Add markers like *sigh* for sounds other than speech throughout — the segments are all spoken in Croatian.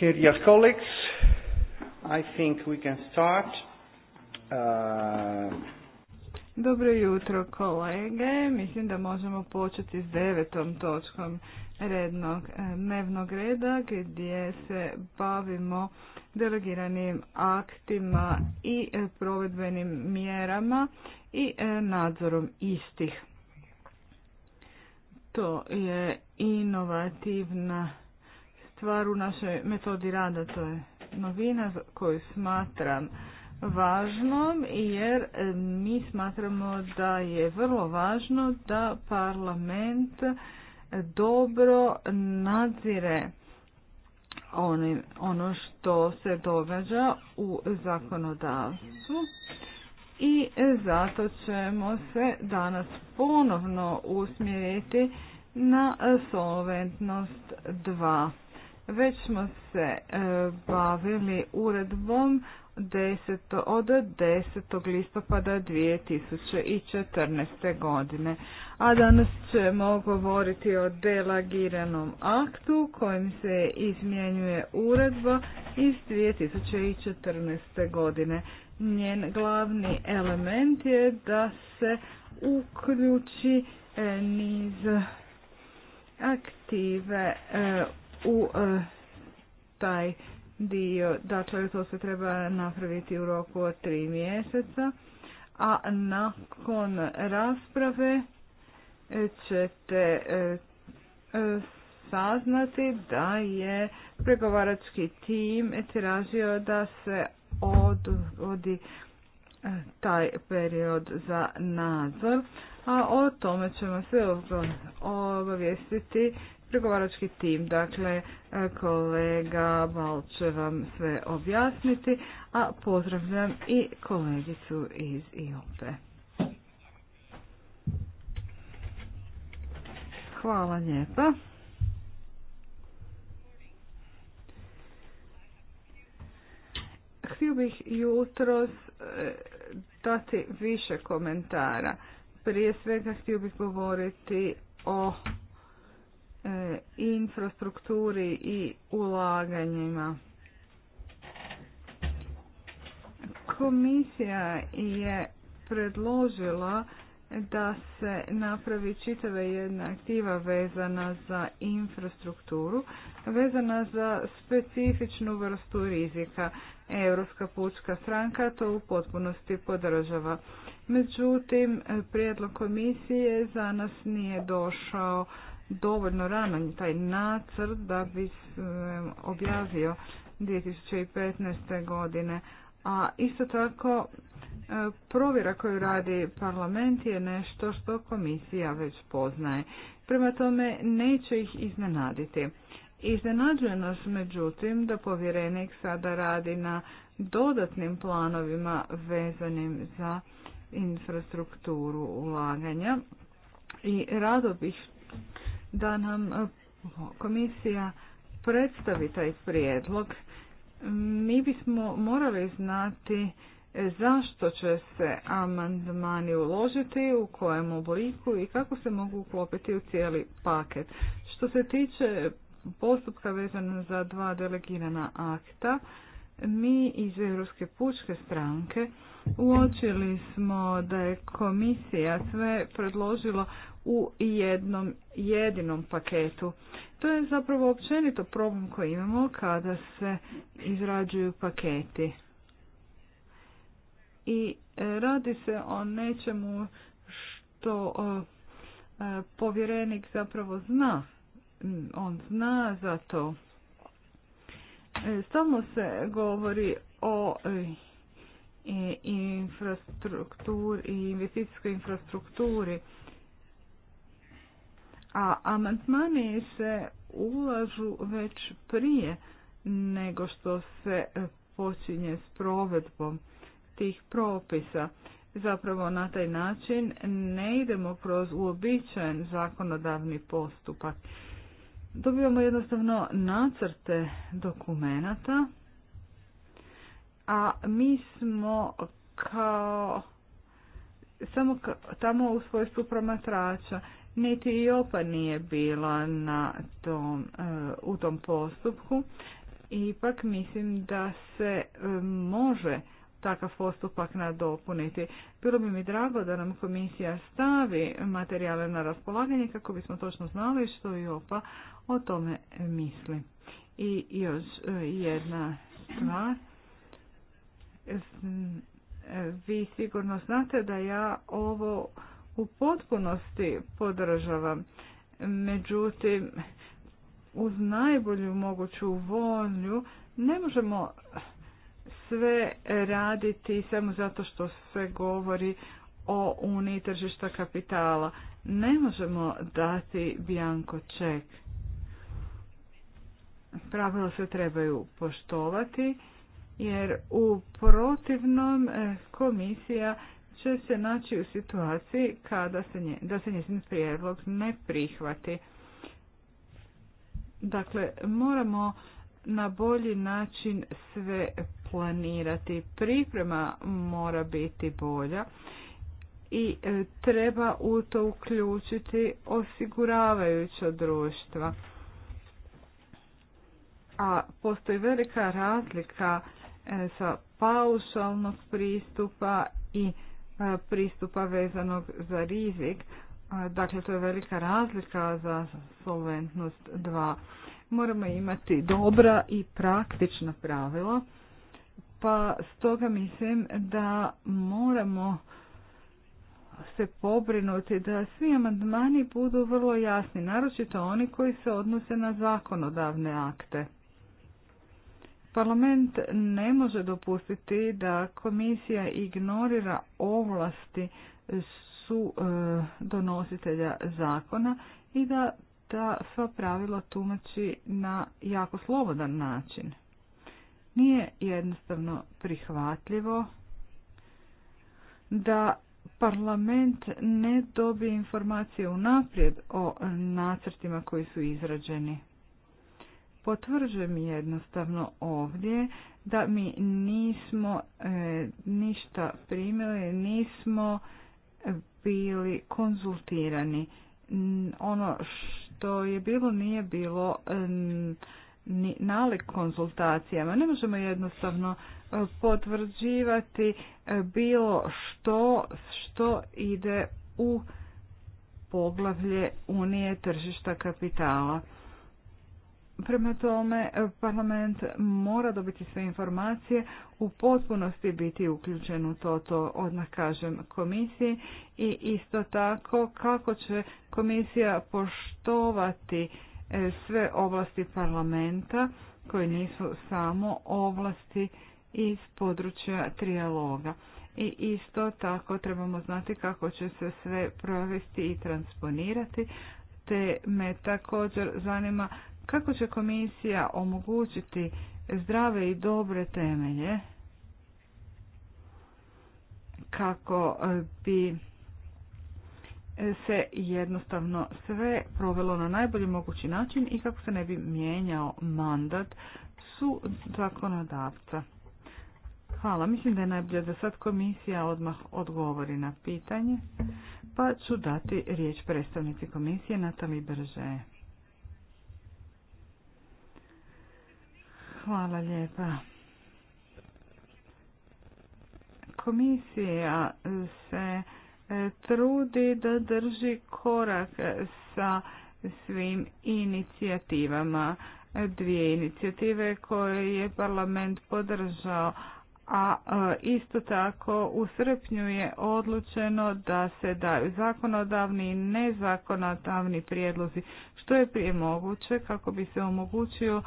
Dear colleagues, I think we can start. Uh, Dobro jutro kolege, mislim da možemo početi s devetom točkom rednog eh, dnevnog reda gdje se bavimo delegiranim aktima i eh, provedbenim mjerama i eh, nadzorom istih. To je inovativna stvar u našoj metodi rada. To je novina koju smatram važnom jer e, mi smatramo da je vrlo važno da parlament dobro nadzire ono što se događa u zakonodavstvu i zato ćemo se danas ponovno usmjeriti na solventnost 2. Već smo se e, bavili uredbom od 10. listopada 2014. godine. A danas ćemo govoriti o delagiranom aktu kojim se izmjenjuje uredba iz 2014. godine. Njen glavni element je da se uključi e, niz aktive e, u e, taj dio. Dakle, to se treba napraviti u roku od tri mjeseca, a nakon rasprave e, ćete e, saznati da je pregovarački tim tražio da se odvodi taj period za nadzor, a o tome ćemo se obavijestiti pregovarački tim. Dakle, e, kolega Bal će vam sve objasniti, a pozdravljam i kolegicu iz IOP. Hvala lijepa. Htio bih jutros e, dati više komentara. Prije svega htio bih govoriti o E, infrastrukturi i ulaganjima. Komisija je predložila da se napravi čitava jedna aktiva vezana za infrastrukturu, vezana za specifičnu vrstu rizika. Europska pučka stranka to u potpunosti podržava. Međutim, prijedlog komisije za nas nije došao dovoljno rano taj nacrt da bi objavio 2015. godine. A isto tako e, provjera koju radi parlament je nešto što komisija već poznaje. Prema tome neće ih iznenaditi. Iznenađuje nas međutim da povjerenik sada radi na dodatnim planovima vezanim za infrastrukturu ulaganja i rado bih da nam e, komisija predstavi taj prijedlog, mi bismo morali znati zašto će se amandmani uložiti, u kojem obliku i kako se mogu uklopiti u cijeli paket. Što se tiče postupka vezano za dva delegirana akta, mi iz Europske pučke stranke uočili smo da je komisija sve predložila u jednom jedinom paketu. To je zapravo općenito problem koji imamo kada se izrađuju paketi. I e, radi se o nečemu što e, povjerenik zapravo zna. On zna za to. E, stalno se govori o infrastrukturi i investicijskoj infrastrukturi a amantmani se ulažu već prije nego što se počinje s provedbom tih propisa. Zapravo na taj način ne idemo kroz uobičajen zakonodavni postupak. Dobivamo jednostavno nacrte dokumenata, a mi smo kao samo tamo u svojstvu promatrača niti i opa nije bila na tom, e, u tom postupku. Ipak mislim da se e, može takav postupak nadopuniti. Bilo bi mi drago da nam komisija stavi materijale na raspolaganje kako bismo točno znali što i o tome misli. I još e, jedna stvar. Vi sigurno znate da ja ovo u potpunosti podržavam. Međutim, uz najbolju moguću volju ne možemo sve raditi samo zato što se govori o uniji tržišta kapitala. Ne možemo dati bjanko ček. Pravila se trebaju poštovati jer u protivnom eh, komisija će se naći u situaciji kada se nje, da se njezin prijedlog ne prihvati. Dakle, moramo na bolji način sve planirati. Priprema mora biti bolja i e, treba u to uključiti osiguravajuća društva. A postoji velika razlika e, sa paušalnog pristupa i pristupa vezanog za rizik. Dakle, to je velika razlika za solventnost 2. Moramo imati dobra i praktična pravila, pa stoga mislim da moramo se pobrinuti da svi amandmani budu vrlo jasni, naročito oni koji se odnose na zakonodavne akte. Parlament ne može dopustiti da komisija ignorira ovlasti su e, donositelja zakona i da ta sva pravila tumači na jako slobodan način. Nije jednostavno prihvatljivo da parlament ne dobije informacije unaprijed o nacrtima koji su izrađeni potvrđujem jednostavno ovdje da mi nismo e, ništa primili, nismo bili konzultirani. Ono što je bilo nije bilo e, nalik konzultacijama. Ne možemo jednostavno e, potvrđivati bilo što što ide u poglavlje Unije tržišta kapitala. Prema tome, e, parlament mora dobiti sve informacije, u potpunosti biti uključen u to, to odmah kažem komisiji i isto tako kako će komisija poštovati e, sve ovlasti parlamenta koje nisu samo ovlasti iz područja trijaloga. I isto tako trebamo znati kako će se sve provesti i transponirati, te me također zanima kako će komisija omogućiti zdrave i dobre temelje kako e, bi se jednostavno sve provelo na najbolji mogući način i kako se ne bi mijenjao mandat su zakonodavca. Hvala, mislim da je najbolje da sad komisija odmah odgovori na pitanje, pa ću dati riječ predstavnici komisije Natali Brže. Hvala lijepa. Komisija se e, trudi da drži korak sa svim inicijativama. Dvije inicijative koje je parlament podržao, a e, isto tako u srpnju je odlučeno da se daju zakonodavni i nezakonodavni prijedlozi što je prije moguće kako bi se omogućio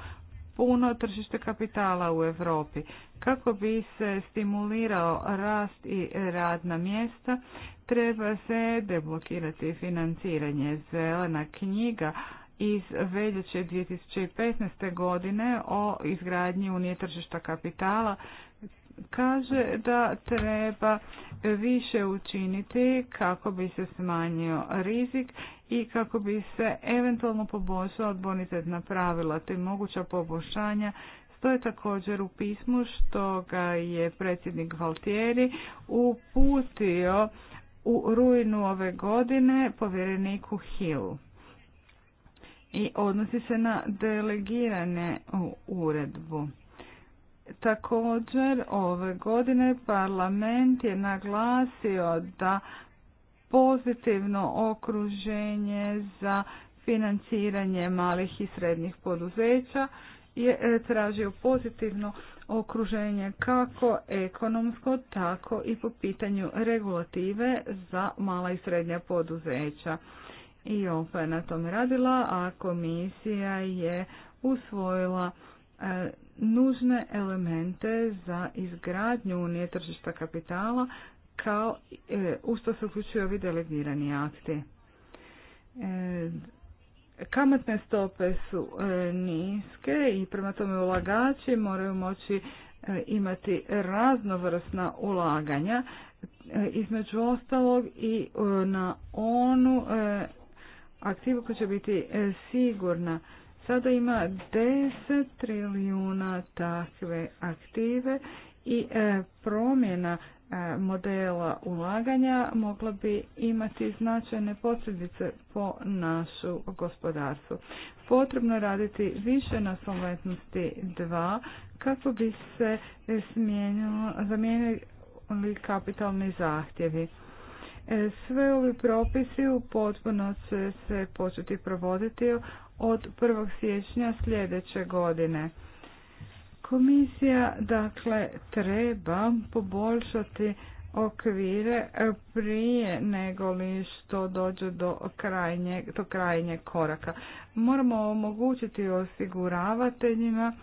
puno tržište kapitala u Europi. Kako bi se stimulirao rast i radna mjesta, treba se deblokirati financiranje. Zelena knjiga iz veljače 2015. godine o izgradnji unije tržišta kapitala kaže da treba više učiniti kako bi se smanjio rizik i kako bi se eventualno poboljšala bonitetna pravila te moguća poboljšanja je također u pismu što ga je predsjednik Valtieri uputio u rujnu ove godine povjereniku Hillu i odnosi se na delegirane u uredbu. Također ove godine parlament je naglasio da pozitivno okruženje za financiranje malih i srednjih poduzeća je e, tražio pozitivno okruženje kako ekonomsko, tako i po pitanju regulative za mala i srednja poduzeća. I OPA je na tom radila, a komisija je usvojila e, nužne elemente za izgradnju unije tržišta kapitala kao e, usto se uključuju ovi delegirani akti. E, kamatne stope su e, niske i prema tome ulagači moraju moći imati raznovrsna ulaganja, između ostalog i na onu aktivu koja će biti sigurna. Sada ima 10 trilijuna takve aktive i promjena E, modela ulaganja mogla bi imati značajne posljedice po našu gospodarstvu. Potrebno je raditi više na solventnosti 2 kako bi se zamijenili kapitalni zahtjevi. E, sve ovi propisi u potpuno će se početi provoditi od 1. siječnja sljedeće godine. Komisija dakle treba poboljšati okvire prije nego li što dođe do krajnjeg, do krajnjeg koraka. Moramo omogućiti osiguravateljima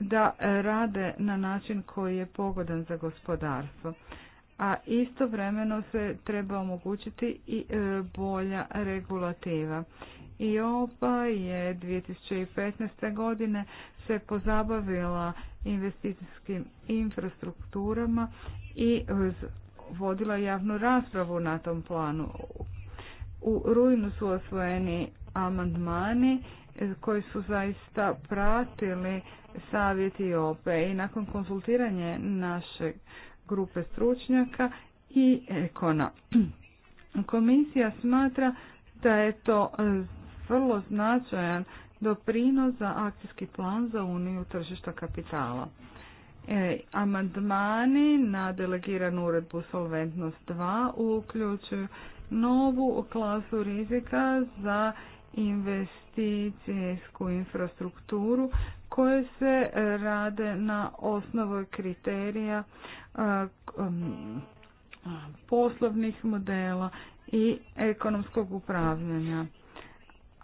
da rade na način koji je pogodan za gospodarstvo. A istovremeno se treba omogućiti i e, bolja regulativa i opa je 2015. godine se pozabavila investicijskim infrastrukturama i vodila javnu raspravu na tom planu. U rujnu su osvojeni amandmani e, koji su zaista pratili savjet i ope i nakon konsultiranje naše grupe stručnjaka i ekona. *clears throat* Komisija smatra da je to e, vrlo značajan doprinos za akcijski plan za uniju tržišta kapitala. E, amandmani na delegiranu uredbu Solventnost 2 uključuju novu klasu rizika za investicijsku infrastrukturu koje se e, rade na osnovu kriterija e, poslovnih modela i ekonomskog upravljanja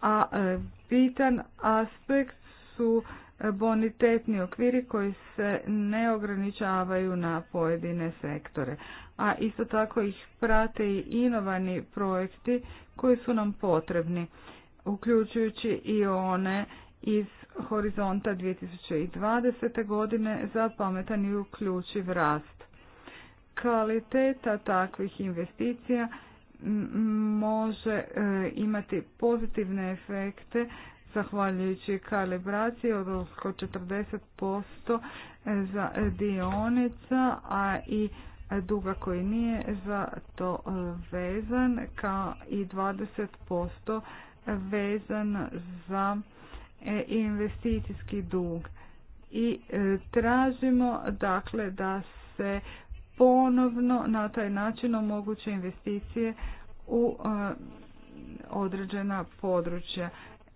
a e, bitan aspekt su e, bonitetni okviri koji se ne ograničavaju na pojedine sektore, a isto tako ih prate i inovani projekti koji su nam potrebni, uključujući i one iz horizonta 2020. godine za pametan i uključiv rast. Kvaliteta takvih investicija može e, imati pozitivne efekte zahvaljujući kalibraciji od oko 40% e, za dionica, a i duga koji nije za to e, vezan, kao i 20% vezan za investicijski dug. I tražimo dakle da se ponovno na taj način omoguće investicije u e, određena područja.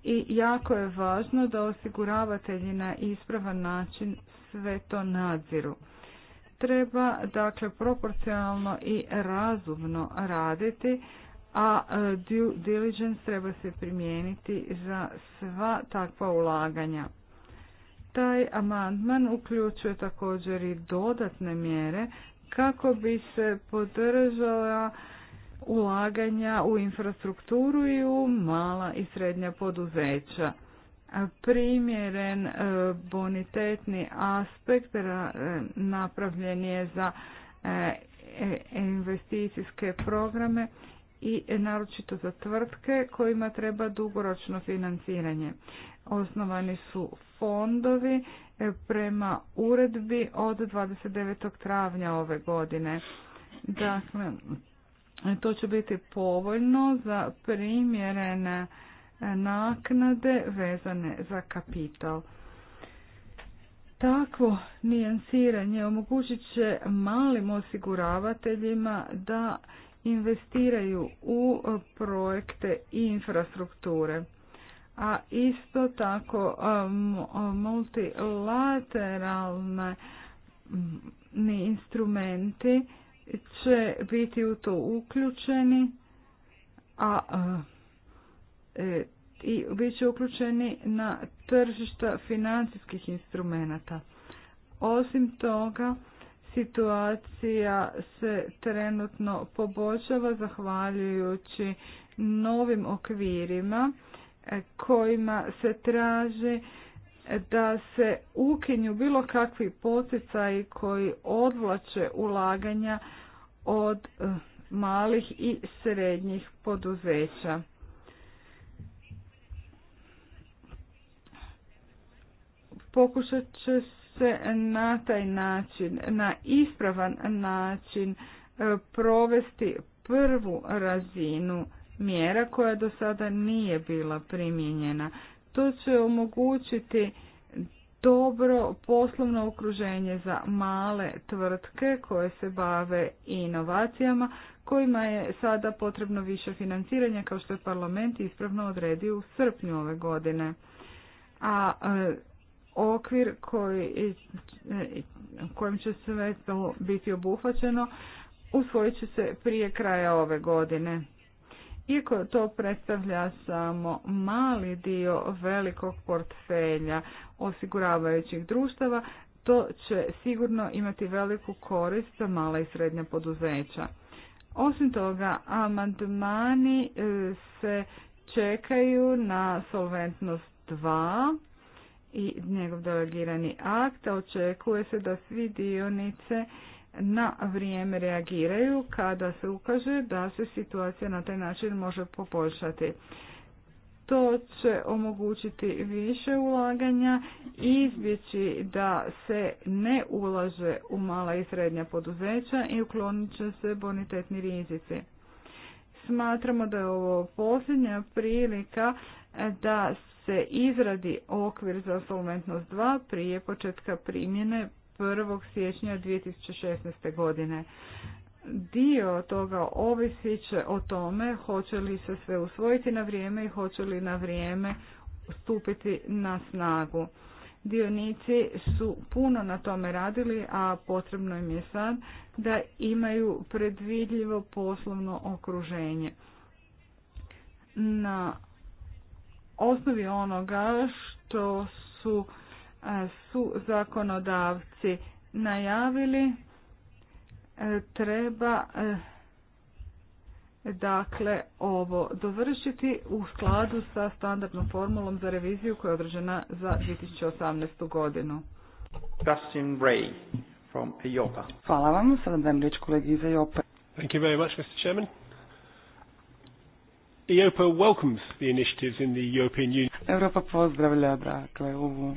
I jako je važno da osiguravatelji na ispravan način sve to nadziru. Treba dakle proporcionalno i razumno raditi, a e, due diligence treba se primijeniti za sva takva ulaganja. Taj amandman uključuje također i dodatne mjere kako bi se podržala ulaganja u infrastrukturu i u mala i srednja poduzeća. Primjeren e, bonitetni aspekt e, napravljen je za e, investicijske programe i naročito za tvrtke kojima treba dugoročno financiranje. Osnovani su fondovi prema uredbi od 29. travnja ove godine. Dakle, to će biti povoljno za primjerene naknade vezane za kapital. Takvo nijansiranje omogućit će malim osiguravateljima da investiraju u projekte i infrastrukture a isto tako um, multilateralne mm, instrumenti će biti u to uključeni a e, i bit će uključeni na tržišta financijskih instrumenata. Osim toga, situacija se trenutno poboljšava zahvaljujući novim okvirima kojima se traži da se ukinju bilo kakvi poticaji koji odvlače ulaganja od eh, malih i srednjih poduzeća. Pokušat će se na taj način, na ispravan način eh, provesti prvu razinu mjera koja do sada nije bila primijenjena. To će omogućiti dobro poslovno okruženje za male tvrtke koje se bave inovacijama kojima je sada potrebno više financiranja kao što je parlament ispravno odredio u srpnju ove godine. A e, okvir koji, e, kojim će sve to biti obuhvaćeno usvojit će se prije kraja ove godine. Iako to predstavlja samo mali dio velikog portfelja osiguravajućih društava, to će sigurno imati veliku korist za mala i srednja poduzeća. Osim toga, amandmani e, se čekaju na solventnost 2 i njegov delegirani akt, očekuje se da svi dionice na vrijeme reagiraju kada se ukaže da se situacija na taj način može poboljšati. To će omogućiti više ulaganja i izbjeći da se ne ulaže u mala i srednja poduzeća i uklonit će se bonitetni rizici. Smatramo da je ovo posljednja prilika da se izradi okvir za solventnost 2 prije početka primjene 1. siječnja 2016. godine. Dio toga ovisi će o tome hoće li se sve usvojiti na vrijeme i hoće li na vrijeme stupiti na snagu. Dionici su puno na tome radili, a potrebno im je sad da imaju predvidljivo poslovno okruženje. Na osnovi onoga što su su zakonodavci najavili e, treba e, dakle ovo dovršiti u skladu sa standardnom formulom za reviziju koja je održana za 2018. godinu. Justin Ray from EIOPA. Hvala vam, sada dajem riječ kolegi iz EIOPA. Thank you very much, Mr. Chairman. EIOPA welcomes the initiatives in the European Union. Europa pozdravlja dakle ovu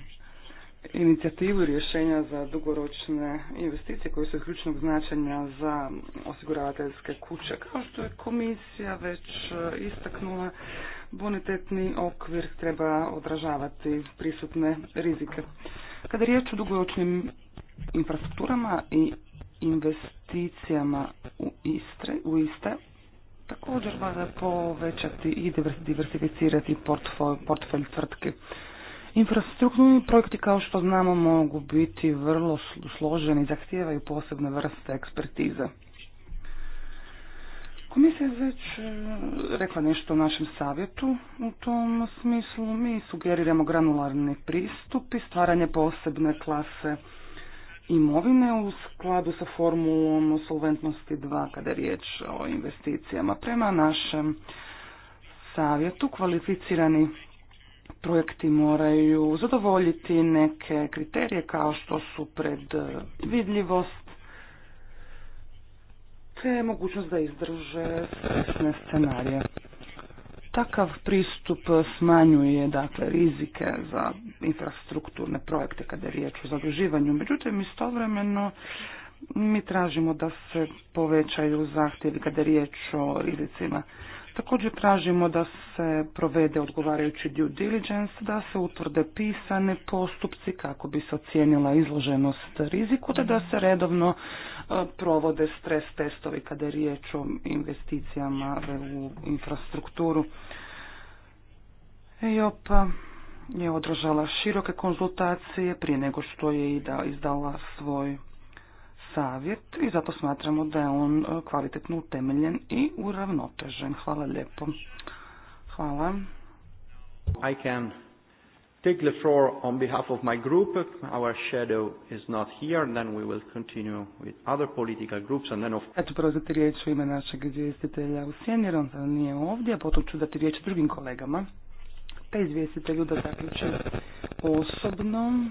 inicijativu rješenja za dugoročne investicije koje su ključnog značenja za osiguravateljske kuće. Kao što je komisija već e, istaknula, bonitetni okvir treba odražavati prisutne rizike. Kada riječ o dugoročnim infrastrukturama i investicijama u, istre, u iste, također vada povećati i diversificirati portfelj, tvrtke. tvrtke Infrastrukturni projekti kao što znamo mogu biti vrlo složeni i zahtijevaju posebne vrste ekspertize. Komisija je već e, rekla nešto o našem savjetu u tom smislu. Mi sugeriramo granularni pristup i stvaranje posebne klase imovine u skladu sa formulom solventnosti 2 kada je riječ o investicijama. Prema našem savjetu kvalificirani projekti moraju zadovoljiti neke kriterije kao što su predvidljivost te mogućnost da izdrže stresne scenarije. Takav pristup smanjuje dakle rizike za infrastrukturne projekte kada je riječ o zaduživanju. Međutim, istovremeno mi tražimo da se povećaju zahtjevi kada je riječ o rizicima Također tražimo da se provede odgovarajući due diligence, da se utvrde pisane postupci kako bi se ocijenila izloženost riziku, te da se redovno e, provode stres testovi kada je riječ o investicijama u infrastrukturu. EIOPA je održala široke konzultacije prije nego što je i da izdala svoj savjet i zato smatramo da je on e, kvalitetno utemeljen i uravnotežen. Hvala lijepo. Hvala. I can take the floor on behalf of my group. Our shadow is not here, then we will continue with other political groups. And then of... Eto preuzeti riječ u ime našeg izvjestitelja u Sjeni, jer on nije ovdje, a potom ću dati riječ drugim kolegama. Te izvjestitelju da zaključe osobno.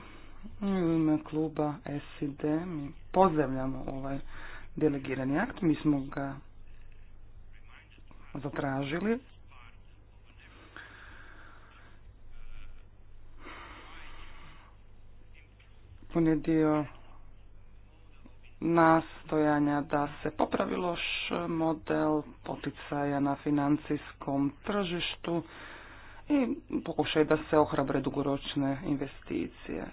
U ime kluba SID mi pozdravljamo ovaj delegirani akt. Mi smo ga zatražili. On je dio nastojanja da se popravi loš model poticaja na financijskom tržištu i pokušaj da se ohrabre dugoročne investicije.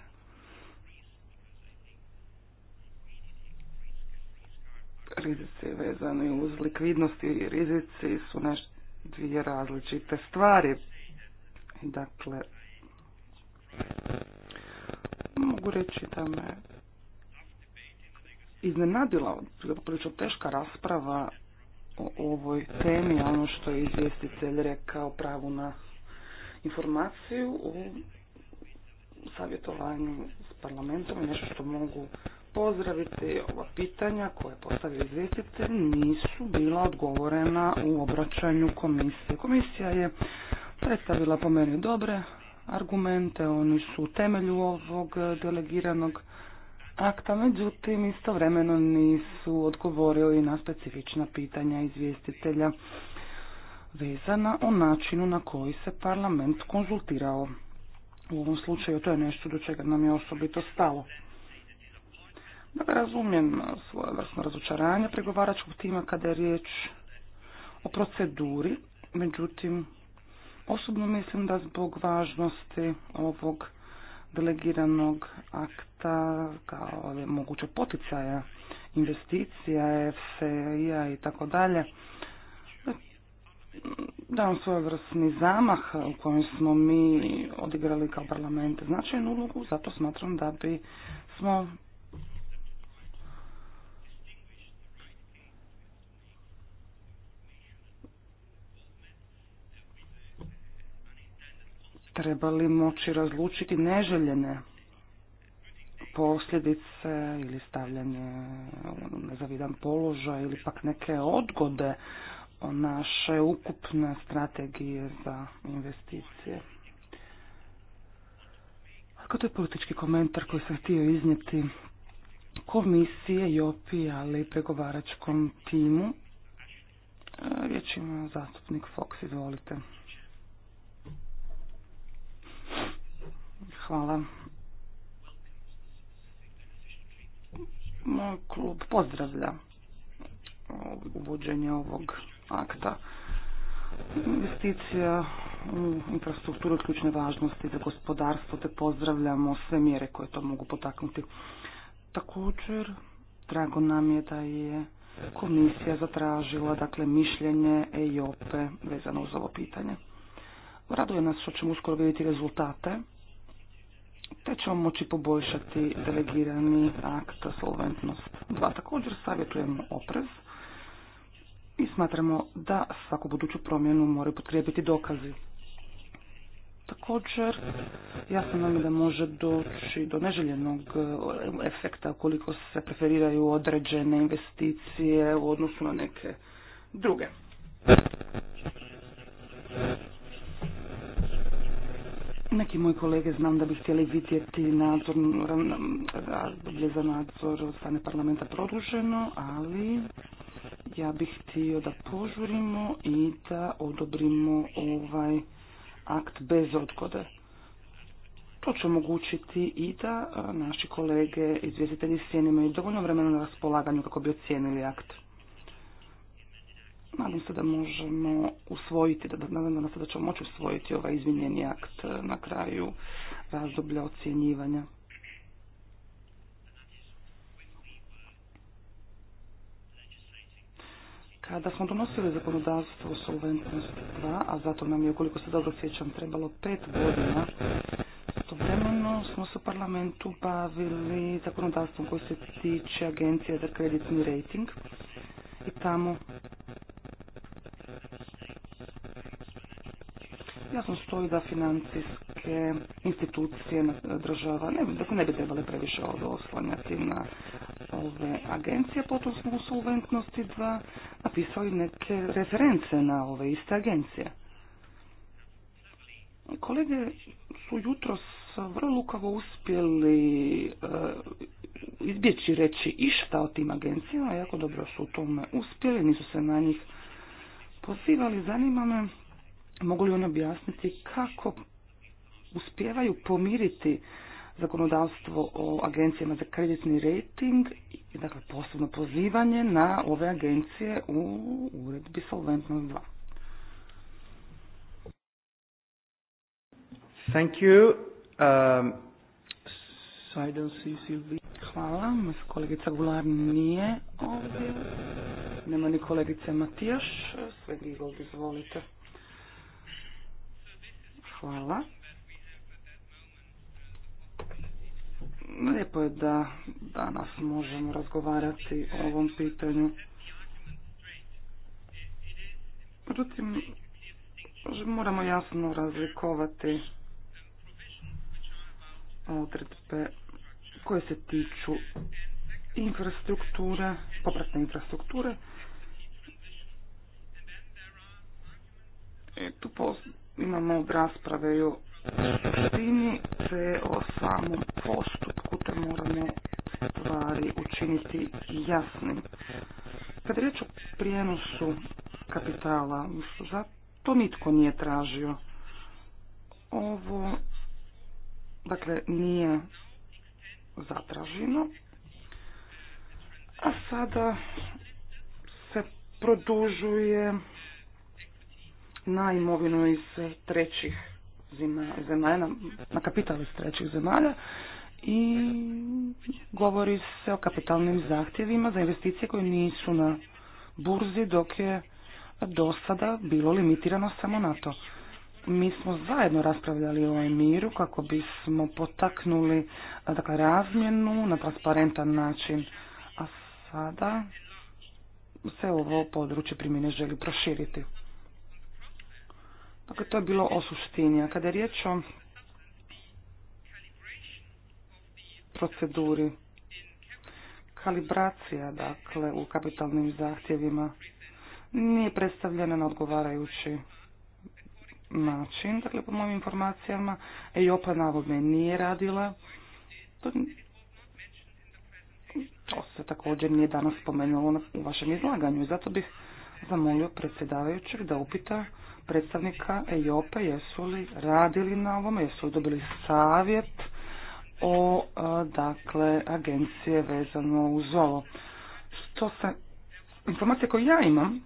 rizici vezani uz likvidnost i rizici su nešto dvije različite stvari. Dakle, mogu reći da me iznenadila prilično teška rasprava o ovoj temi, ono što je izvjestitelj rekao pravu na informaciju u savjetovanju s parlamentom, nešto što mogu pozdraviti ova pitanja koje postavio izvjestitelj nisu bila odgovorena u obraćanju komisije. Komisija je predstavila po meni dobre argumente, oni su u temelju ovog delegiranog akta, međutim istovremeno nisu odgovorili na specifična pitanja izvjestitelja vezana o načinu na koji se parlament konzultirao. U ovom slučaju to je nešto do čega nam je osobito stalo. Razumijem svoje vrstno razočaranje pregovaračkog tima kada je riječ o proceduri, međutim, osobno mislim da zbog važnosti ovog delegiranog akta kao moguće poticaja investicija, FCI-a i tako dalje, da on svojevrsni zamah u kojem smo mi odigrali kao parlament značajnu ulogu, zato smatram da bi smo trebali moći razlučiti neželjene posljedice ili stavljanje u nezavidan položaj ili pak neke odgode o naše ukupne strategije za investicije. Ako to je politički komentar koji sam htio iznijeti komisije Jopi, ali i pregovaračkom timu. Riječ ima zastupnik Fox, izvolite. Hvala. Moj klub pozdravlja uvođenje ovog akta. Investicija u infrastrukturu ključne važnosti za gospodarstvo te pozdravljamo sve mjere koje to mogu potaknuti. Također, drago nam je da je komisija zatražila dakle mišljenje EIOPE vezano uz ovo pitanje. Raduje nas što ćemo uskoro vidjeti rezultate te ćemo moći poboljšati delegirani akt solventnost. Dva, također savjetujemo oprez i smatramo da svaku buduću promjenu moraju potrijebiti dokazi. Također, jasno nam je da može doći do neželjenog eh, efekta koliko se preferiraju određene investicije u odnosu na neke druge. Neki moji kolege znam da bi htjeli vidjeti nadzor, razdoblje za nadzor od strane parlamenta produženo, ali ja bih htio da požurimo i da odobrimo ovaj akt bez odgode. To će omogućiti i da naši kolege izvjestitelji sjene i dovoljno vremena na raspolaganju kako bi ocijenili akt. Nadam se da možemo usvojiti, da, nadam se da ćemo moći usvojiti ovaj izvinjeni akt eh, na kraju razdoblja ocijenjivanja. Kada smo donosili zakonodavstvo Solventnost 2, a zato nam je, ukoliko se dobro sjećam, trebalo pet godina, to Istovremeno smo se u parlamentu bavili zakonodavstvom koji se tiče agencije za kreditni rating i tamo jasno stoji da financijske institucije država ne, ne bi trebale previše oslanjati na ove agencije. Potom smo u solventnosti dva napisali neke reference na ove iste agencije. Kolege su jutros vrlo lukavo uspjeli e, izbjeći reći išta o tim agencijama, jako dobro su u tome uspjeli, nisu se na njih pozivali. Zanima me Mogu li oni objasniti kako uspjevaju pomiriti zakonodavstvo o agencijama za kreditni rating, i, dakle posebno pozivanje na ove agencije u uredbi Solventnost 2? Thank you. Um, so I Hvala. Kolegica Gular nije ovdje. Nema ni kolegice Matijaš. Sve vi izvolite. Hvala. Lijepo je da danas možemo razgovarati o ovom pitanju. Međutim, moramo jasno razlikovati odredbe koje se tiču infrastrukture, popratne infrastrukture. e tu imamo rasprave o suštini te o samom postupku, te moramo stvari učiniti jasnim. Kad riječ o prijenosu kapitala, za to nitko nije tražio. Ovo, dakle, nije zatraženo, a sada se produžuje na imovinu iz trećih zemalja, na kapital iz trećih zemalja i govori se o kapitalnim zahtjevima za investicije koje nisu na burzi dok je do sada bilo limitirano samo na to. Mi smo zajedno raspravljali o miru kako bismo potaknuli dakle, razmjenu na transparentan način, a sada se ovo područje primjene želi proširiti. Dakle, to je bilo o suštini. A kada je riječ o proceduri, kalibracija, dakle, u kapitalnim zahtjevima nije predstavljena na odgovarajući način. Dakle, po mojim informacijama, EIOPA navodne nije radila. To, se također nije danas spomenulo u vašem izlaganju zato bih zamolio predsjedavajućeg da upita predstavnika EIOPE, jesu li radili na ovom, jesu li dobili savjet o, dakle, agencije vezano uz ovo. Što se, informacije koje ja imam,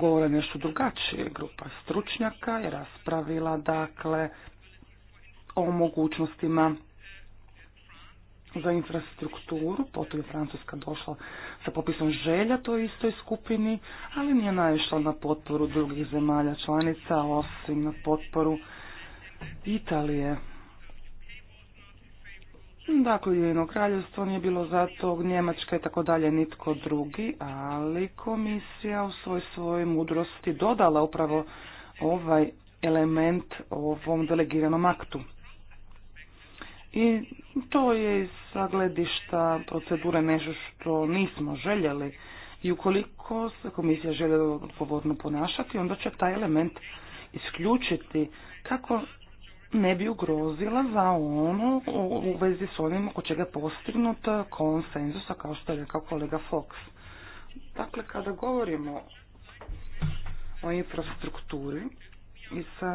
govore nešto drugačije. Grupa stručnjaka je raspravila, dakle, o mogućnostima za infrastrukturu, potom je Francuska došla sa popisom želja toj istoj skupini, ali nije naišla na potporu drugih zemalja članica, osim na potporu Italije. Dakle, Ujedinjeno kraljevstvo nije bilo zato Njemačka i tako dalje nitko drugi, ali komisija u svoj svojoj mudrosti dodala upravo ovaj element ovom delegiranom aktu. I to je iz sagledišta procedure nešto što nismo željeli i ukoliko se komisija želi odgovorno ponašati, onda će taj element isključiti kako ne bi ugrozila za ono u vezi s onim oko čega je postignut konsenzusa, kao što je rekao kolega Fox. Dakle, kada govorimo o infrastrukturi, i sa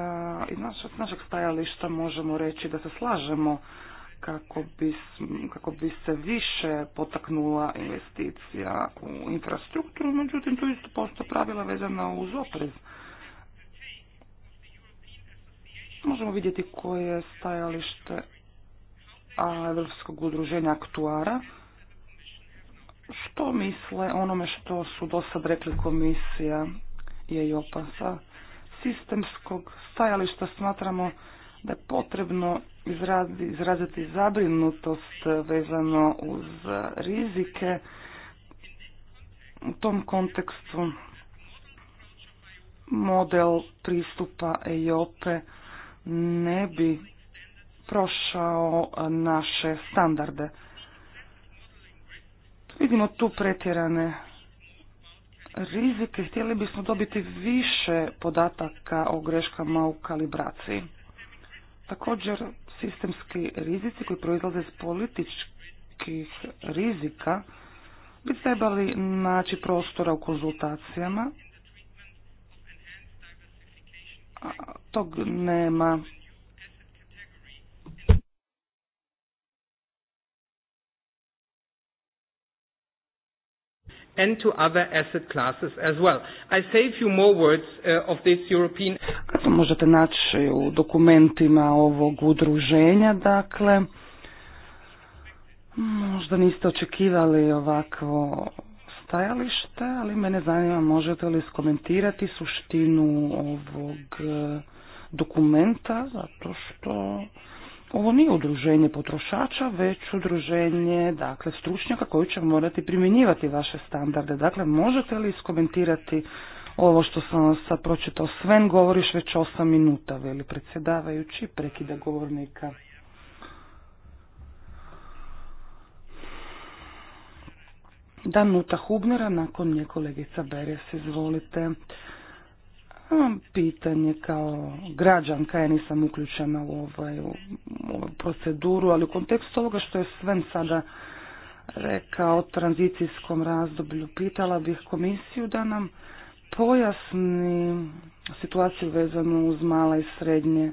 i naš, našeg stajališta možemo reći da se slažemo kako bi, kako bi se više potaknula investicija u infrastrukturu, međutim tu isto postoje pravila vezana uz oprez. Možemo vidjeti koje je stajalište Evropskog udruženja aktuara, što misle onome što su do sad rekli komisija je i opasa sistemskog stajališta smatramo da je potrebno izraziti zabrinutost vezano uz rizike. U tom kontekstu model pristupa EIOPE ne bi prošao naše standarde. Vidimo tu pretjerane rizike, htjeli bismo dobiti više podataka o greškama u kalibraciji. Također, sistemski rizici koji proizlaze iz političkih rizika bi trebali naći prostora u konzultacijama. Tog nema and to other asset classes as well. I say few more words uh, of this European... Možete naći u dokumentima ovog udruženja, dakle, možda niste očekivali ovakvo stajalište, ali mene zanima možete li skomentirati suštinu ovog eh, dokumenta, zato što ovo nije udruženje potrošača, već udruženje dakle, stručnjaka koji će morati primjenjivati vaše standarde. Dakle, možete li iskomentirati ovo što sam vam sad pročitao? Sven govoriš već 8 minuta, veli predsjedavajući prekida govornika. Danuta Hubnera, nakon nje kolegica Beres, izvolite pitanje kao građanka, ja nisam uključena u ovaj, proceduru, ali u kontekstu ovoga što je Sven sada rekao o tranzicijskom razdoblju, pitala bih komisiju da nam pojasni situaciju vezanu uz mala i srednje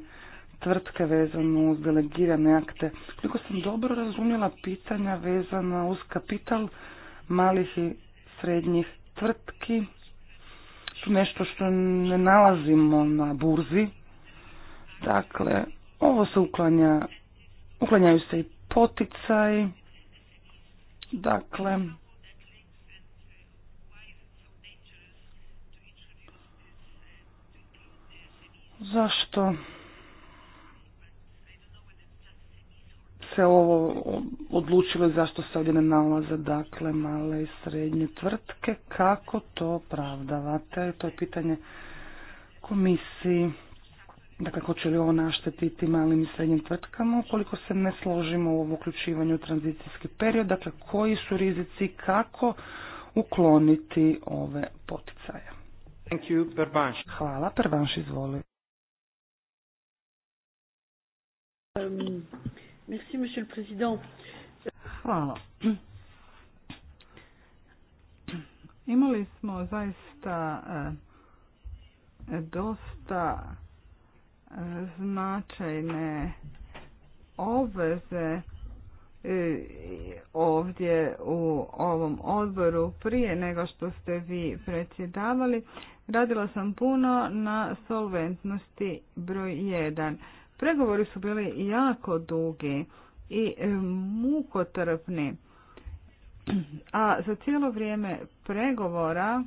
tvrtke, vezanu uz delegirane akte. Koliko sam dobro razumjela pitanja vezana uz kapital malih i srednjih tvrtki, nešto što ne nalazimo na burzi. Dakle, ovo se uklanja, uklanjaju se i poticaj. Dakle, zašto se ovo odlučilo i zašto se ovdje ne nalaze dakle male i srednje tvrtke, kako to pravdavate? To je pitanje komisiji. Dakle, hoće li ovo naštetiti malim i srednjim tvrtkama ukoliko se ne složimo u uključivanju u tranzicijski period? Dakle, koji su rizici, kako ukloniti ove poticaje? Thank you, Hvala, Pervanš, izvoli. Um, Merci, monsieur le président. Hvala. Imali smo zaista e, dosta e, značajne obveze e, ovdje u ovom odboru prije nego što ste vi predsjedavali. Radila sam puno na solventnosti broj jedan. Pregovori su bili jako dugi i e, mukotrpni. A za cijelo vrijeme pregovora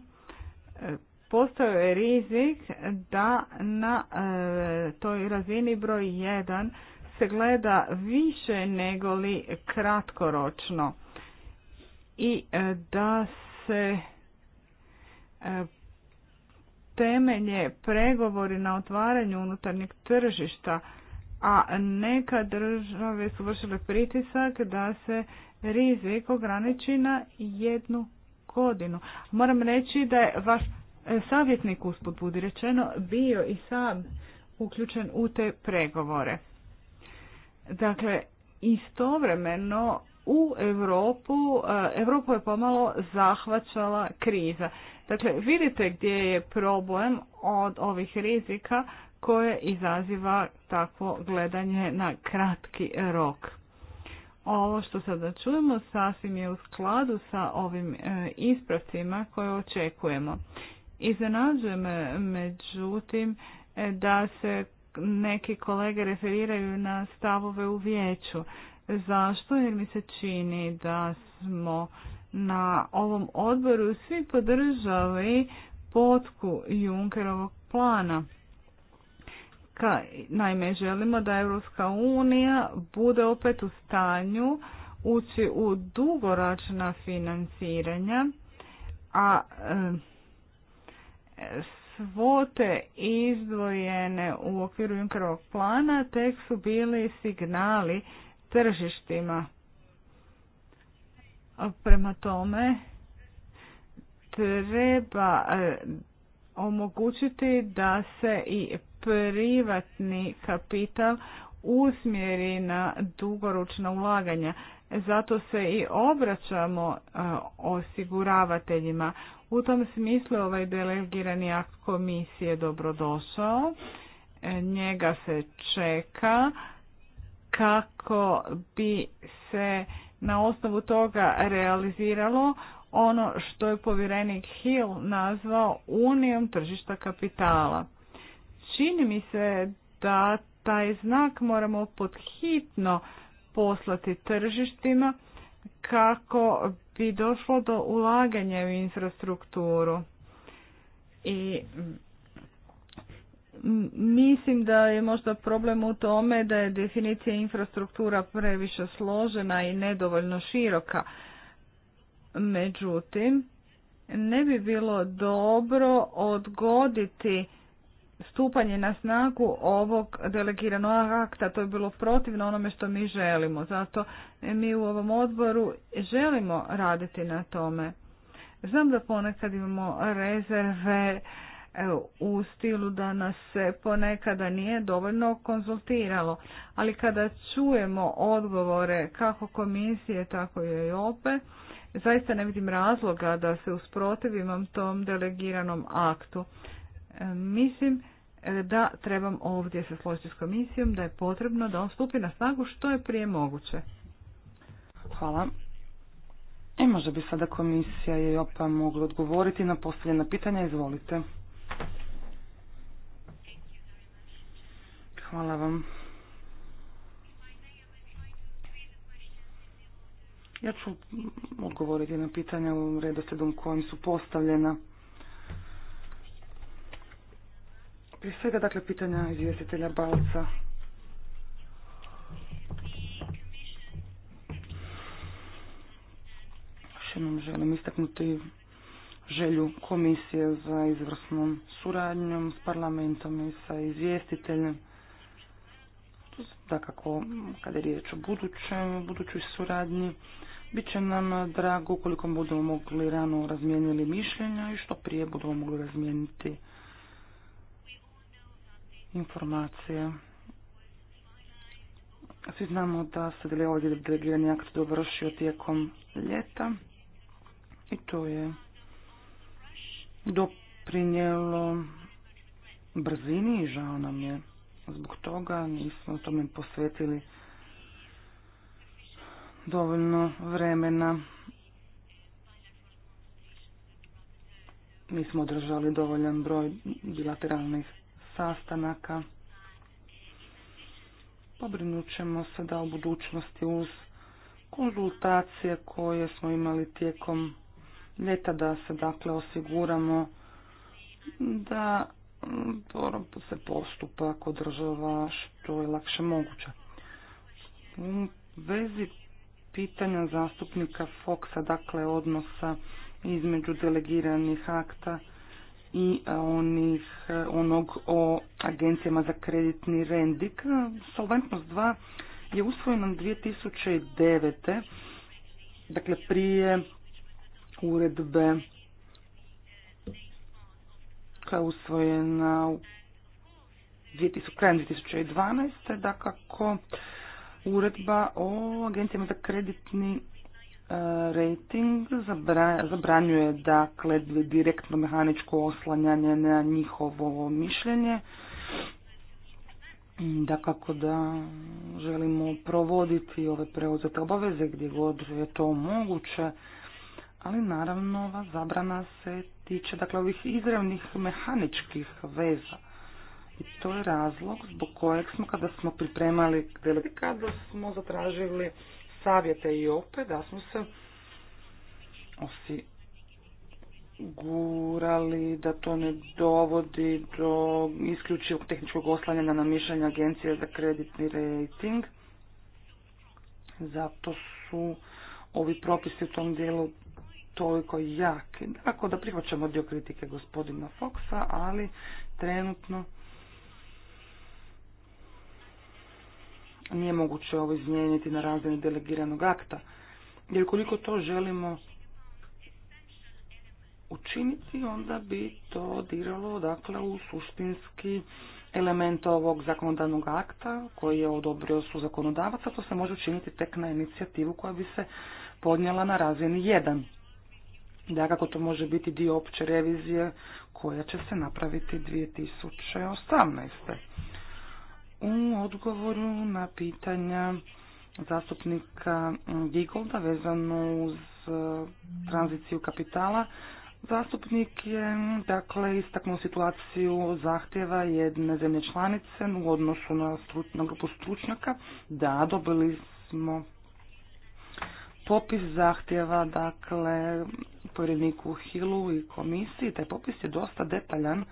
e, postojao je rizik da na e, toj razini broj 1 se gleda više nego li kratkoročno i da se temelje pregovori na otvaranju unutarnjeg tržišta a neka države su vršile pritisak da se rizik ograniči na jednu godinu. Moram reći da je vaš e, savjetnik usput budi rečeno bio i sam uključen u te pregovore. Dakle, istovremeno u Europu, e, Europu je pomalo zahvaćala kriza. Dakle, vidite gdje je problem od ovih rizika koje izaziva takvo gledanje na kratki rok. Ovo što sada čujemo sasvim je u skladu sa ovim e, ispravcima koje očekujemo. Iznenađuje me međutim e, da se neki kolege referiraju na stavove u vijeću. Zašto? Jer mi se čini da smo na ovom odboru svi podržali potku Junkerovog plana. Ka, naime, želimo da Europska unija bude opet u stanju ući u dugoročna financiranja, a e, svote izdvojene u okviru Junkerovog plana tek su bili signali tržištima. Prema tome, treba e, omogućiti da se i privatni kapital usmjeri na dugoročna ulaganja. Zato se i obraćamo e, osiguravateljima. U tom smislu ovaj delegirani akt komisije dobrodošao. E, njega se čeka kako bi se na osnovu toga realiziralo ono što je povjerenik Hill nazvao unijom tržišta kapitala. Čini mi se da taj znak moramo podhitno poslati tržištima kako bi došlo do ulaganja u infrastrukturu. I mislim da je možda problem u tome da je definicija infrastruktura previše složena i nedovoljno široka. Međutim, ne bi bilo dobro odgoditi stupanje na snagu ovog delegiranog akta. To je bilo protivno onome što mi želimo. Zato mi u ovom odboru želimo raditi na tome. Znam da ponekad imamo rezerve e, u stilu da nas se ponekada nije dovoljno konzultiralo, ali kada čujemo odgovore kako komisije, tako i OPE, zaista ne vidim razloga da se usprotivim tom delegiranom aktu. E, mislim e, da trebam ovdje se složiti s komisijom da je potrebno da on stupi na snagu što je prije moguće. Hvala. E možda bi sada komisija i opa mogla odgovoriti na postavljena pitanja. Izvolite. Hvala vam. Ja ću odgovoriti na pitanja u redosledom kojim su postavljena. Prije svega, dakle, pitanja izvjestitelja Balca. Još jednom želim istaknuti želju komisije za izvrsnom suradnjom s parlamentom i sa izvjestiteljem. Dakako, kada je riječ o budućem, budućoj suradnji, bit će nam drago koliko budemo mogli rano razmijenili mišljenja i što prije budemo mogli razmijeniti informacija. Svi znamo da se deli ovdje delegirani akt dovršio tijekom ljeta i to je doprinjelo brzini i žao nam je zbog toga. Nismo tome posvetili dovoljno vremena. Nismo održali dovoljan broj bilateralnih sastanaka. Pobrinut ćemo se da u budućnosti uz konzultacije koje smo imali tijekom ljeta da se dakle osiguramo da se postupak održava što je lakše moguće. U vezi pitanja zastupnika Foxa, dakle odnosa između delegiranih akta i onih, onog o agencijama za kreditni rendik. Solventnost 2 je usvojena 2009. Dakle, prije uredbe koja je usvojena u 2000, krajem 2012. Dakako, uredba o agencijama za kreditni rating zabranjuje dakle direktno mehaničko oslanjanje na njihovo mišljenje. kako da želimo provoditi ove preuzete obaveze gdje god je to moguće, ali naravno ova zabrana se tiče dakle ovih izravnih mehaničkih veza. I to je razlog zbog kojeg smo kada smo pripremali kada smo zatražili savjete i opet da smo se osigurali da to ne dovodi do isključivog tehničkog oslanjanja na mišljenje agencije za kreditni rating. Zato su ovi propisi u tom dijelu toliko jaki. Tako da prihvaćamo dio kritike gospodina Foxa, ali trenutno Nije moguće ovo izmijeniti na razini delegiranog akta. Jer koliko to želimo učiniti, onda bi to diralo dakle, u suštinski element ovog zakonodavnog akta koji je odobrio su zakonodavaca, to se može učiniti tek na inicijativu koja bi se podnijela na razini 1. Dakako to može biti dio opće revizije koja će se napraviti 2018 u odgovoru na pitanja zastupnika Gigolda vezano uz e, tranziciju kapitala. Zastupnik je dakle istaknuo situaciju zahtjeva jedne zemlje članice u odnosu na, grupu stručnjaka. Da, dobili smo popis zahtjeva dakle povjereniku Hilu i komisiji. Taj popis je dosta detaljan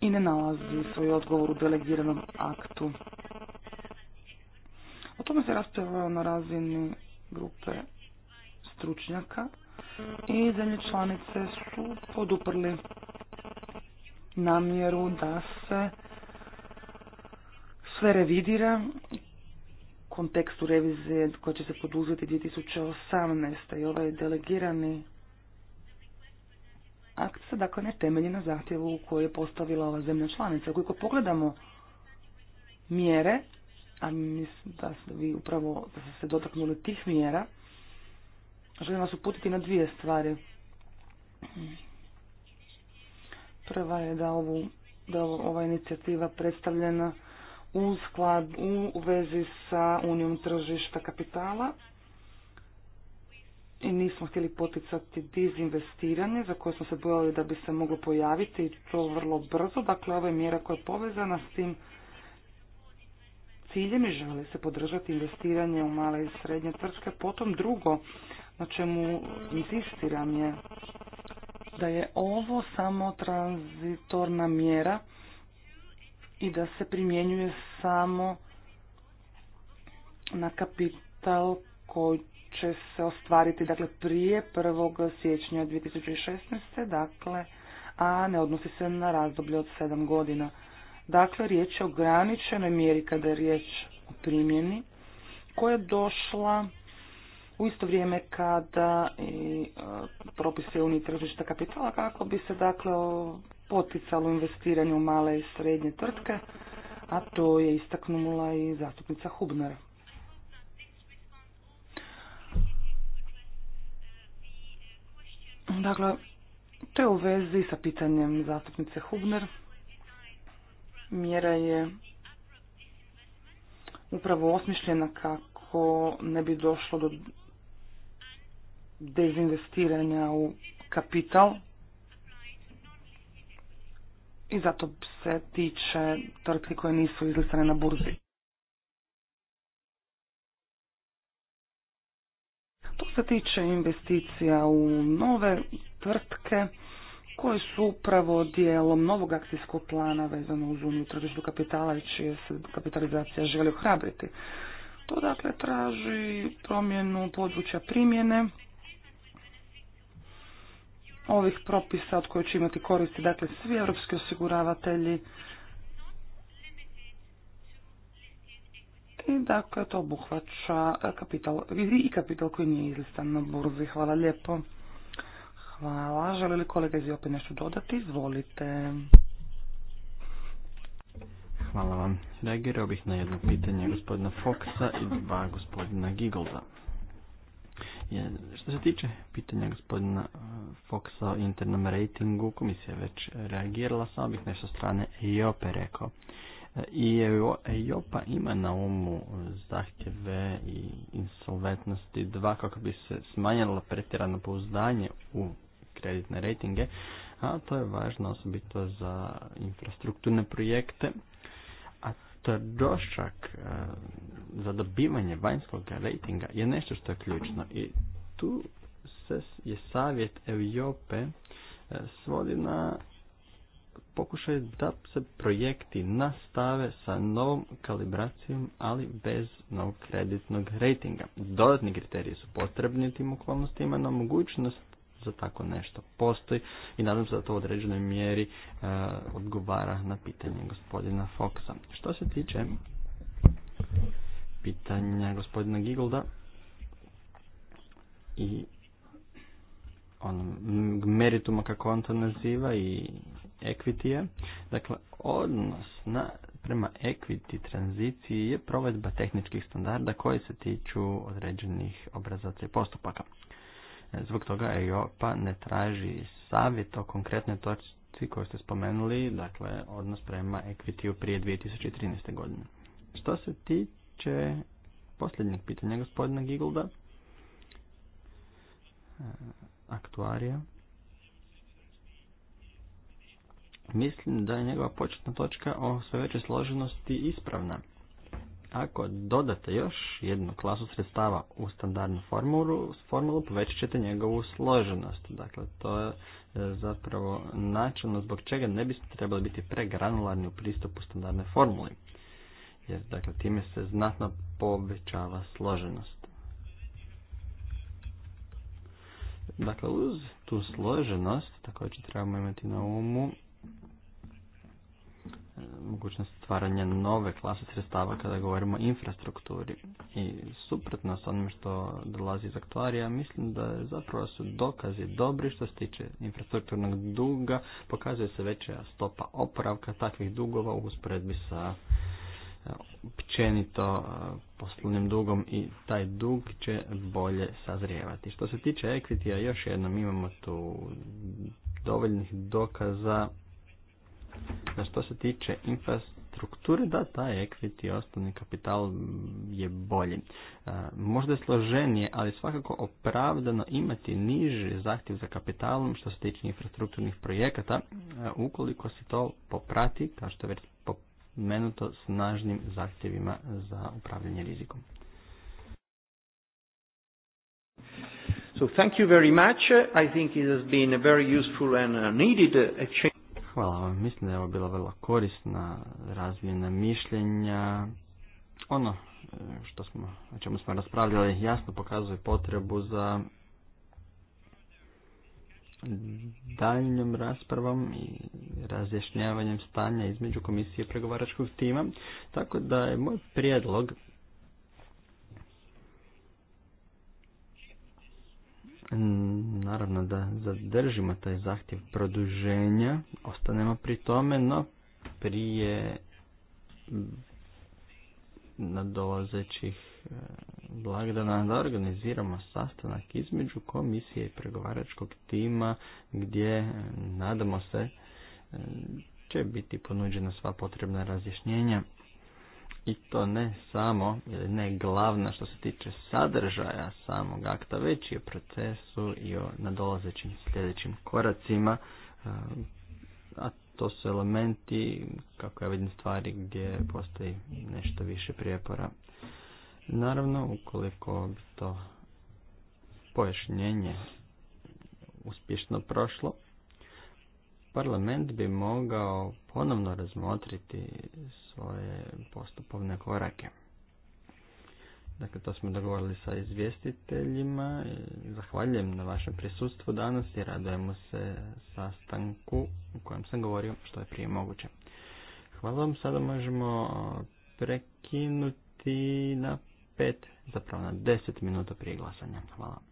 i ne nalazi svoj odgovor u delegiranom aktu. O tome se raspravljalo na razini grupe stručnjaka i zemlje članice su poduprli namjeru da se sve revidira u kontekstu revizije koja će se poduzeti 2018. i ovaj delegirani akcija se dakle ne temelji na zahtjevu koju je postavila ova zemlja članica. Ukoliko pogledamo mjere, a mislim da ste vi upravo da ste se dotaknuli tih mjera, želim vas uputiti na dvije stvari. Prva je da, ovu, da ova inicijativa predstavljena u, sklad, u vezi sa Unijom tržišta kapitala, i nismo htjeli poticati dizinvestiranje za koje smo se bojali da bi se moglo pojaviti i to vrlo brzo. Dakle, ova je mjera koja je povezana s tim ciljem i želi se podržati investiranje u male i srednje tvrtke. Potom drugo, na čemu insistiram je da je ovo samo tranzitorna mjera i da se primjenjuje samo na kapital koji će se ostvariti dakle, prije 1. siječnja 2016. Dakle, a ne odnosi se na razdoblje od 7 godina. Dakle, riječ je o ograničenoj mjeri kada je riječ o primjeni koja je došla u isto vrijeme kada i e, propise unije tržišta kapitala kako bi se dakle poticalo investiranje u male i srednje tvrtke, a to je istaknula i zastupnica Hubnera. Dakle, je u vezi sa pitanjem zastupnice Hubner. Mjera je upravo osmišljena kako ne bi došlo do dezinvestiranja u kapital i zato se tiče tvrtki koje nisu izlistane na burzi. To se tiče investicija u nove tvrtke koje su upravo dijelom novog akcijskog plana vezano uz uniju tržištu kapitala i čije se kapitalizacija želi ohrabriti. To dakle traži promjenu područja primjene ovih propisa od koje će imati koristi dakle svi europski osiguravatelji i dakle to obuhvaća kapital i kapital koji nije izlistan na burzi. Hvala lijepo. Hvala. Žele li kolega iz opet nešto dodati? Izvolite. Hvala vam. Reagirao bih na jedno pitanje gospodina Foxa i dva gospodina Gigolda. Je, što se tiče pitanja gospodina uh, Foxa o internom rejtingu, komisija je već reagirala, samo bih nešto strane i opet rekao. I Europa ima na umu zahtjeve i insolventnosti dva kako bi se smanjilo pretjerano pouzdanje u kreditne rejtinge, a to je važno osobito za infrastrukturne projekte, a trošak e, za dobivanje vanjskog rejtinga je nešto što je ključno i tu se je savjet Europe e, svodi na pokušaj da se projekti nastave sa novom kalibracijom, ali bez novog kreditnog ratinga Dodatni kriteriji su potrebni tim okolnostima, no mogućnost za tako nešto postoji i nadam se da to u određenoj mjeri e, odgovara na pitanje gospodina Foxa. Što se tiče pitanja gospodina Gigolda i onog merituma kako on to naziva i equity Dakle, odnos na, prema equity tranziciji je provedba tehničkih standarda koji se tiču određenih obrazaca i postupaka. E, zbog toga EIOPA ne traži savjet o konkretnoj točci koju ste spomenuli, dakle odnos prema equity prije 2013. godine. Što se tiče posljednjeg pitanja gospodina Gigolda, e, aktuarija, Mislim da je njegova početna točka o sve većoj složenosti ispravna. Ako dodate još jednu klasu sredstava u standardnu formulu, povećat ćete njegovu složenost. Dakle, to je e, zapravo načelno zbog čega ne biste trebali biti pregranularni u pristupu standardne formuli. Jer, dakle, time se znatno povećava složenost. Dakle, uz tu složenost također trebamo imati na umu E, mogućnost stvaranja nove klase sredstava kada govorimo o infrastrukturi. I suprotno s onim što dolazi iz aktuarija, mislim da zapravo su dokazi dobri što se tiče infrastrukturnog duga, pokazuje se veća stopa oporavka takvih dugova u usporedbi sa e, općenito e, poslovnim dugom i taj dug će bolje sazrijevati. Što se tiče ekvitija, još jednom imamo tu dovoljnih dokaza na što se tiče infrastrukture, da, taj equity, osnovni kapital je bolji. E, možda je složenije, ali svakako opravdano imati niži zahtjev za kapitalom što se tiče infrastrukturnih projekata, e, ukoliko se to poprati, kao što je već spomenuto, snažnim zahtjevima za upravljanje rizikom. So thank you very much. I think it has been a very useful and needed Hvala vam. Mislim da je ovo bila vrlo korisna razvijena mišljenja. Ono e, što smo, o čemu smo raspravljali jasno pokazuje potrebu za daljnjom raspravom i razjašnjavanjem stanja između komisije pregovaračkog tima. Tako da je moj prijedlog Mm, naravno da zadržimo taj zahtjev produženja, ostanemo pri tome, no prije nadolazećih eh, blagdana da organiziramo sastanak između komisije i pregovaračkog tima gdje eh, nadamo se eh, će biti ponuđena sva potrebna razjašnjenja i to ne samo ili ne glavna što se tiče sadržaja samog akta, već i o procesu i o nadolazećim sljedećim koracima, e, a to su elementi, kako ja vidim stvari, gdje postoji nešto više prijepora. Naravno, ukoliko to pojašnjenje uspješno prošlo, parlament bi mogao ponovno razmotriti svoje postupovne korake. Dakle, to smo dogovorili sa izvjestiteljima. Zahvaljujem na vašem prisustvu danas i radujemo se sastanku u kojem sam govorio što je prije moguće. Hvala vam, sada možemo prekinuti na pet, zapravo na deset minuta prije glasanja. Hvala.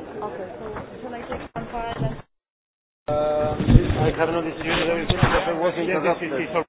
Okay, so can I take one file and... Uh, I have no decision.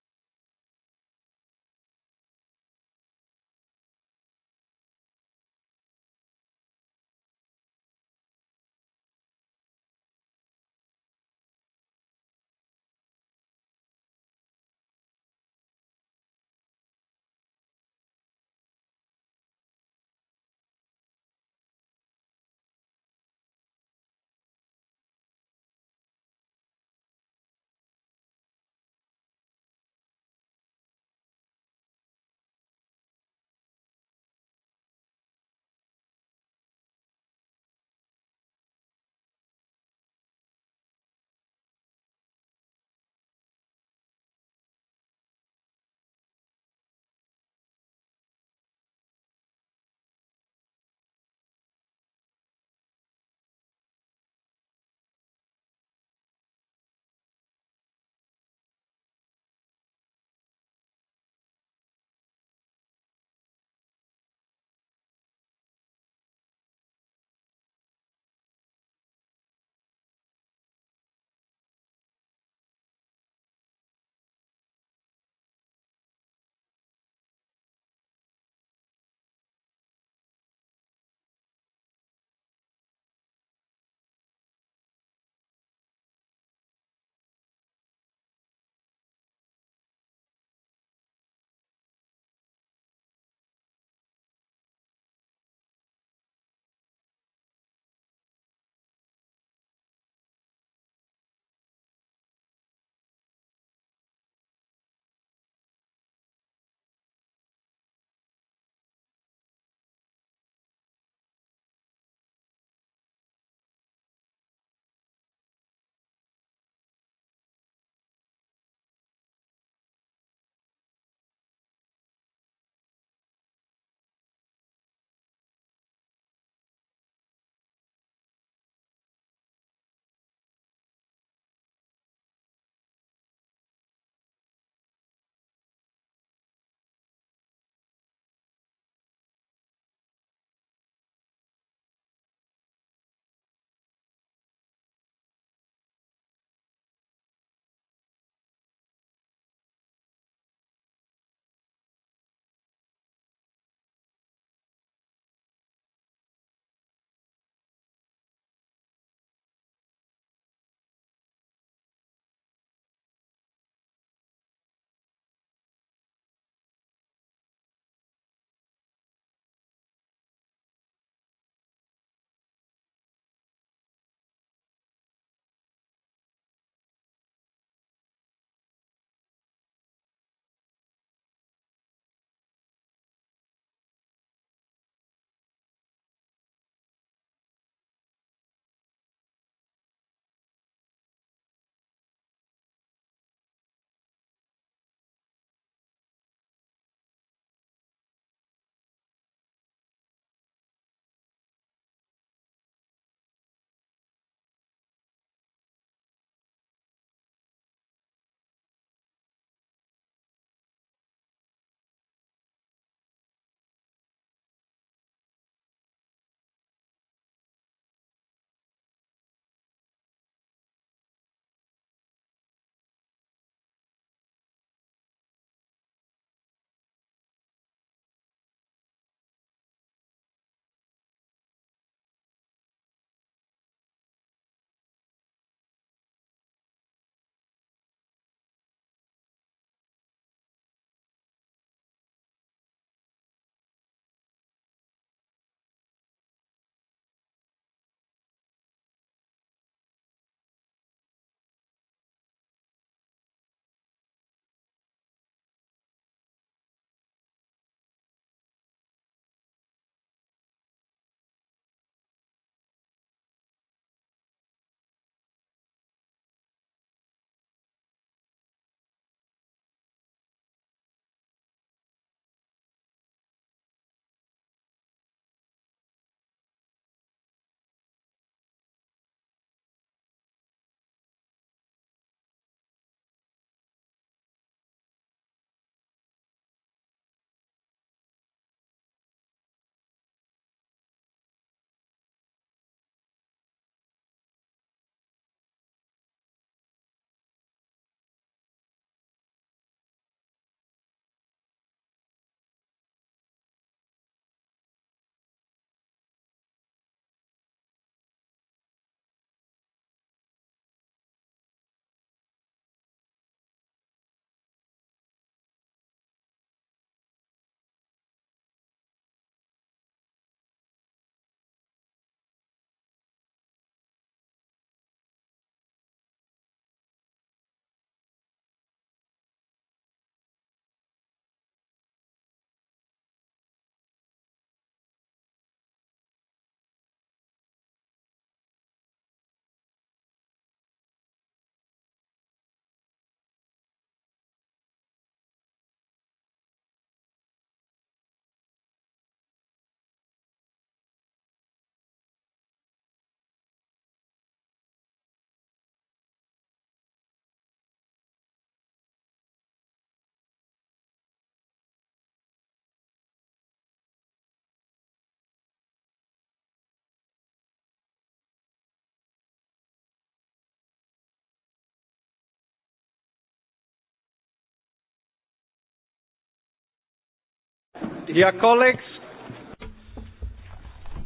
Dear colleagues,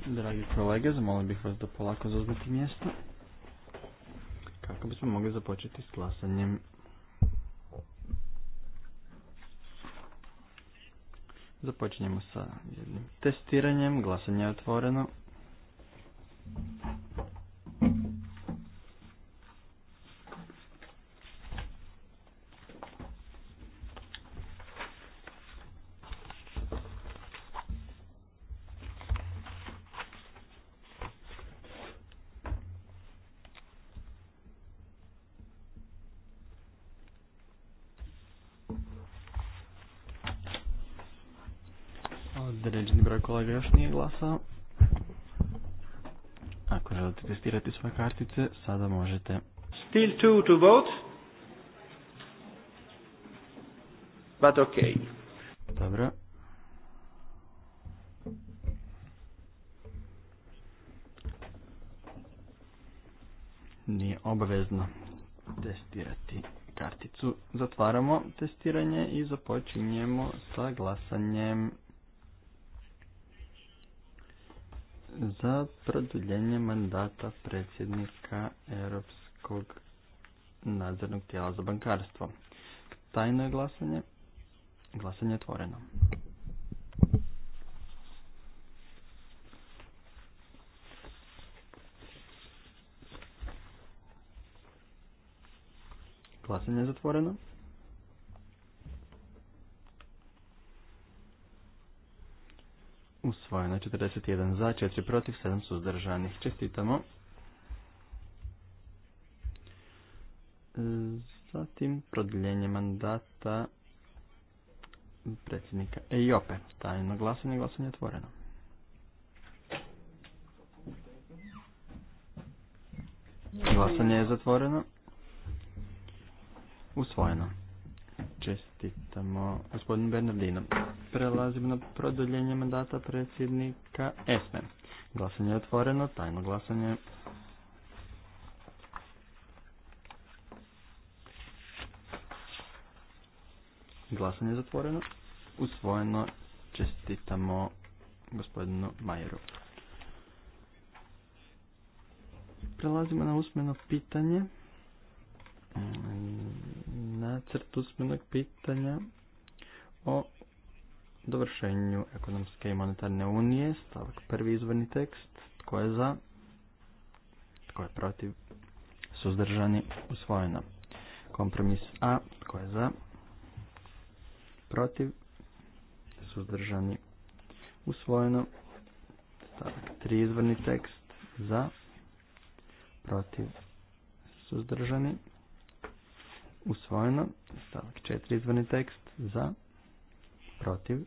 Dragi kolege, zamolim bih vas da polako zauzmete mjesto kako bismo mogli započeti s glasanjem. Započinjemo sa jednim testiranjem, glasanje je otvoreno. Ako želite testirati svoje kartice, sada možete. Still two to vote. But ok Dobro. Nije obavezno testirati karticu. Zatvaramo testiranje i započinjemo sa glasanjem. za produljenje mandata predsjednika Europskog nadzornog tijela za bankarstvo. Tajno je glasanje. Glasanje je otvoreno. Glasanje je zatvoreno. jedan za, 4 protiv, 7 suzdržanih. Čestitamo. E, zatim produljenje mandata predsjednika EIOPE. Tajno glasanje, glasanje je otvoreno. Glasanje je zatvoreno. Usvojeno. Čestitamo gospodinu Bernardinu prelazimo na produljenje mandata predsjednika ESME. Glasanje je otvoreno, tajno glasanje. Glasanje je zatvoreno. Usvojeno čestitamo gospodinu Majeru. Prelazimo na usmeno pitanje. Nacrt usmenog pitanja o dovršenju ekonomske i monetarne unije, stavak prvi izvorni tekst, tko je za, tko je protiv, suzdržani, usvojena. Kompromis A, tko je za, protiv, suzdržani, usvojeno. Stavak 3 izvorni tekst, za, protiv, suzdržani, usvojeno. Stavak četiri izvorni tekst, za, protiv,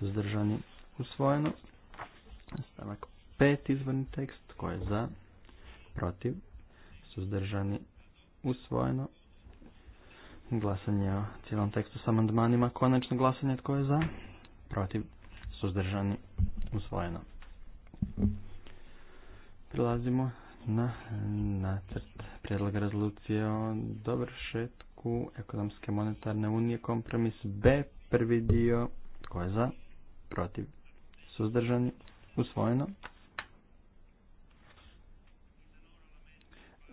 suzdržani, usvojeno. Stavak pet izvorni tekst, tko je za, protiv, suzdržani, usvojeno. Glasanje o cijelom tekstu s amandmanima, konačno glasanje tko je za, protiv, suzdržani, usvojeno. Prelazimo na nacrt prijedloga rezolucije o dovršetku ekonomske monetarne unije kompromis B, prvi dio, tko je za, protiv, suzdržani, usvojeno.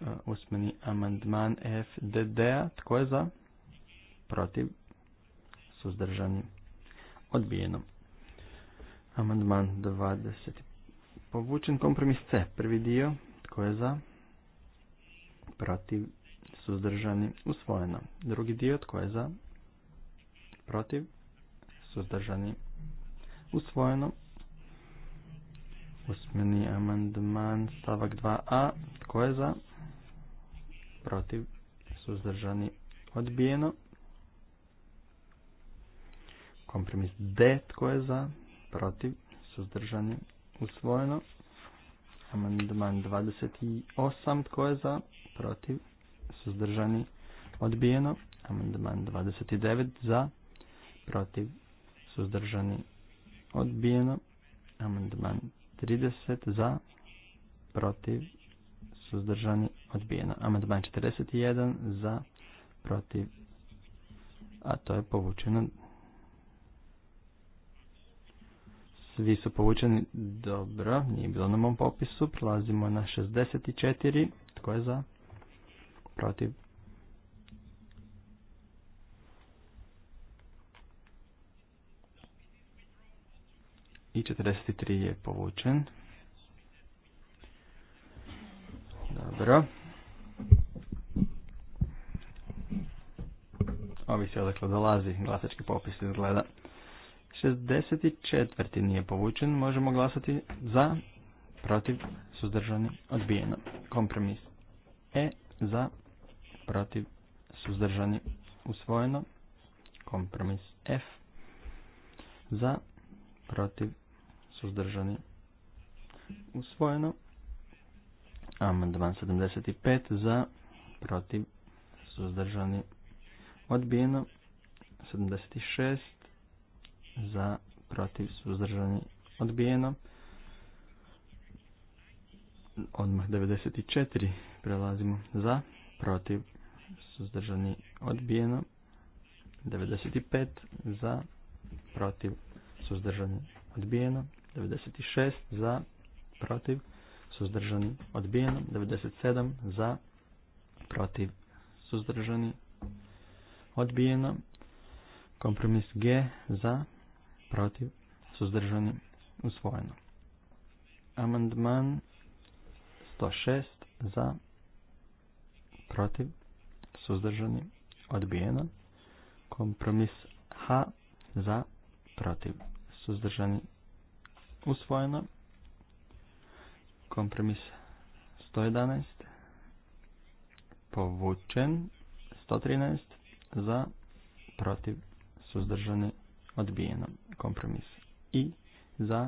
E, usmeni amandman FDD-a, tko je za, protiv, suzdržani, odbijeno. Amandman 20. Povučen kompromis C, prvi dio, tko je za, protiv, suzdržani, usvojeno. Drugi dio, tko je za, protiv, suzdržani, usvojeno. Usmeni amandman stavak 2a. Tko je za? Protiv. Suzdržani. Odbijeno. Kompromis D. Tko je za? Protiv. Suzdržani. Usvojeno. Amandman 28. Tko je za? Protiv. Suzdržani. Odbijeno. Amandman 29. Za. Protiv. Suzdržani odbijeno. Amandman 30 za, protiv, suzdržani, odbijeno. Amandman 41 za, protiv, a to je povučeno. Svi su povučeni, dobro, nije bilo na mom popisu. Prelazimo na 64, tko je za, protiv, i 43 je povučen. Dobro. se odakle dolazi glasački popis izgleda. 64. nije povučen, možemo glasati za, protiv, suzdržani, odbijeno. Kompromis E za, protiv, suzdržani, usvojeno. Kompromis F za, protiv, suzdržani, usvojeno. Amandman 75 za, protiv, suzdržani, odbijeno. 76 za, protiv, suzdržani, odbijeno. Odmah 94 prelazimo za, protiv, suzdržani, odbijeno. 95 za, protiv, suzdržani, odbijeno. 96 za, protiv, suzdržani, odbijeno. 97 za, protiv, suzdržani, odbijeno. Kompromis G za, protiv, suzdržani, usvojeno. Amandman 106 za, protiv, suzdržani, odbijeno. Kompromis H za, protiv, suzdržani, usvojeno. Kompromis 111 povučen 113 za protiv suzdržani odbijeno kompromis i za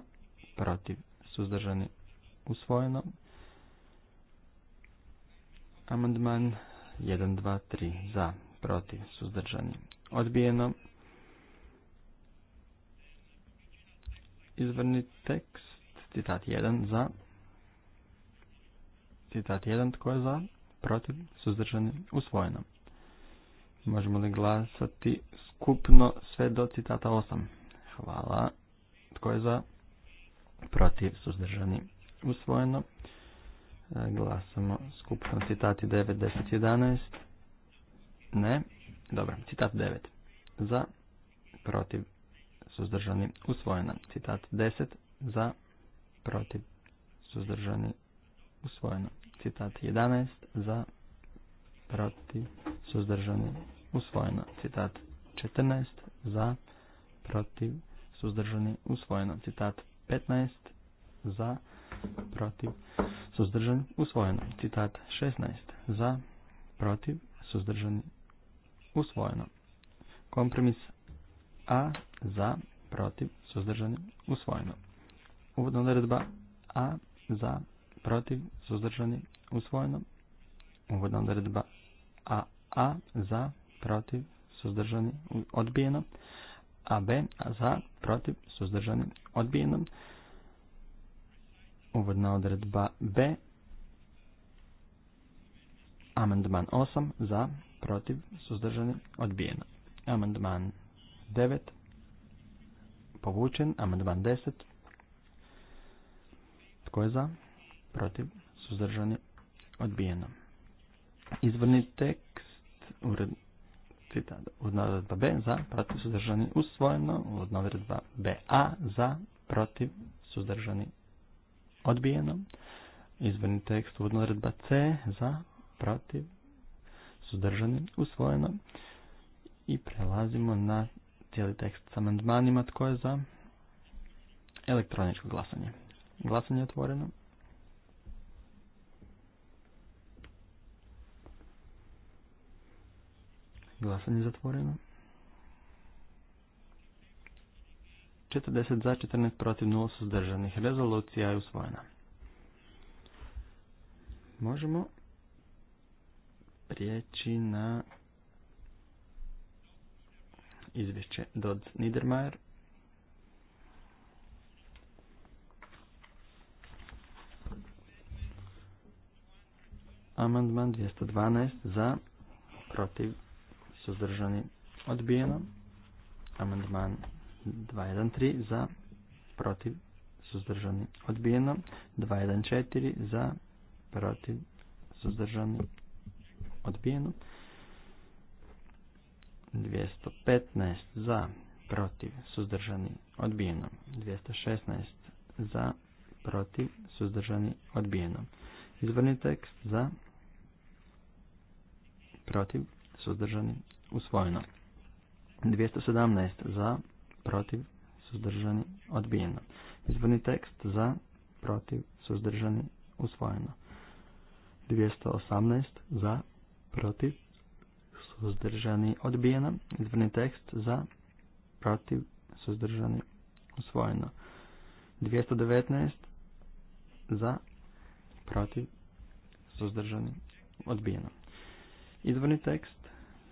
protiv suzdržani usvojeno amandman 1 2 3 za protiv suzdržani odbijeno izvrni tekst, citat 1 za, citat 1 tko je za, protiv, suzdržani, usvojeno. Možemo li glasati skupno sve do citata 8? Hvala. Tko je za? Protiv, suzdržani, usvojeno. E, glasamo skupno citati 9, 10, 11. Ne. Dobro, citat 9. Za, protiv, suzdržani, usvojena. Citat 10 za, protiv, suzdržani, usvojena. Citat 11 za, protiv, suzdržani, usvojena. Citat 14 za, protiv, suzdržani, usvojena. Citat 15 za, protiv, suzdržani, usvojeno. Citat 16 za, protiv, suzdržani, usvojena, Kompromis A za, protiv, suzdržani, usvojeno. Uvodna odredba A za, protiv, suzdržani, usvojeno. Uvodna odredba A, A za, protiv, suzdržani, odbijeno. A B a za, protiv, suzdržani, odbijeno. Uvodna odredba B. Amandman 8 za, protiv, suzdržani, odbijeno. Amandman 9 povučen. Amandman 10. Tko je za? Protiv. Suzdržani. Odbijeno. Izvorni tekst ured citat. B za, protiv, suzdržani, usvojeno. Odredba B A za, protiv, suzdržani, odbijeno. Izvorni tekst odnoredba C za, protiv, suzdržani, usvojeno. I prelazimo na cijeli tekst sa amandmanima. Tko je za? Elektroničko glasanje. Glasanje je otvoreno. Glasanje je zatvoreno. 40 za, 14 protiv, 0 suzdržanih. Rezolucija je usvojena. Možemo prijeći na izvješće Dodd Niedermayer. Amandman 212 za, protiv, suzdržani, odbijeno. Amandman 213 za, protiv, suzdržani, odbijeno. 214 za, protiv, suzdržani, odbijeno. 215 za, protiv, suzdržani, odbijeno. 216 za, protiv, suzdržani, odbijeno. Izvorni tekst za, protiv, suzdržani, usvojeno. 217 za, protiv, suzdržani, odbijeno. Izvorni tekst za, protiv, suzdržani, usvojeno. 218 za, protiv, suzdržani, odbijeno. Izvrni tekst za, protiv, suzdržani, usvojeno. 219 za, protiv, suzdržani, odbijeno. Izvorni tekst,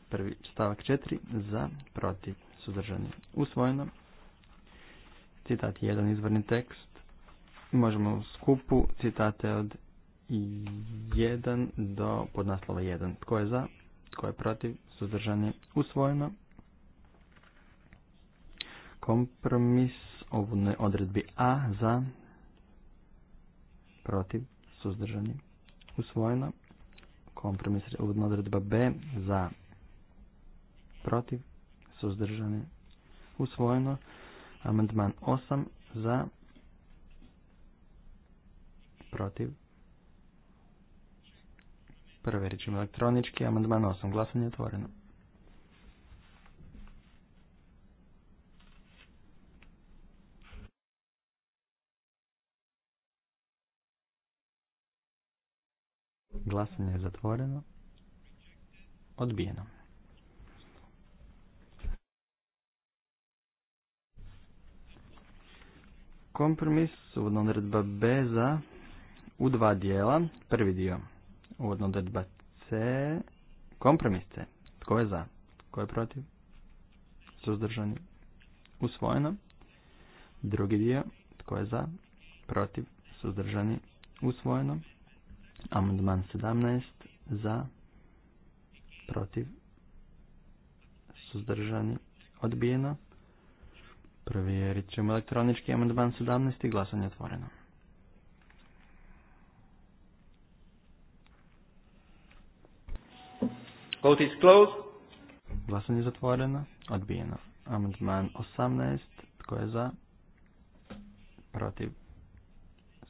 prvi stavak 4, za, protiv, suzdržani, usvojeno. Citat jedan izvorni tekst. Možemo u skupu citate od 1 do podnaslova 1. Tko je za, tko je protiv? Suzdržani? Usvojeno. Kompromis ovune odredbi A za protiv? Suzdržani? Usvojeno. Kompromis uvodna odredba B za protiv? Suzdržani? Usvojeno. Amandman 8 za protiv? Provjerit elektronički. Amandman 8. Glasanje je otvoreno. Glasanje je zatvoreno. Odbijeno. Kompromis, uvodna odredba B za u dva dijela. Prvi dio Uvodna odredba C. Kompromis C. Tko je za? Tko je protiv? Suzdržani. Usvojeno. Drugi dio. Tko je za? Protiv. Suzdržani. Usvojeno. Amandman 17. Za. Protiv. Suzdržani. Odbijeno. Provjerit ćemo elektronički amandman 17. Glasanje otvoreno. Vote is closed. Glasanje zatvoreno. Odbijeno. Amandman 18. Tko je za? Protiv.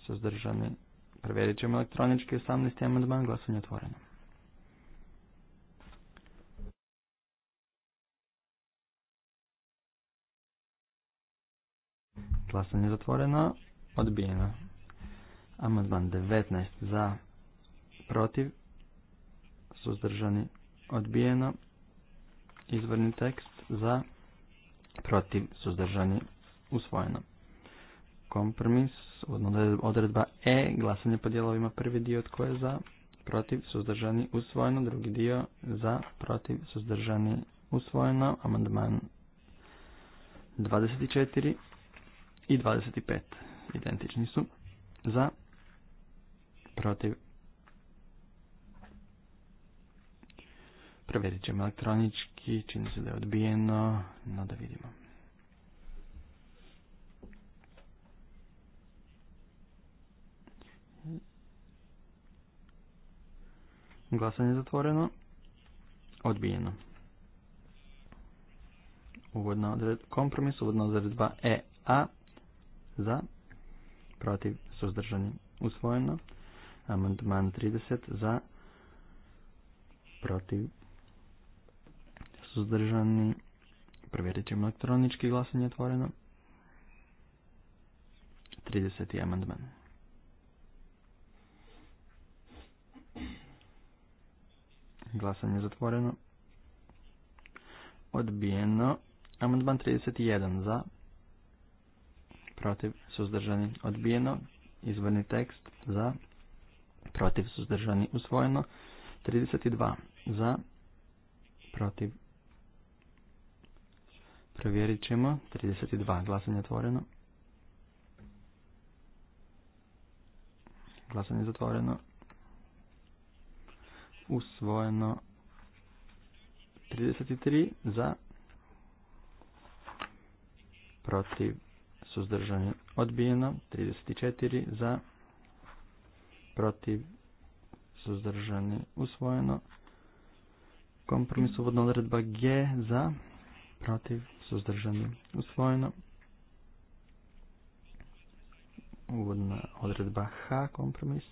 Suzdržani. Provjerit ćemo elektronički 18. amandman. Glasanje otvoreno. Glasanje zatvoreno. Odbijeno. Amandman 19 za protiv. Suzdržani odbijeno. Izvorni tekst za, protiv, suzdržani, usvojeno. Kompromis, odredba E, glasanje po dijelovima, prvi dio tko je za, protiv, suzdržani, usvojeno, drugi dio za, protiv, suzdržani, usvojeno, amandman 24 i 25 identični su za, protiv, Provjerit ćemo elektronički, čini se da je odbijeno, no da vidimo. Glasanje je zatvoreno. Odbijeno. Uvodna odred, kompromis, uvodna odredba E, A, za, protiv, suzdržani, usvojeno. Amandman 30, za, protiv, suzdržani. Provjerit ćemo elektronički glasanje otvoreno. 30. amandman. Glasanje zatvoreno. Odbijeno. Amandman 31 za. Protiv suzdržani. Odbijeno. Izvorni tekst za. Protiv suzdržani. Usvojeno. 32 za. Protiv Provjerit ćemo. 32. Glasanje otvoreno. Glasanje zatvoreno. Usvojeno. 33 za. Protiv. Suzdržanje odbijeno. 34 za. Protiv. Suzdržanje usvojeno. Kompromis uvodna odredba G za. Protiv suzdržani, usvojeno. Uvodna odredba H, kompromis.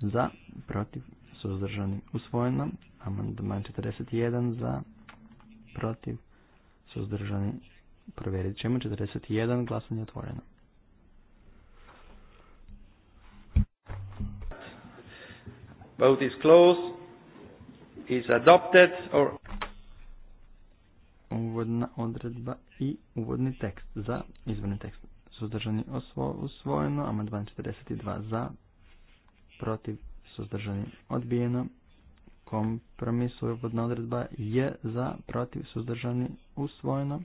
Za, protiv, suzdržani, usvojeno. Amandman 41 za, protiv, suzdržani, provjerit ćemo. 41, glasanje otvoreno. Vote is closed. Is adopted or uvodna odredba i uvodni tekst za izvorni tekst. Suzdržani usvojeno, amandman 42 za, protiv suzdržani odbijeno, kompromis uvodna odredba je za, protiv suzdržani usvojeno,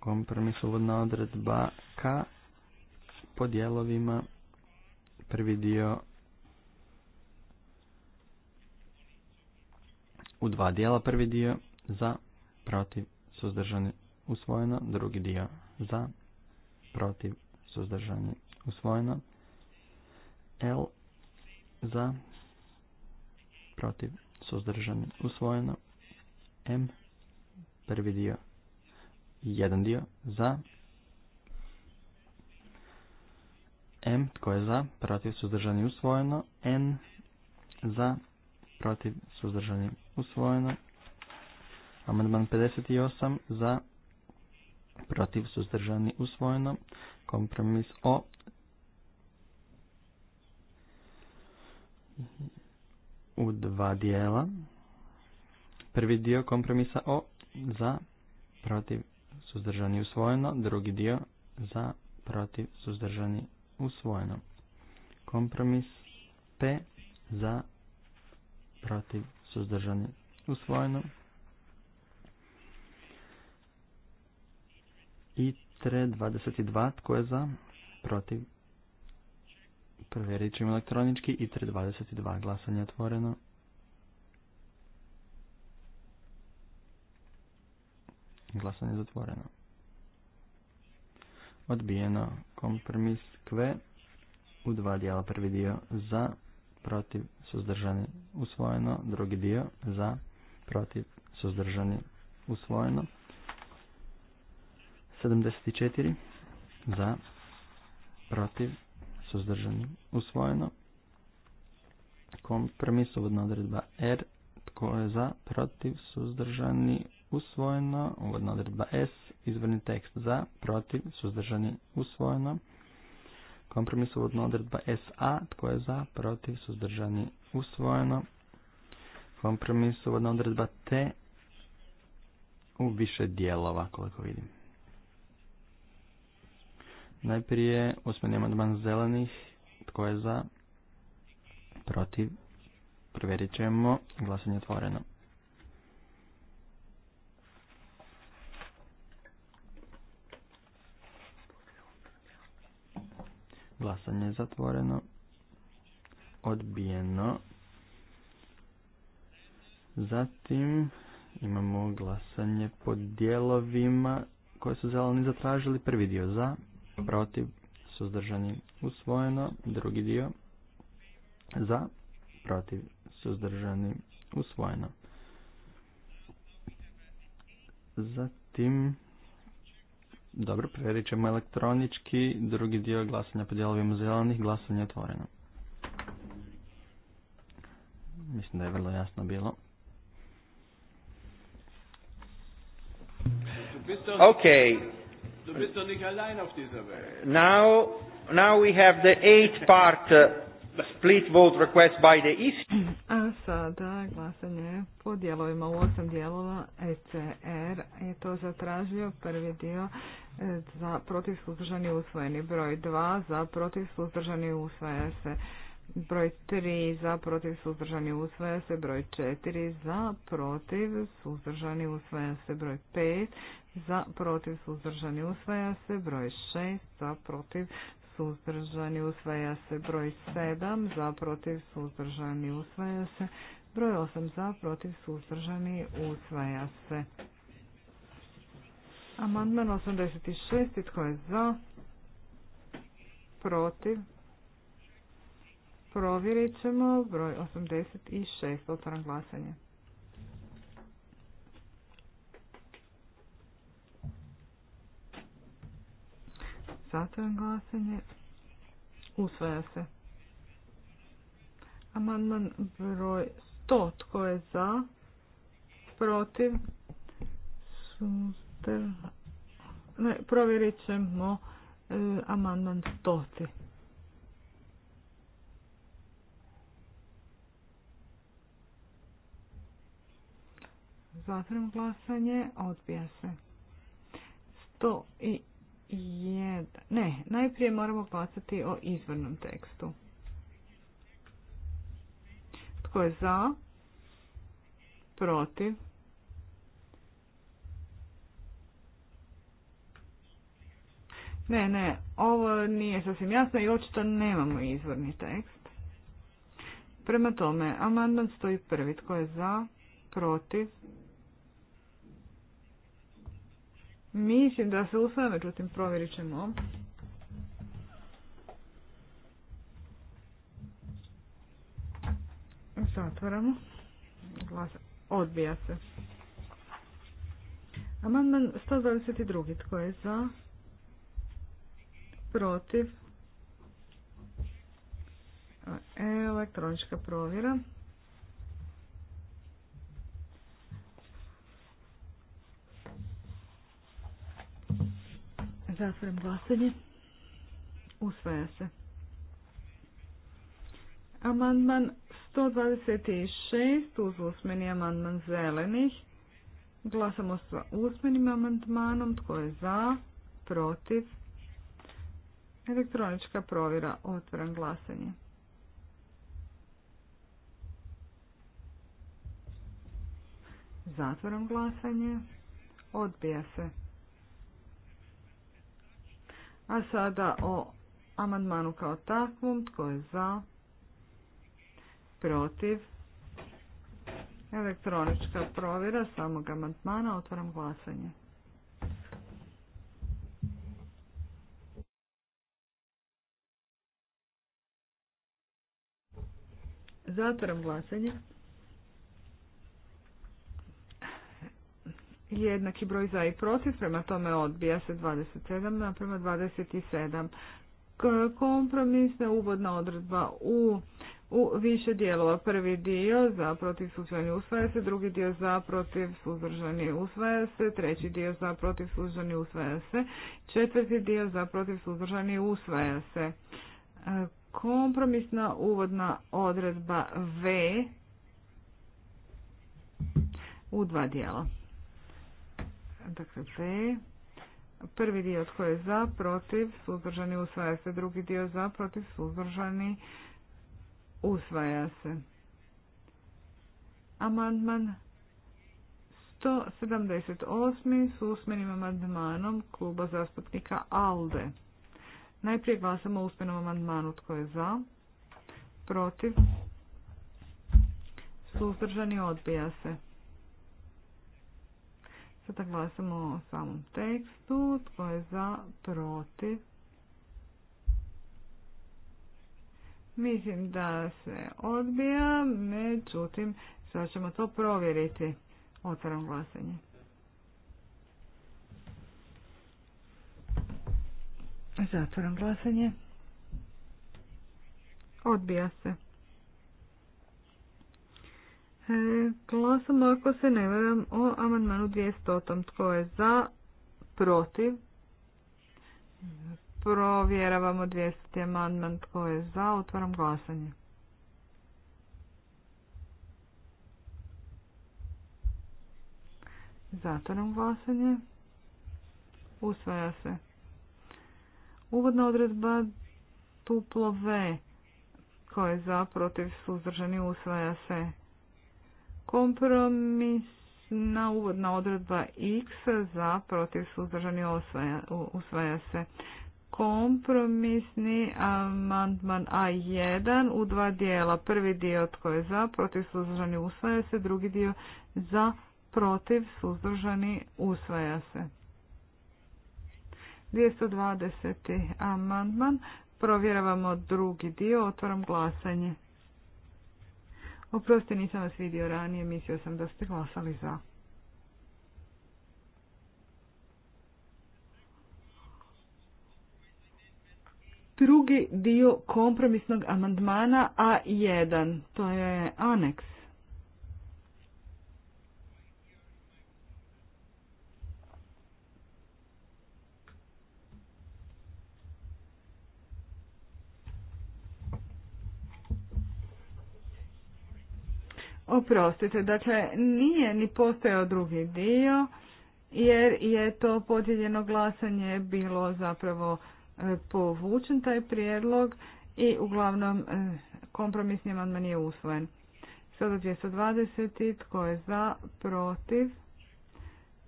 kompromis uvodna odredba ka po dijelovima prvi dio u dva dijela prvi dio za protiv, suzdržani, usvojeno. Drugi dio za, protiv, suzdržani, usvojeno. L za, protiv, suzdržani, usvojeno. M, prvi dio, jedan dio, za. M, tko je za, protiv, suzdržani, usvojeno. N, za, protiv, suzdržani, usvojeno. Amandman 58 za protiv suzdržani usvojeno. Kompromis o u dva dijela. Prvi dio kompromisa o za protiv suzdržani usvojeno. Drugi dio za protiv suzdržani usvojeno. Kompromis P za protiv suzdržani usvojeno. I 22 tko je za? Protiv. Provjerit ćemo elektronički. I 22 glasanje otvoreno. Glasanje je zatvoreno. Odbijeno kompromis kve u dva dijela. Prvi dio za, protiv, suzdržani, usvojeno. Drugi dio za, protiv, suzdržani, usvojeno. 74 za, protiv, suzdržani, usvojeno. Kompromis uvodna odredba R, tko je za, protiv, suzdržani, usvojeno. Uvodna odredba S, izvrni tekst za, protiv, suzdržani, usvojeno. Kompromis uvodna odredba SA, tko je za, protiv, suzdržani, usvojeno. Kompromis uvodna odredba T, u više dijelova koliko vidim. Najprije usmeni amandman zelenih. Tko je za? Protiv? Provjerit ćemo. Glasanje otvoreno. Glasanje je zatvoreno. Odbijeno. Zatim imamo glasanje po dijelovima koje su zeleni zatražili. Prvi dio za, protiv, suzdržani, usvojeno, drugi dio, za, protiv, suzdržani, usvojeno. Zatim, dobro, preverit ćemo elektronički, drugi dio glasanja po dijelovima zelenih, glasanje otvoreno. Mislim da je vrlo jasno bilo. Okay, Du bist doch nicht allein auf dieser Welt. Now, now we have the eight part uh, split vote request by the East. A sada glasanje po dijelovima u osam dijelova ECR je to zatražio prvi dio e, za protiv suzdržani usvojeni broj 2 za protiv suzdržani usvoje se Broj 3 za protiv suzdržani usvaja se. Broj 4 za protiv suzdržani usvaja se. Broj 5 za protiv suzdržani usvaja se. Broj 6 za protiv suzdržani usvaja se. Broj 7 za protiv suzdržani usvaja se. Broj 8 za protiv suzdržani usvaja se. Amandman 86. Tko je za? Protiv? Provjerit ćemo broj 86. Otvaram glasanje. Zatvaram glasanje. Usvaja se. Amandman broj 100. Tko je za? Protiv? Suzdržan? Ne, provjerit ćemo e, amandman 100. Zatvaram glasanje. Odbija se. 101. Ne, najprije moramo glasati o izvornom tekstu. Tko je za? Protiv? Ne, ne, ovo nije sasvim jasno i očito nemamo izvorni tekst. Prema tome, amandman stoji prvi. Tko je za? Protiv? Mislim da se usvaja, međutim provjerit ćemo. Zatvoramo. Odbija se. Amandman 122. Tko je za? Protiv? E, elektronička provjera. Zatvaram glasanje. Usvaja se. Amandman 126 uz usmeni amandman zelenih. Glasamo sa usmenim amandmanom. Tko je za? Protiv? Elektronička provjera. Otvaram glasanje. Zatvaram glasanje. Odbija se. A sada o amandmanu kao takvom, tko je za, protiv, elektronička provjera samog amandmana, otvaram glasanje. Zatvaram glasanje. jednaki broj za i protiv, prema tome odbija se 27 naprema 27. Kompromisna uvodna odredba u, u više dijelova. Prvi dio za protiv suzdržani usvaja se, drugi dio za protiv suzdržani usvaja se, treći dio za protiv suzdržani usvaja se, četvrti dio za protiv suzdržani usvaja se. E, kompromisna uvodna odredba V u dva dijela dakle B. Prvi dio tko je za, protiv, suzdržani usvaja se. Drugi dio za, protiv, suzdržani usvaja se. Amandman 178. s usmenim amandmanom kluba zastupnika ALDE. Najprije glasamo o usmenom amandmanu tko je za, protiv, suzdržani odbija se. Sada glasamo o samom tekstu. Tko je za, protiv? Mislim da se odbija, međutim, sad ćemo to provjeriti. Otvaram glasanje. Zatvaram glasanje. Odbija se. E, glasamo ako se ne varam o amandmanu 200. Tko je za? Protiv? Provjeravamo 200. amandman. Tko je za? Otvaram glasanje. Zatvaram glasanje. Usvaja se. Uvodna odredba tuplo V. Tko je za? Protiv? Suzdržani? Usvaja se. Kompromisna uvodna odredba X za protiv suzdržani usvaja se. Kompromisni amandman A1 u dva dijela. Prvi dio tko je za, protiv suzdržani usvaja se, drugi dio za, protiv suzdržani usvaja se. 220. amandman. Provjeravamo drugi dio, otvaram glasanje. Oprosti, nisam vas vidio ranije, mislio sam da ste glasali za. Drugi dio kompromisnog amandmana A1, to je aneks. Oprostite, dakle nije ni postojao drugi dio jer je to podijeljeno glasanje bilo zapravo e, povučen taj prijedlog i uglavnom e, kompromisni amandman je usvojen. Sada 220. Tko je za? Protiv?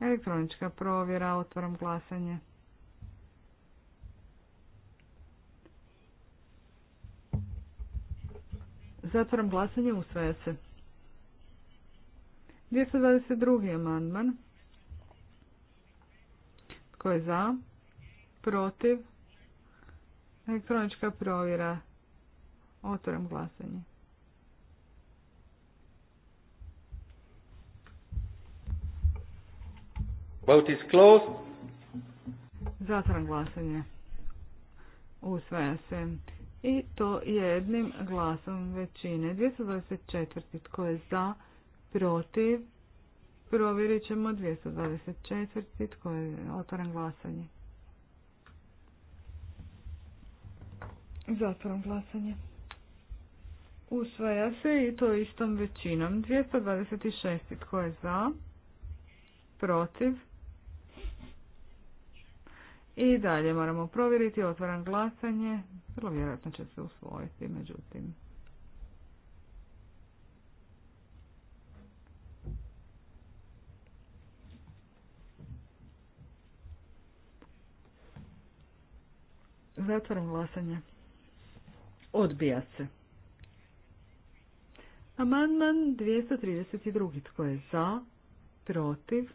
Elektronička provjera. otvorom glasanje. Zatvaram glasanje. Usvaja se. 222. amandman. Tko je za? Protiv? Elektronička provjera. Otvaram glasanje. Vot is closed. glasanje. Usvaja se. I to jednim glasom većine. 224. Tko je za? protiv, provjerit ćemo 224. Tko je otvoren glasanje? glasanje. Usvaja se i to istom većinom. 226. Tko je za? Protiv? I dalje moramo provjeriti otvoran glasanje. Vrlo vjerojatno će se usvojiti, međutim. Zatvaram glasanje. Odbija se. Amandman 232. Tko je za? Protiv?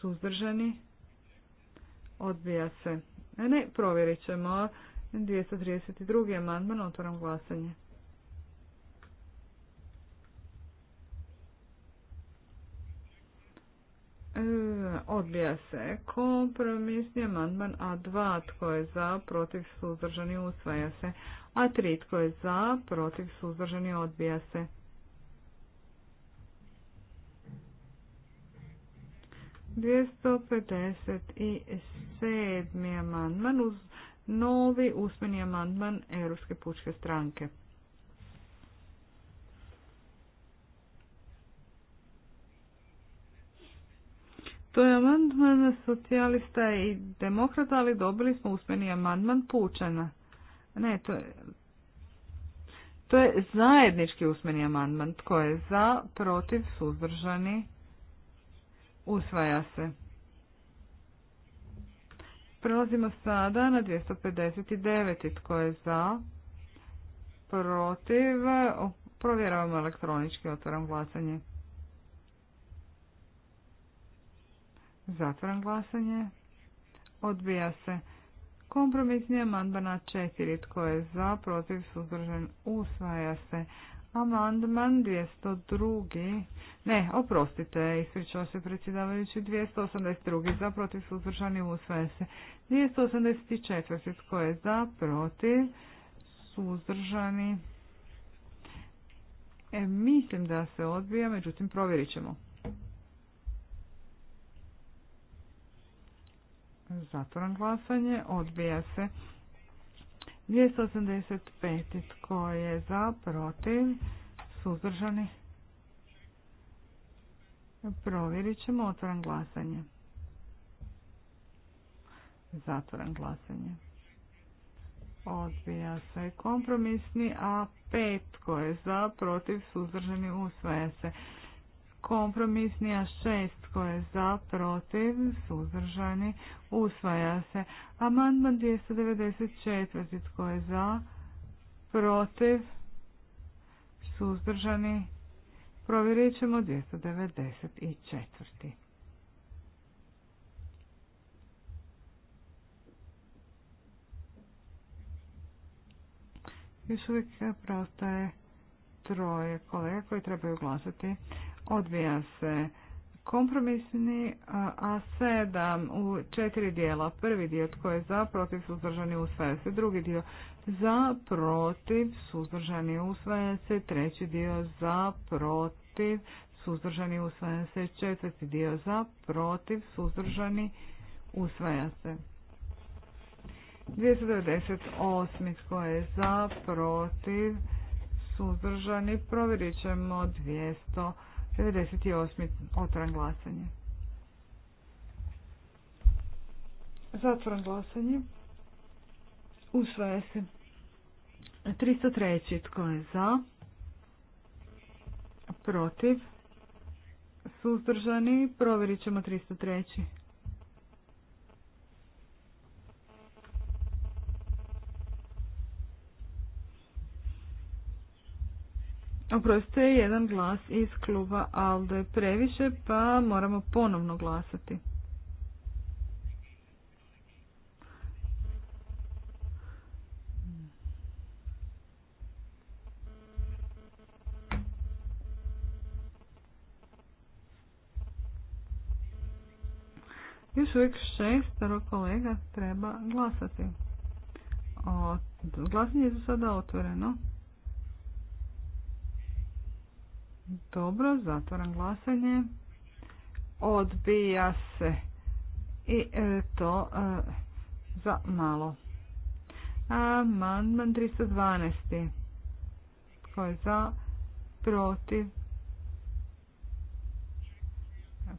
Suzdržani? Odbija se. E, ne, provjerit ćemo. 232. amandman. Otvaram glasanje. E, odbija se kompromisni amandman A2, tko je za, protiv, suzdržani, usvaja se. A3, tko je za, protiv, suzdržani, odbija se. Dvijesto pedeset i sedmi amandman uz novi usmeni amandman Europske pučke stranke. To je amandman socijalista i demokrata, ali dobili smo usmeni amandman pučana. Ne, to je... To je zajednički usmeni amandman. Tko je za, protiv, suzdržani, usvaja se. Prelazimo sada na 259. Tko je za, protiv, provjeravamo elektronički, otvaram glasanje. Zatvaram glasanje. Odbija se. Kompromisni amandman na 4. Tko je za, protiv, suzdržan, usvaja se. Amandman 202. Ne, oprostite, ispričao se predsjedavajući 282. Za, protiv, suzdržani, usvaja se. 284. Tko je za, protiv, suzdržani. E, mislim da se odbija, međutim provjerit ćemo. Zatvoran glasanje. Odbija se. 285. Tko je za, protiv, suzdržani? Provjerit ćemo. Otvoran glasanje. Zatvoran glasanje. Odbija se kompromisni, a pet tko je za, protiv, suzdržani, usvaja se. Kompromisnija šest koje je za, protiv, suzdržani, usvaja se. Amandman 294 tko je za, protiv, suzdržani, provjerit ćemo 294. Još uvijek e, je troje kolega koji trebaju glasati. Odvija se kompromisni a sedam u četiri dijela. Prvi dio tko je za, protiv, suzdržani, usvaja se. Drugi dio za, protiv, suzdržani, usvaja se. Treći dio za, protiv, suzdržani, usvaja se. Četvrti dio za, protiv, suzdržani, usvaja se. 298. Tko je za, protiv, suzdržani, provjerit ćemo 200. 98. Otvoran glasanje. Zatvoran glasanje. Usvaja se. 303. Tko je za? Protiv? Suzdržani? Provjerit ćemo 303. Oprostite, jedan glas iz kluba je previše, pa moramo ponovno glasati. Još uvijek šestero kolega treba glasati. O, glasanje je za sada otvoreno. Dobro, zatvoram glasanje. Odbija se i e, to e, za malo. Amandman 312. Tko je za? Protiv?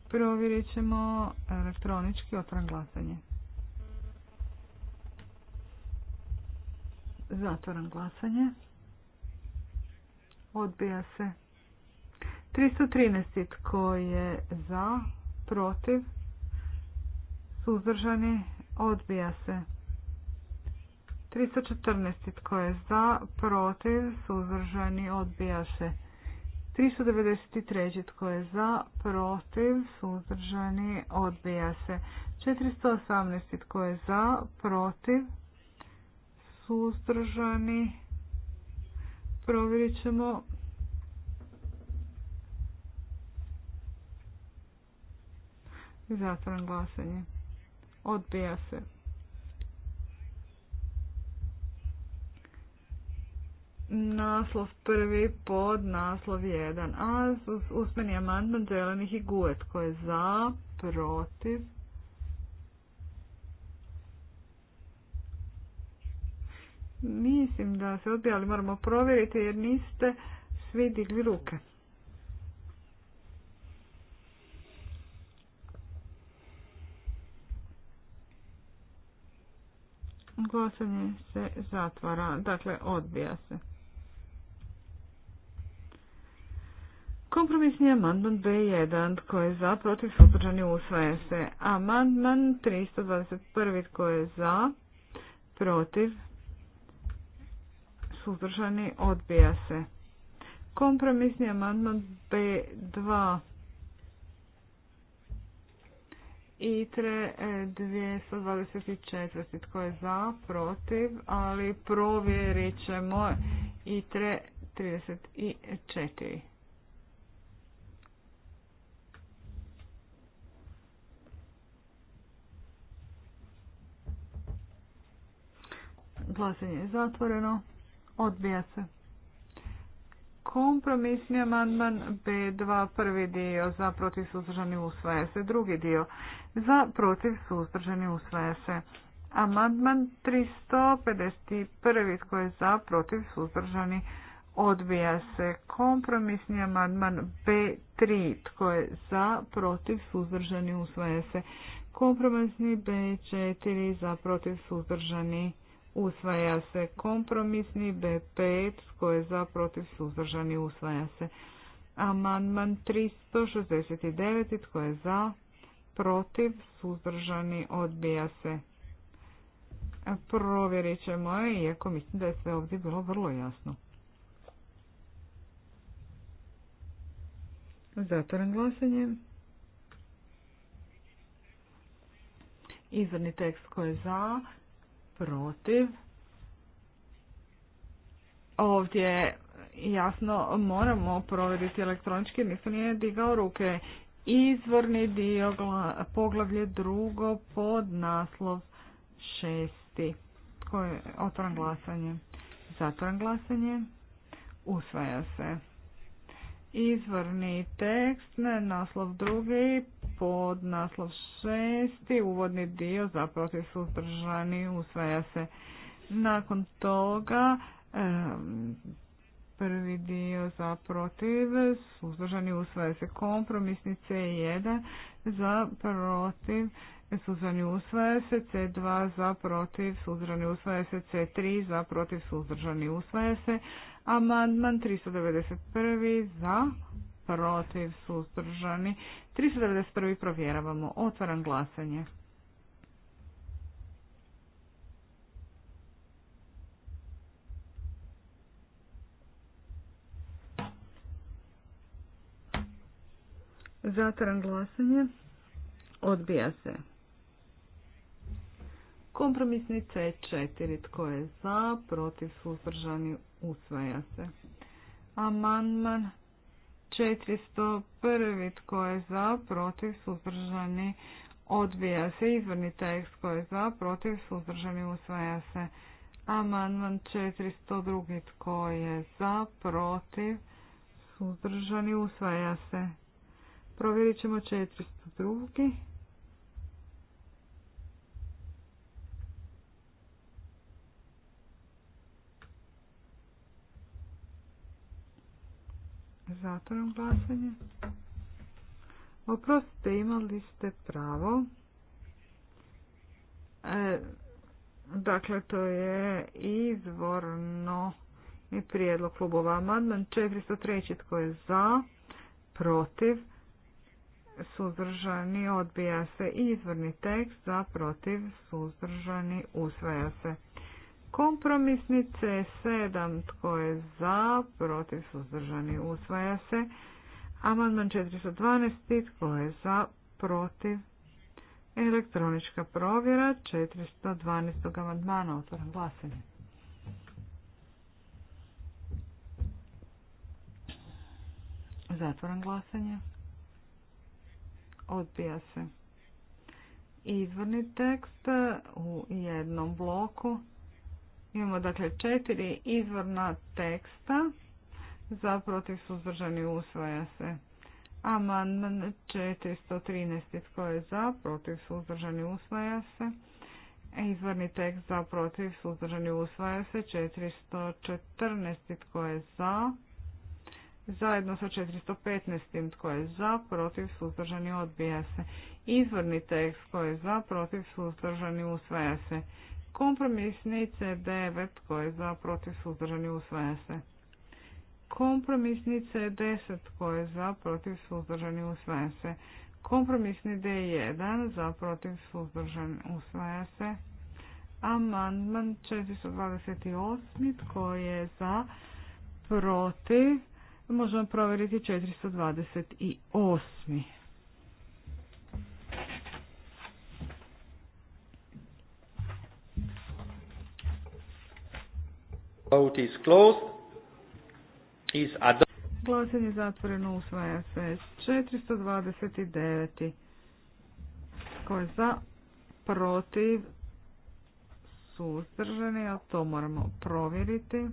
Provjerit ćemo elektronički otvoran glasanje. Zatvoran glasanje. Odbija se. 313. Tko je za? Protiv? Suzdržani? Odbija se. 314. Tko je za? Protiv? Suzdržani? Odbija se. 393. Tko je za? Protiv? Suzdržani? Odbija se. 418. Tko je za? Protiv? Suzdržani? Provjerit ćemo Zatvoram glasanje. Odbija se. Naslov prvi pod naslov jedan. A usmeni amandman zelenih i guet koje je za, protiv. Mislim da se odbija, ali moramo provjeriti jer niste svi digli ruke. Glasanje se zatvara. Dakle, odbija se. Kompromisni amandman B1, tko je za, protiv, suzdržani, usvaja se. Amandman 321, koji je za, protiv, suzdržani, odbija se. Kompromisni amandman B2, ITRE 224. E, Tko je za? Protiv? Ali provjerit ćemo ITRE 34. Glasanje je zatvoreno. Odbija se. Kompromisni amandman B2, prvi dio za protiv usvaja se, drugi dio za protiv suzdržani usvaja se. Amandman 351. Tko je za protiv suzdržani odbija se. Kompromisni amandman B3. Tko je za protiv suzdržani usvaja se. Kompromisni B4 za protiv suzdržani usvaja se. Kompromisni B5 tko je za protiv suzdržani usvaja se. Amandman 369. Tko je za protiv, suzdržani, odbija se. Provjerit ćemo, iako mislim da je sve ovdje bilo vrlo jasno. Zatvoren glasanje. Izvrni tekst koji je za, protiv. Ovdje jasno moramo provjeriti elektronički, nisam nije digao ruke izvorni dio poglavlje drugo pod naslov šesti. Koje, glasanje. zatvoran glasanje. Usvaja se. Izvorni tekst, naslov drugi, pod naslov šesti, uvodni dio za protiv suzdržani usvaja se. Nakon toga prvi dio za protiv, suzdržani usvaja se kompromisni C1 za protiv, suzdržani usvaja se C2 za protiv, suzdržani usvaja se C3 za protiv, suzdržani usvaja se amandman 391 za protiv, suzdržani 391 provjeravamo, otvaram glasanje. Zatvaram glasanje. Odbija se. Kompromisni C4. Tko je za, protiv, suzdržani, usvaja se. Amandman 401. Tko je za, protiv, suzdržani, odbija se. izvrni tekst tko je za, protiv, suzdržani, usvaja se. Amandman 402. Tko je za, protiv, suzdržani, usvaja se. Provjerit ćemo drugi. Zatvorom glasanje. Oprostite, imali ste pravo. E, dakle, to je izvorno i prijedlog klubova. Amandman 403. Tko je za? Protiv? suzdržani odbija se izvorni tekst za protiv suzdržani usvaja se. Kompromisni C7 tko je za protiv suzdržani usvaja se. Amandman 412 tko je za protiv elektronička provjera 412. amandmana otvoram glasanje. Zatvoram glasanje odbija se. Izvorni tekst u jednom bloku. Imamo dakle četiri izvorna teksta. Za protiv suzdržani usvaja se. Amandman 413. Tko je za? Protiv suzdržani usvaja se. Izvorni tekst za protiv suzdržani usvaja se. 414. Tko je za? zajedno sa 415. tko je za, protiv, suzdržani, odbija se. Izvorni tekst tko je za, protiv, suzdržani, usvaja se. Kompromisni C9 tko je za, protiv, suzdržani, usvaja se. Kompromisni C10 tko je za, protiv, suzdržani, usvaja se. Kompromisni D1 za, protiv, suzdržani, usvaja se. Amandman 428 tko je za, protiv, Možemo provjeriti 428. Vote is closed. Is Glasanje zatvoreno usvaja se 429. Ko je za, protiv, suzdržani, a to moramo provjeriti.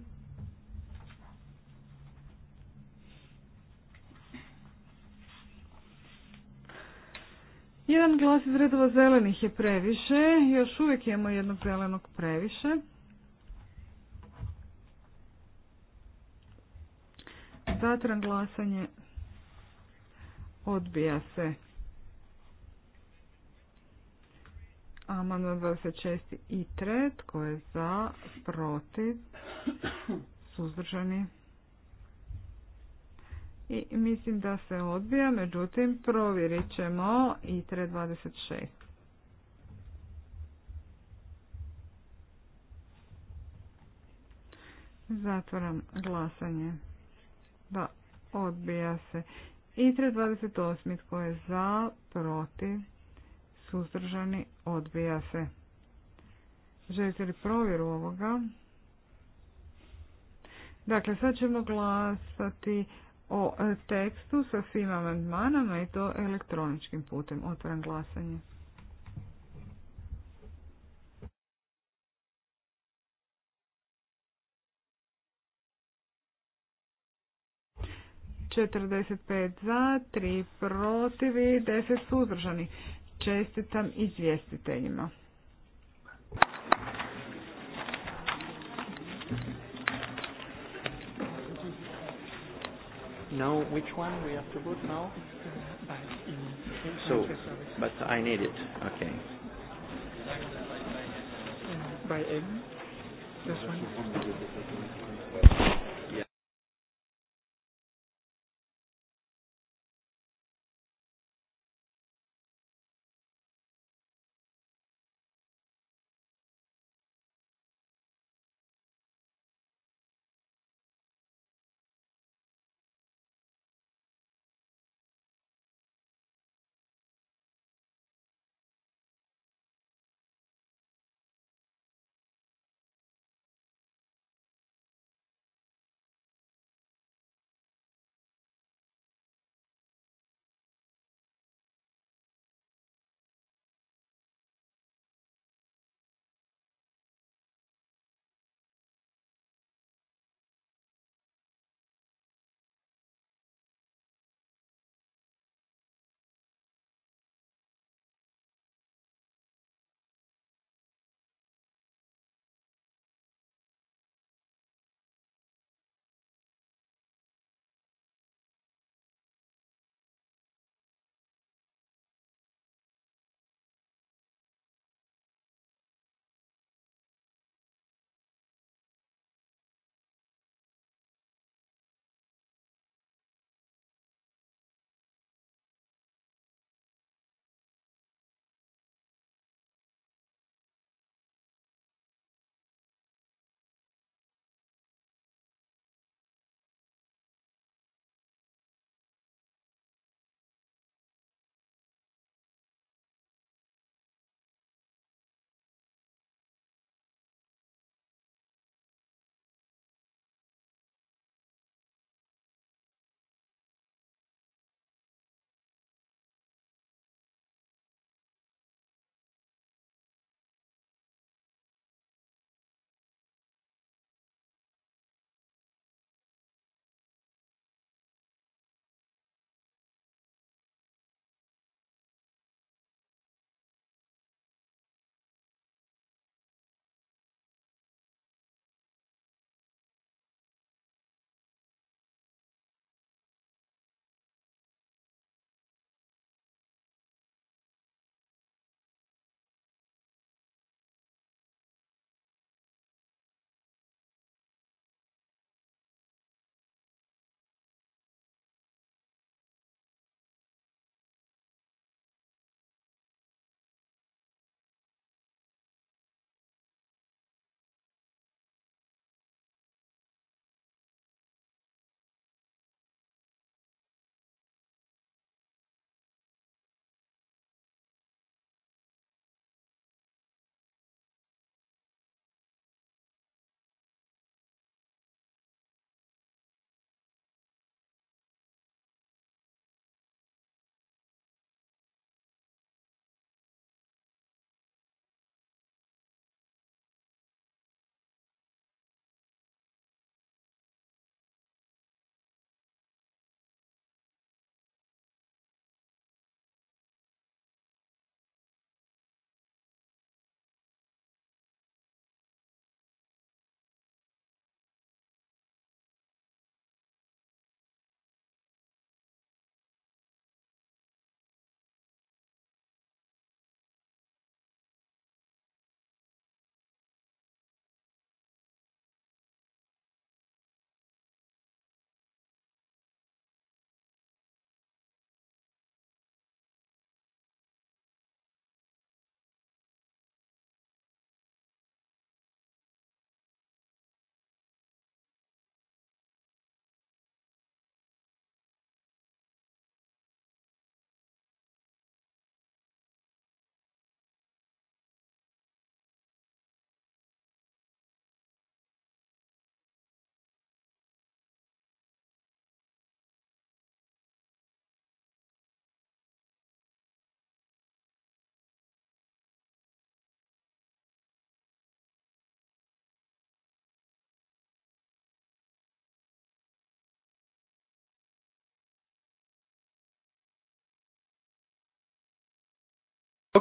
Jedan glas iz redova zelenih je previše, još uvijek imamo jednog zelenog previše. Zatran glasanje odbija se. Amandman 26. i 3 tko je za, protiv, suzdržani. I mislim da se odbija, međutim provjerit ćemo i 326. Zatvoram glasanje. Da, odbija se. I 28. Tko je za, protiv, suzdržani, odbija se. Želite li provjeru ovoga? Dakle, sad ćemo glasati o e, tekstu sa svim amandmanama i to elektroničkim putem. Otvaram glasanje. Četrdeset pet za, tri protiv i deset suzdržanih. Čestitam izvjestiteljima. Now which one we have to put now? So, but I need it. Okay. By M? This one? Yeah.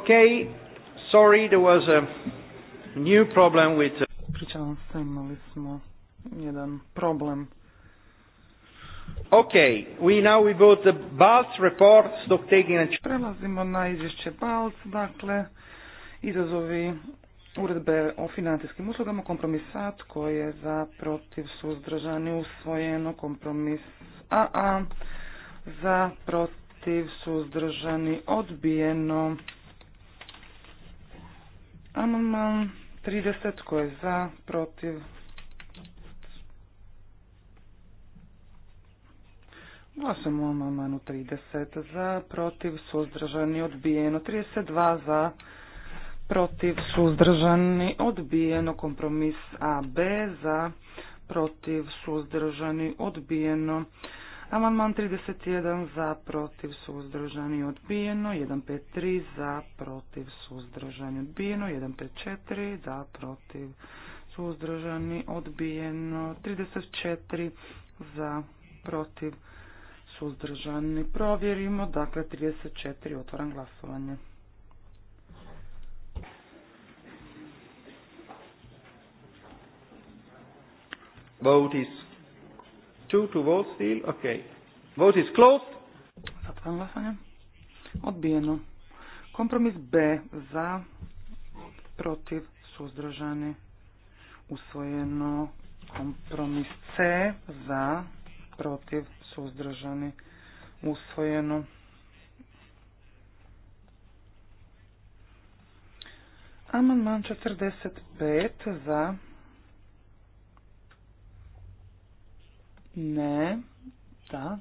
Okay, sorry, there was a new problem with... Uh, smo jedan problem. Okay, we now we go the BALS report, dok taking and... Prelazimo na izvješće BALS, dakle, izazovi uredbe o financijskim uslugama, kompromisat koji je za protiv suzdržani usvojeno, kompromis AA, za protiv suzdržani odbijeno, Amandman 30 tko je za, protiv. Glasujemo o amandmanu 30 za, protiv, suzdržani, odbijeno. 32 za, protiv, suzdržani, odbijeno. Kompromis AB za, protiv, suzdržani, odbijeno. Amandman 31 za, protiv, suzdržani, odbijeno. 153 za, protiv, suzdržani, odbijeno. 154 za, protiv, suzdržani, odbijeno. 34 za, protiv, suzdržani. Provjerimo, dakle 34, otvoram glasovanje. Vote two to vote still? Okay. Vote is closed. Zatvaram glasanje. Odbijeno. Kompromis B za, protiv, suzdržani, usvojeno. Kompromis C za, protiv, suzdržani, usvojeno. Amandman 45 za, Ne. Da.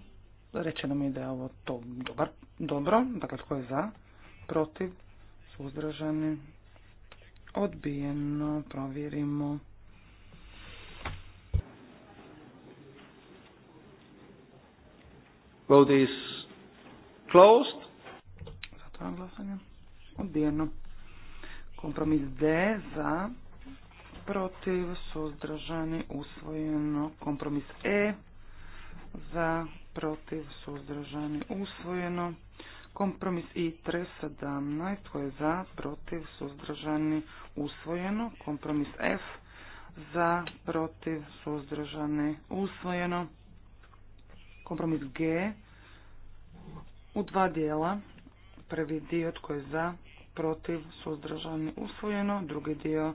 Rečeno mi je da je ovo to dobar, dobro. Dakle, tko je za? Protiv? Suzdržani? Odbijeno. Provjerimo. Vote is closed. Zatvoram glasanje. Odbijeno. Kompromis D za protiv, suzdržani, usvojeno. Kompromis E, za, protiv, suzdržani, usvojeno. Kompromis I, 17 koje je za, protiv, suzdržani, usvojeno. Kompromis F, za, protiv, suzdržani, usvojeno. Kompromis G, u dva dijela. Prvi dio tko je za, protiv, suzdržani, usvojeno. Drugi dio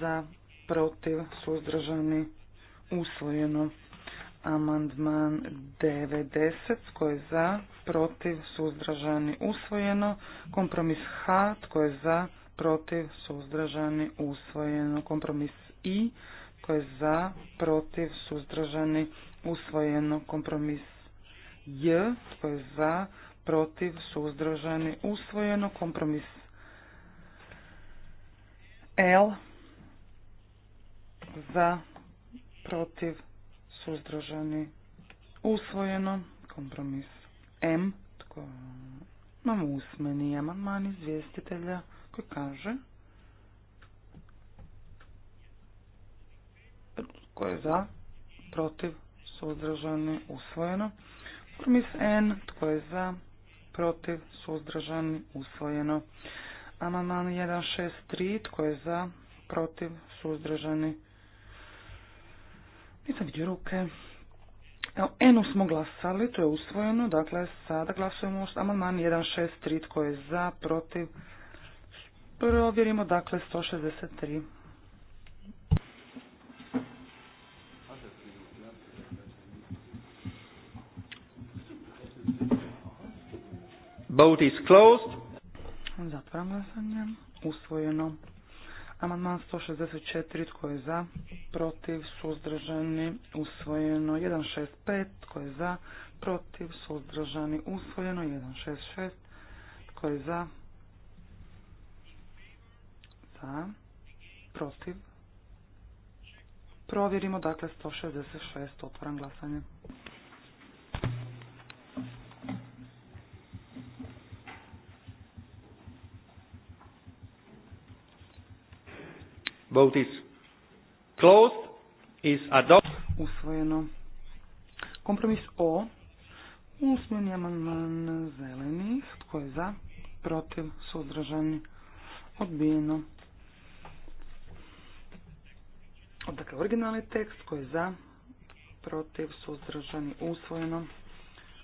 za protiv suzdržani usvojeno. Amandman 90 tko je za, protiv, suzdržani, usvojeno. Kompromis H tko je za, protiv, suzdržani, usvojeno. Kompromis I tko je za, protiv, suzdržani, usvojeno. Kompromis J tko je za, protiv, suzdržani, usvojeno. Kompromis L za, protiv, suzdržani, usvojeno, kompromis M, tko imamo usmeni amandman izvjestitelja koji kaže tko je za, protiv, suzdržani, usvojeno, kompromis N, tko je za, protiv, suzdržani, usvojeno. Amandman 163, tko je za, protiv, suzdržani, nisam vidio ruke. Evo, Enu smo glasali, to je usvojeno, dakle sada glasujemo amandman 163, tko je za, protiv, provjerimo, dakle 163. Vote is closed. Zatvaram glasanje. Usvojeno. Amandman 164, tko je za, protiv, suzdržani, usvojeno 165, tko je za, protiv, suzdržani, usvojeno 166, tko je za, za, protiv. Provjerimo dakle 166, otvoram glasanje. Vote is closed. Is adopted. Usvojeno. Kompromis O. Usmjeni amandman zelenih. Tko je za? Protiv? Suzdržani? Odbijeno. Dakle, originalni tekst Tko je za, protiv, suzdržani, usvojeno.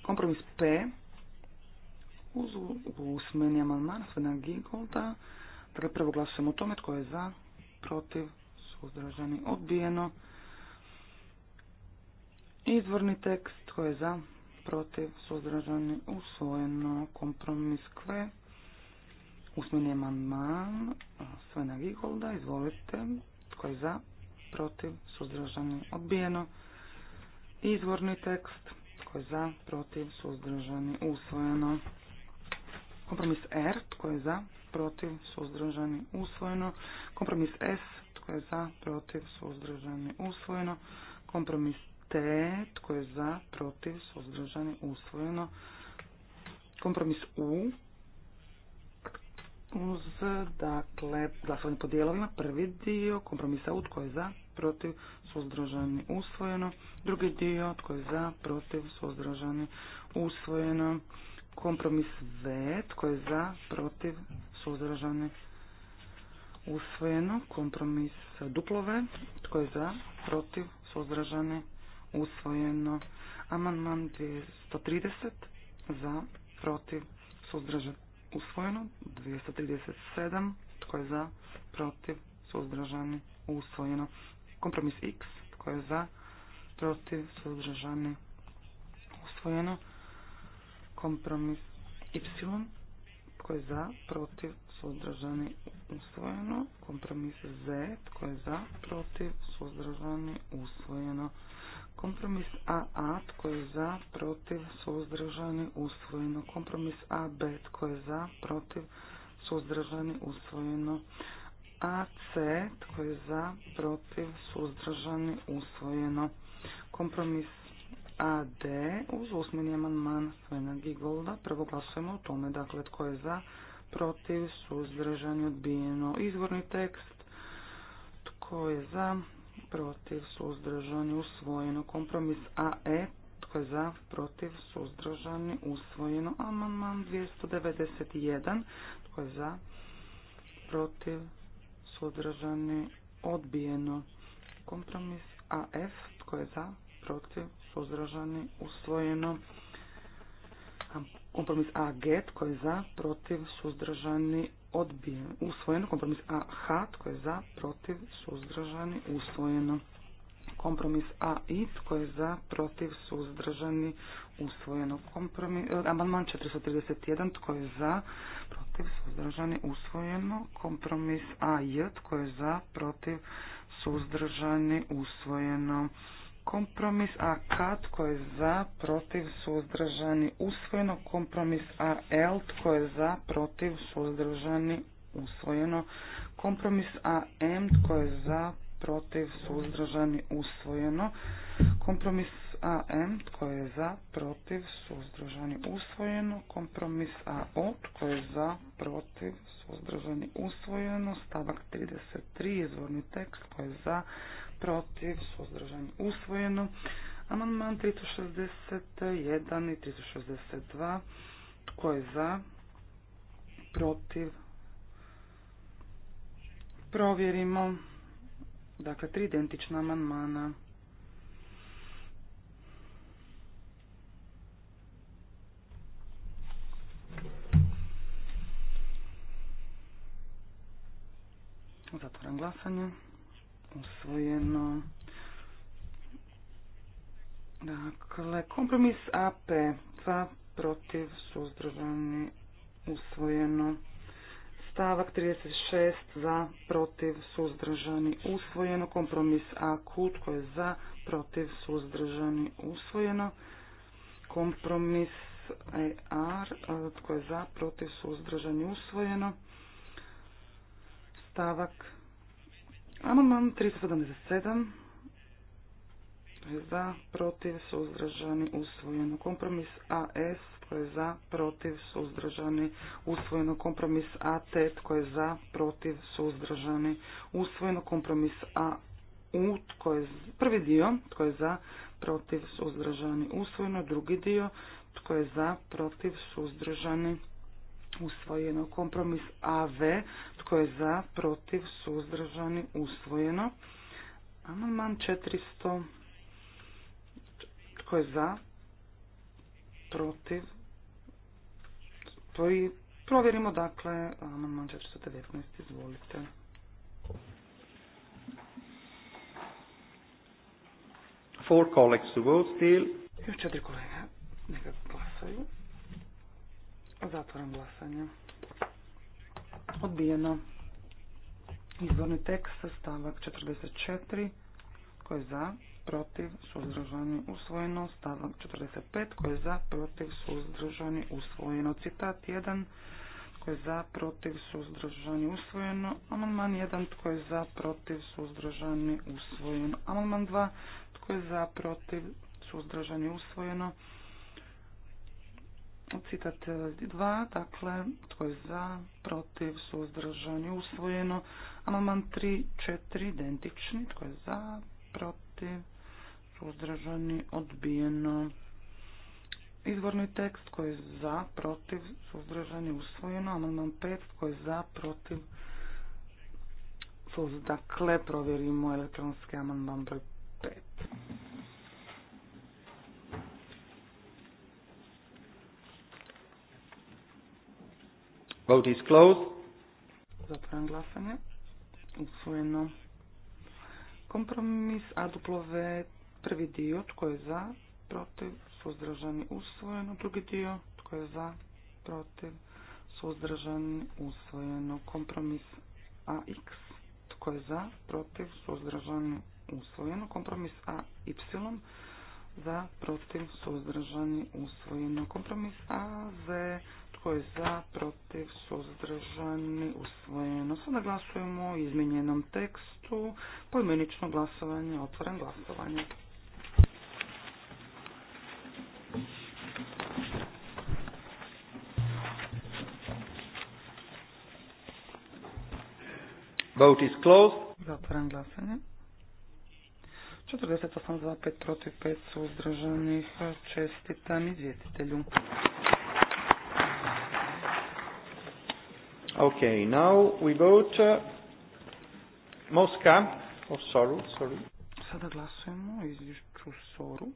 Kompromis P uz usmeni amandman Svena Gigolda. Dakle, prvo glasujemo o tome tko je za, protiv, suzdržani, odbijeno. Izvorni tekst, tko je za, protiv, suzdržani, usvojeno, kompromis kve, usmeni man, Svena Gigolda, izvolite, tko je za, protiv, suzdržani, odbijeno. Izvorni tekst, tko je za, protiv, suzdržani, usvojeno. Kompromis R, tko je za, protiv, suzdržani, usvojeno. Kompromis S, tko je za, protiv, suzdržani, usvojeno. Kompromis T, tko je za, protiv, suzdržani, usvojeno. Kompromis U, uz, dakle, glasovanje po dijelovima, prvi dio, kompromisa U, tko je za, protiv, suzdržani, usvojeno. Drugi dio, tko je za, protiv, suzdržani, usvojeno. Kompromis V, tko je za, protiv, suzdržani, usvojeno. Kompromis duplove, tko je za, protiv, suzdržani, usvojeno. Amandman 230, za, protiv, suzdržani. usvojeno. 237, tko je za, protiv, suzdržani, usvojeno. Kompromis X, tko je za, protiv, suzdržani, usvojeno. Kompromis Y, tko je za? Protiv? Suzdržani? Usvojeno. Kompromis Z. Tko je za? Protiv? Suzdržani? Usvojeno. Kompromis AA. Tko je za? Protiv? Suzdržani? Usvojeno. Kompromis AB. Tko je za? Protiv? Suzdržani? Usvojeno. AC. Tko je za? Protiv? Suzdržani? Usvojeno. Kompromis AD uz usmeni amandman Svena Gigolda. Prvo glasujemo o tome, dakle, tko je za, protiv, suzdržan, odbijeno. Izvorni tekst, tko je za, protiv, suzdržan, usvojeno. Kompromis AE, tko je za, protiv, suzdržan, usvojeno. Amandman 291, tko je za, protiv, suzdržan, odbijeno. Kompromis AF, tko je za, protiv, suzdržani, usvojeno. Kompromis get, tko je za, protiv, suzdržani, odbijen, usvojeno. Kompromis H, tko je za, protiv, suzdržani, usvojeno. Kompromis A I, tko je za, protiv, suzdržani, usvojeno. Kompromis, A, eh, amandman 431, tko je za, protiv, suzdržani, usvojeno. Kompromis A J tko je za, protiv, suzdržani, usvojeno. Kompromis kad tko je za, protiv, suzdržani, usvojeno. Kompromis AL, tko je za, protiv, suzdržani, usvojeno. Kompromis A, M tko je za, protiv, suzdržani, usvojeno. Kompromis A, M tko je za, protiv, suzdržani, usvojeno. Kompromis O tko je za, protiv, suzdržani, usvojeno. Stavak 33, izvorni tekst, tko je za, protiv, suzdržan, usvojeno. Amandman 361 i 362. Tko je za? Protiv? Provjerimo. Dakle, tri identična amandmana. Zatvoram glasanje usvojeno. Dakle, kompromis AP, za protiv, suzdržani, usvojeno. Stavak 36 za, protiv, suzdržani, usvojeno. Kompromis AQ, tko je za, protiv, suzdržani, usvojeno. Kompromis AR, e tko je za, protiv, suzdržani, usvojeno. Stavak Amandman 377 za, protiv, suzdržani, usvojeno. Kompromis AS, tko je za, protiv, suzdržani, usvojeno. Kompromis AT, tko je za, protiv, suzdržani, usvojeno. Kompromis AU, tko je prvi dio, tko je za, protiv, suzdržani, usvojeno. Drugi dio, tko je za, protiv, suzdržani, usvojeno usvojeno. Kompromis AV, tko je za, protiv, suzdržani, usvojeno. Amandman 400, tko je za, protiv, to i provjerimo dakle, amandman 419, izvolite. Four colleagues to vote still. Još četiri kolega neka glasaju. Zatvoram glasanje. Odbijeno. Izvorni tekst, stavak 44. Tko je za? Protiv? Suzdržani? Usvojeno. Stavak 45. Tko je za? Protiv? Suzdržani? Usvojeno. Citat 1. Tko je za? Protiv? Suzdržani? Usvojeno. Amandman 1. Tko je za? Protiv? Suzdržani? Usvojeno. Amandman 2. Tko je za? Protiv? Suzdržani? Usvojeno citat 2, dakle, tko je za, protiv, suzdržan i usvojeno. Amandman 3, 4, identični, tko je za, protiv, suzdržani, odbijeno. Izvorni tekst tko je za, protiv, suzdržani, usvojeno. Amandman 5, tko je za, protiv, suzdržan, dakle, provjerimo elektronski amandman broj Vote is closed. Zatvaram glasanje. Usvojeno. Kompromis A duplove prvi dio, tko je za, protiv, suzdržani, usvojeno. Drugi dio, tko je za, protiv, suzdržani, usvojeno. Kompromis AX, tko je za, protiv, suzdržani, usvojeno. Kompromis AY, za, protiv, suzdržani, usvojeno. Kompromis A AZ, tko je za, protiv, suzdržani, usvojeno. Sada glasujemo o izmijenjenom tekstu. Pojmenično glasovanje, otvoren glasovanje. Vote is closed. Zatvoren glasanje. 48 za, 5 protiv, 5 suzdržanih. Čestitam izvjetitelju. Okay, now we vote uh, Mosca, oh, Soru, sorry. Sada glasujemo izvješću Soru.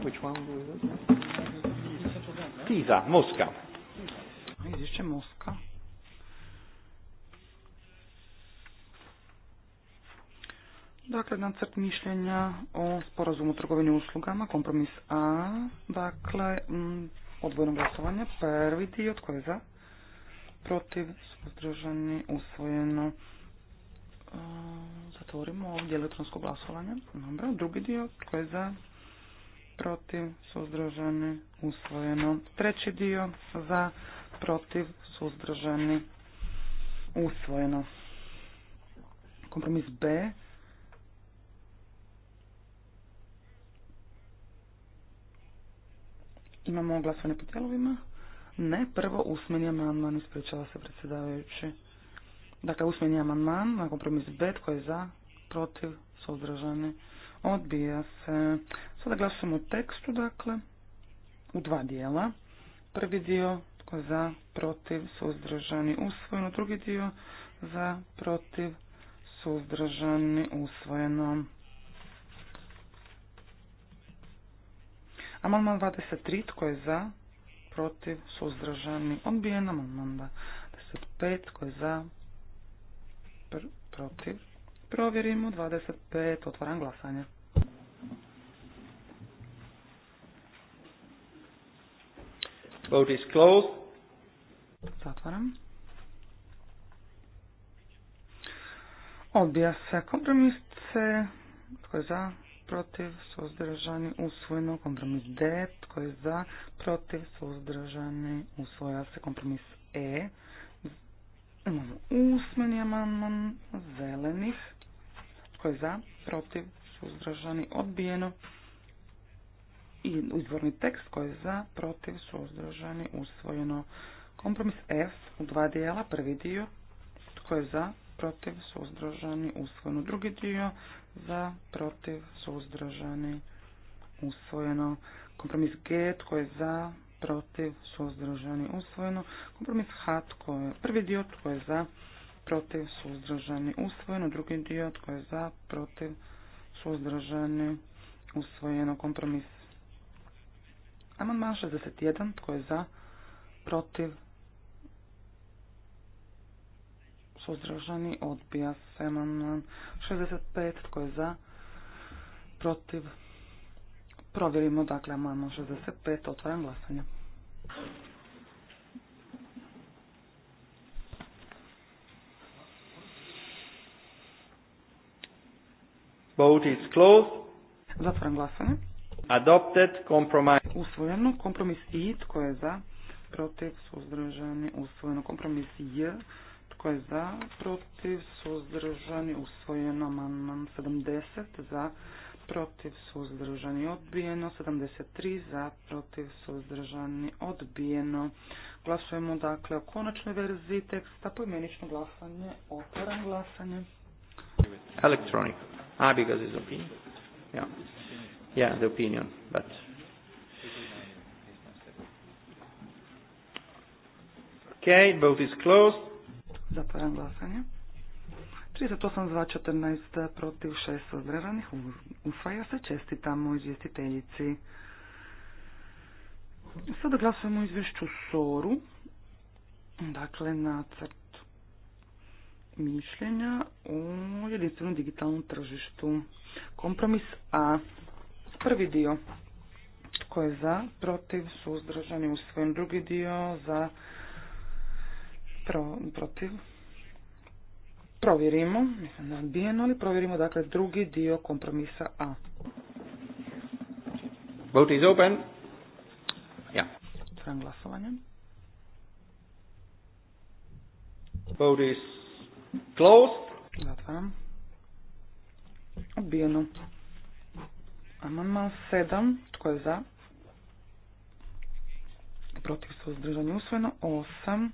Which one do we vote? Pisa, Mosca. Izvješće Mosca. Dakle, nacrt mišljenja o sporazumu o trgovini uslugama, kompromis A, dakle, odvojno glasovanje, prvi dio, tko je za? Protiv, suzdržani, usvojeno. E, zatvorimo ovdje elektronsko glasovanje. Dobro, drugi dio, tko je za? Protiv, suzdržani, usvojeno. Treći dio, za, protiv, suzdržani, usvojeno. Kompromis B, Imamo glasovanje po tijelovima. Ne, prvo usmeni amandman, ispričava se predsjedavajući. Dakle, man amandman na kompromis B, koji je za, protiv, suzdržani, odbija se. Sada glasujemo u tekstu, dakle, u dva dijela. Prvi dio, tko je za, protiv, suzdržani, usvojeno. Drugi dio, za, protiv, suzdržani, usvojeno. Amandman 23. Tko je za? Protiv? Suzdržani? Odbijen. Amandman 25. Tko je za? protiv? Provjerimo 25. Otvaram glasanje. Vote is closed. Zatvaram. Odbija se kompromis Tko je za? protiv, suzdržani, usvojeno, kompromis D, tko je za, protiv, suzdržani, usvoja se, kompromis E. Imamo usmeni amandman zelenih, tko je za, protiv, suzdržani, odbijeno. I izvorni tekst tko je za, protiv, suzdržani, usvojeno. Kompromis F u dva dijela, prvi dio, tko je za, protiv, suzdržani, usvojeno. Drugi dio, za, protiv, suzdržani, usvojeno. Kompromis G, tko je za, protiv, suzdržani, usvojeno. Kompromis H, tko je prvi dio, tko je za, protiv, suzdržani, usvojeno. Drugi dio, tko je za, protiv, suzdržani, usvojeno. Kompromis Amandman 61, tko je za, protiv, suzdržani, odbija se amandman 65, tko je za, protiv, provjerimo, dakle, amandman 65, otvaram glasanje. Vote is closed. Zatvaram glasanje. Adopted compromise. Usvojeno. Kompromis I. Tko je za? Protiv. Suzdržani. Usvojeno. Kompromis J. Tko je za? Protiv? Suzdržani? Usvojeno. Amandman 70 za? Protiv? Suzdržani? Odbijeno. 73 za? Protiv? Suzdržani? Odbijeno. Glasujemo dakle o konačnoj verziji teksta. Pojmenično glasanje. otvoran glasanje. Electronic. Ah, because it's opinion. Yeah. Yeah, the opinion. But Okay, vote is closed. Zatvaram glasanje. 38 za 14 protiv 6 uzdržanih. Usvaja se čestitamo izvjestiteljici. Sada glasujemo izvješću SORU. Dakle, nacrt mišljenja o jedinstvenom digitalnom tržištu. Kompromis A. Prvi dio. Tko je za? Protiv? Suzdržani? Usvojen. Drugi dio za? Pro, protiv. Provjerimo, mislim da je odbijeno, ali provjerimo dakle drugi dio kompromisa A. Vote is open. Ja. Otvaram glasovanje. Vote is closed. Zatvaram. Odbijeno. Amandman 7. Tko je za? Protiv su uzdržanje usvojeno. 8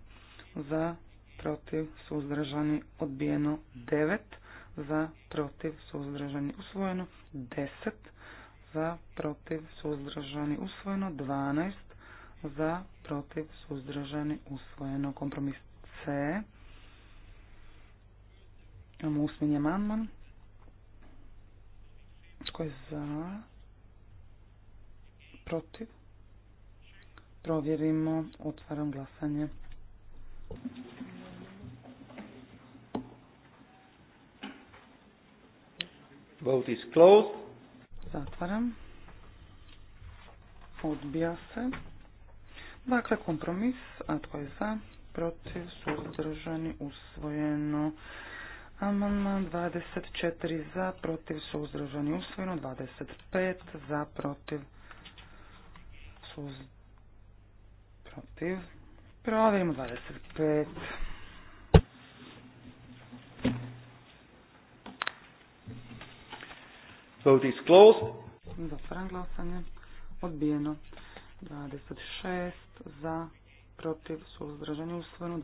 za, protiv, suzdržani, odbijeno 9, za, protiv, suzdržani, usvojeno 10, za, protiv, suzdržani, usvojeno 12, za, protiv, suzdržani, usvojeno kompromis C. Imamo usmjenje manman. Tko je za? Protiv? Provjerimo. Otvaram glasanje. Vote is closed. Zatvaram. Odbija se. Dakle, kompromis. A tko je za? Protiv. Suzdržani. Usvojeno. Amandman 24 za, protiv, suzdržani, usvojeno, 25 za, protiv, su protiv, Provjerimo 25. Vote is closed. Zatvaram glasanje. Odbijeno. 26 za, protiv, suzdržanje usvojeno.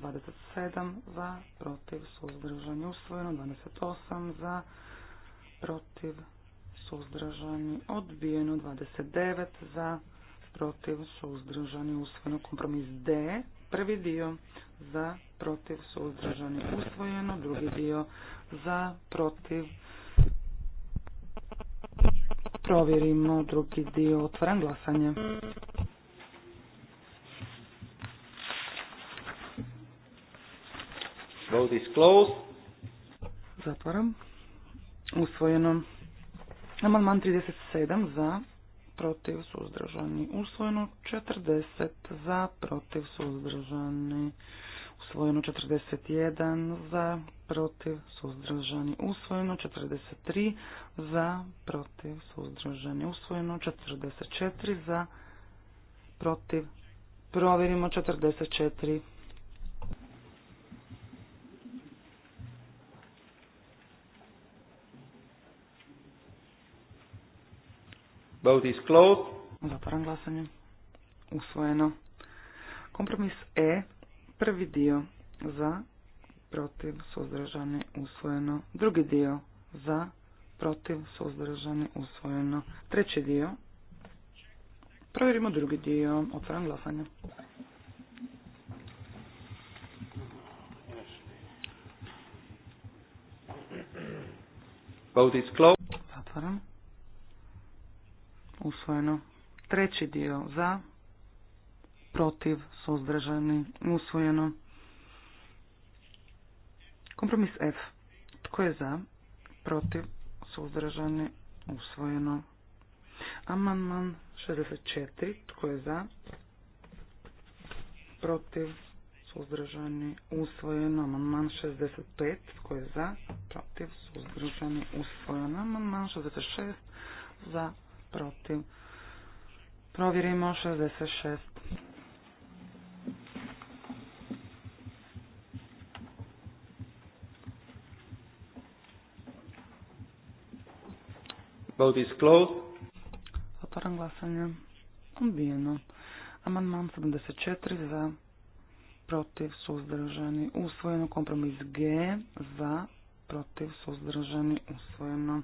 27 za, protiv, suzdržanje usvojeno. 28 za, protiv, suzdržani, odbijeno. 29 za, protiv, suzdržani usvojeno. Kompromis D Prvi dio za, protiv, suzdržani, usvojeno. Drugi dio za, protiv, provjerimo. Drugi dio, otvaram glasanje. Vote is closed. Zatvaram. Usvojeno. Amandman 37 za, protiv, suzdržani, usvojeno 40 za, protiv, suzdržani, usvojeno 41 za, protiv, suzdržani, usvojeno 43 za, protiv, suzdržani, usvojeno 44 za, protiv, provjerimo 44 Vote is closed. Zatvaram glasanje. Usvojeno. Kompromis E, prvi dio za, protiv, suzdržani, usvojeno. Drugi dio za, protiv, suzdržani, usvojeno. Treći dio. Provjerimo drugi dio. Otvaram glasanje. Vote is closed usvojeno. Treći dio za, protiv, suzdržani, usvojeno. Kompromis F. Tko je za, protiv, suzdržani, usvojeno. Amandman 64. Tko je za, protiv, suzdržani, usvojeno. Amandman 65. Tko je za, protiv, suzdržani, usvojeno. Amandman 66. Za, protiv. Provjerimo 66. Vote is closed. Otvaram glasanje. Odbijeno. Amandman 74 za protiv suzdržani usvojeno. Kompromis G za protiv suzdržani usvojeno.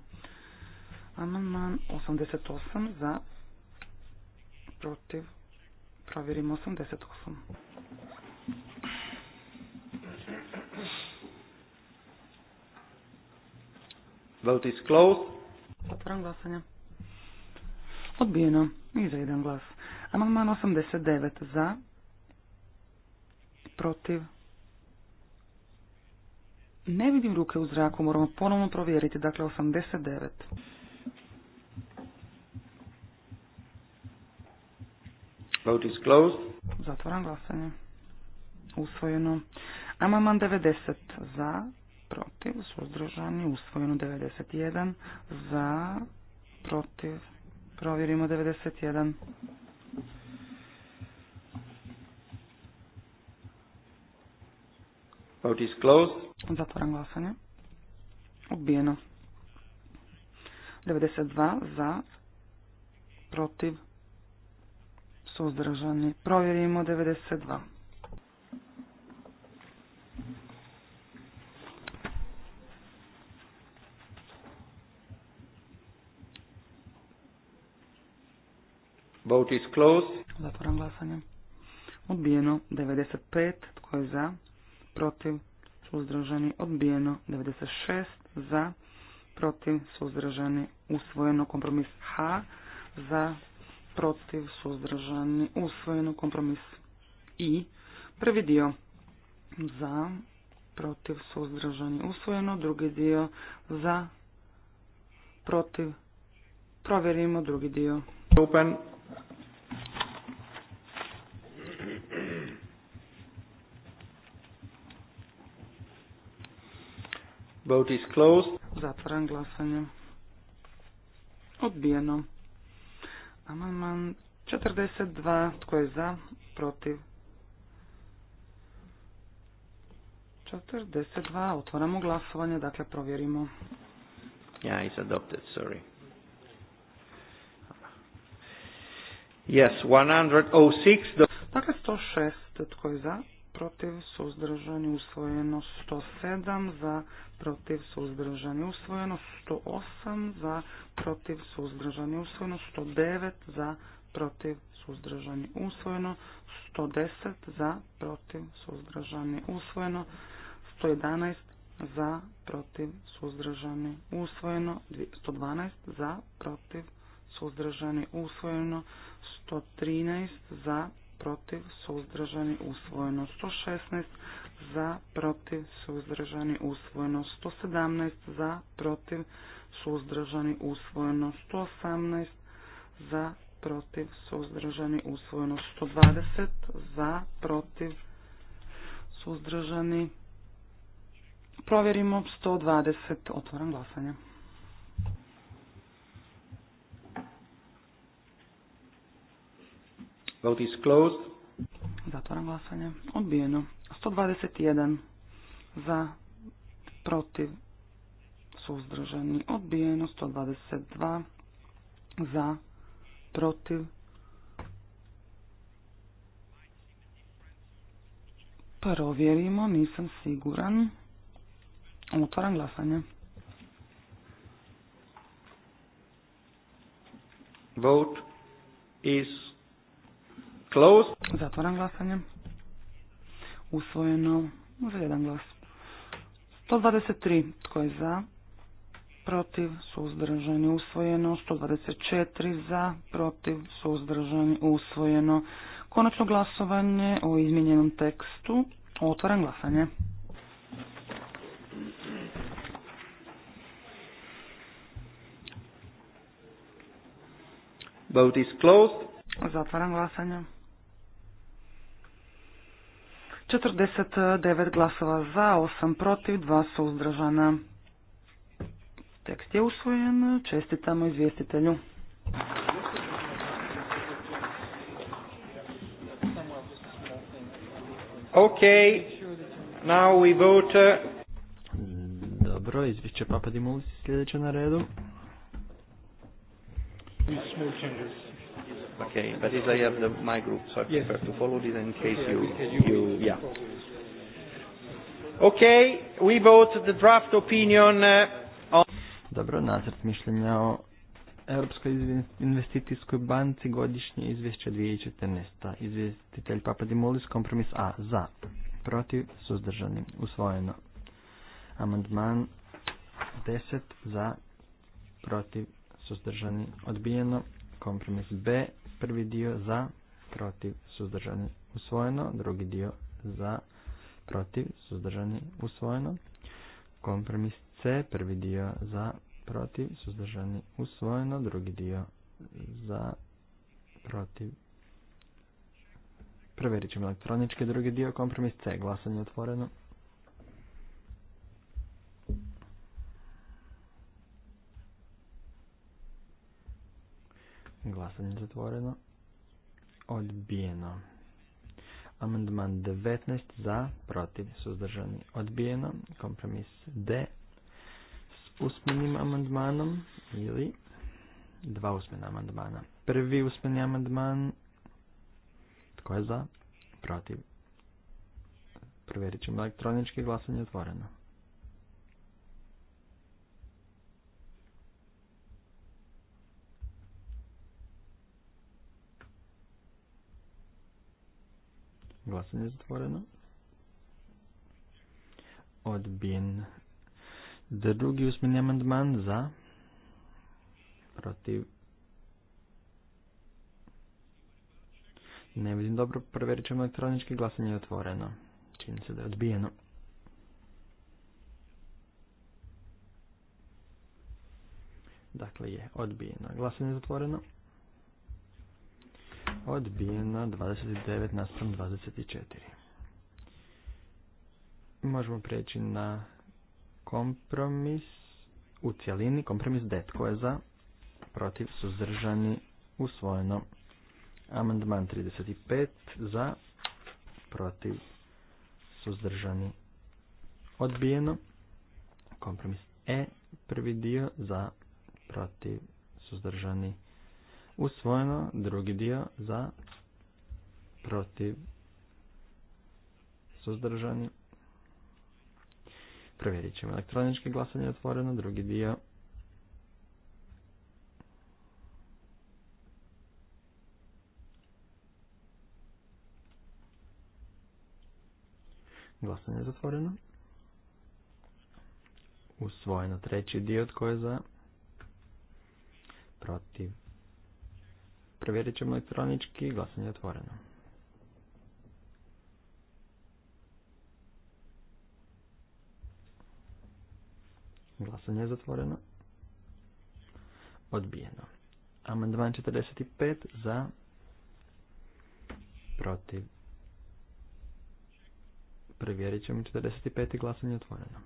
Amandman 88 za protiv. Provjerimo 88. Vote is closed. Otvaram glasanje. Odbijeno. I za jedan glas. Amandman 89 za. Protiv. Ne vidim ruke u zraku. Moramo ponovno provjeriti. Dakle, 89. Vote is closed. Zatvaram glasanje. Usvojeno. Amaman 90 za, protiv, suzdržani, usvojeno 91 za, protiv, provjerimo 91. Vote is closed. Zatvoram glasanje. Odbijeno. 92 za, protiv, suzdržani. Provjerimo 92. Vote is closed. Zatvoram glasanje. Odbijeno 95. Tko je za? Protiv? Suzdržani? Odbijeno 96. Za? Protiv? Suzdržani? Usvojeno kompromis H. Za? protiv, suzdržani, usvojeno, kompromis i, prvi dio za, protiv, suzdržani, usvojeno, drugi dio za, protiv, provjerimo drugi dio. Open. Vote is closed. Zatvaram glasanje. Odbijeno. Amandman 42. Tko je za? Protiv? 42. Otvoramo glasovanje, dakle provjerimo. Yeah, it's adopted, sorry. Yes, 106. Dakle, 106. Tko je za? protiv, suzdržani, usvojeno 107, za, protiv, suzdržani, usvojeno 108, za, protiv, suzdržani, usvojeno 109, za, protiv, suzdržani, usvojeno 110, za, protiv, suzdržani, usvojeno 111, za, protiv, suzdržani, usvojeno 112, za, protiv, suzdržani, usvojeno 113, za, protiv, suzdržani, usvojeno 116, za, protiv, suzdržani, usvojeno 117, za, protiv, suzdržani, usvojeno 118, za, protiv, suzdržani, usvojeno 120, za, protiv, suzdržani, provjerimo 120, otvoram glasanje. Vote is closed. Zatvaram glasanje. Odbijeno. 121 za, protiv, suzdržani. Odbijeno. 122 za, protiv. Provjerimo, nisam siguran. Otvaram glasanje. Vote is Closed. Zatvoram glasanje. Usvojeno. Može jedan glas. 123. Tko je za? Protiv. Suzdržani. Usvojeno. 124. Za. Protiv. Suzdržani. Usvojeno. Konačno glasovanje o izmijenjenom tekstu. Otvaram glasanje. Vote is closed. Zatvaram glasanje. 49 glasova za, 8 protiv, 2 su uzdržana. Tekst je usvojen. Čestitamo izvjestitelju. Ok, now we vote. Uh, Dobro, izvješće Papadimulis sljedeće na redu. Small changes. Okay, but as I have the, my group, so I prefer to follow this in case you, you, yeah. Okay, we vote the draft opinion uh, on... Dobro, nacrt mišljenja o Europskoj investicijskoj banci godišnje izvješće 2014. Izvjestitelj Dimulis, kompromis A za, protiv, suzdržani, usvojeno. Amandman 10 za, protiv, suzdržani, odbijeno. Kompromis B Prvi dio za, protiv, suzdržani, usvojeno. Drugi dio za, protiv, suzdržani, usvojeno. Kompromis C, prvi dio za, protiv, suzdržani, usvojeno. Drugi dio za, protiv. Preverit ćemo elektronički drugi dio, kompromis C, glasanje otvoreno. Glasanje zatvoreno. Odbijeno. Amandman 19 za, protiv, suzdržani, odbijeno. Kompromis D s usmenim amandmanom ili dva usmena amandmana. Prvi usmeni amandman, tko je za, protiv. Provjerit ćemo elektronički glasanje otvoreno. Glasanje je zatvoreno. Odbijen. Drugi usmeni amandman za. Protiv. Ne vidim dobro, provjerit ćemo elektronički glasanje je otvoreno. Čini se da je odbijeno. Dakle je odbijeno. Glasanje je zatvoreno odbijeno 29 nastavno 24. Možemo prijeći na kompromis u cjelini, kompromis D, je za, protiv, suzdržani, usvojeno. Amandman 35 za, protiv, suzdržani, odbijeno. Kompromis E, prvi dio za, protiv, suzdržani, Usvojeno. Drugi dio za. Protiv. Suzdržani. Provjerit ćemo elektronički glasanje otvoreno. Drugi dio. Glasanje je zatvoreno. Usvojeno treći dio tko je za. Protiv provjerit ćemo elektronički, glasanje otvoreno. Glasanje je zatvoreno. Odbijeno. Amandman 45 za protiv. Provjerit ćemo 45. glasanje je otvoreno.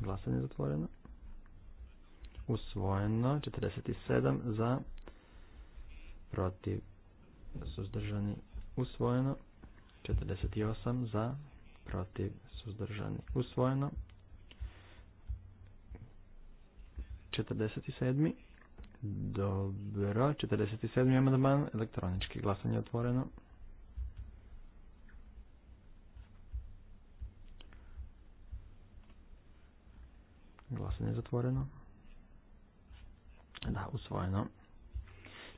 Glasanje je zatvoreno usvojeno 47 za protiv suzdržani usvojeno 48 za protiv suzdržani usvojeno 47 dobro 47 amandman elektronički glasanje otvoreno glasanje je zatvoreno da, usvojeno.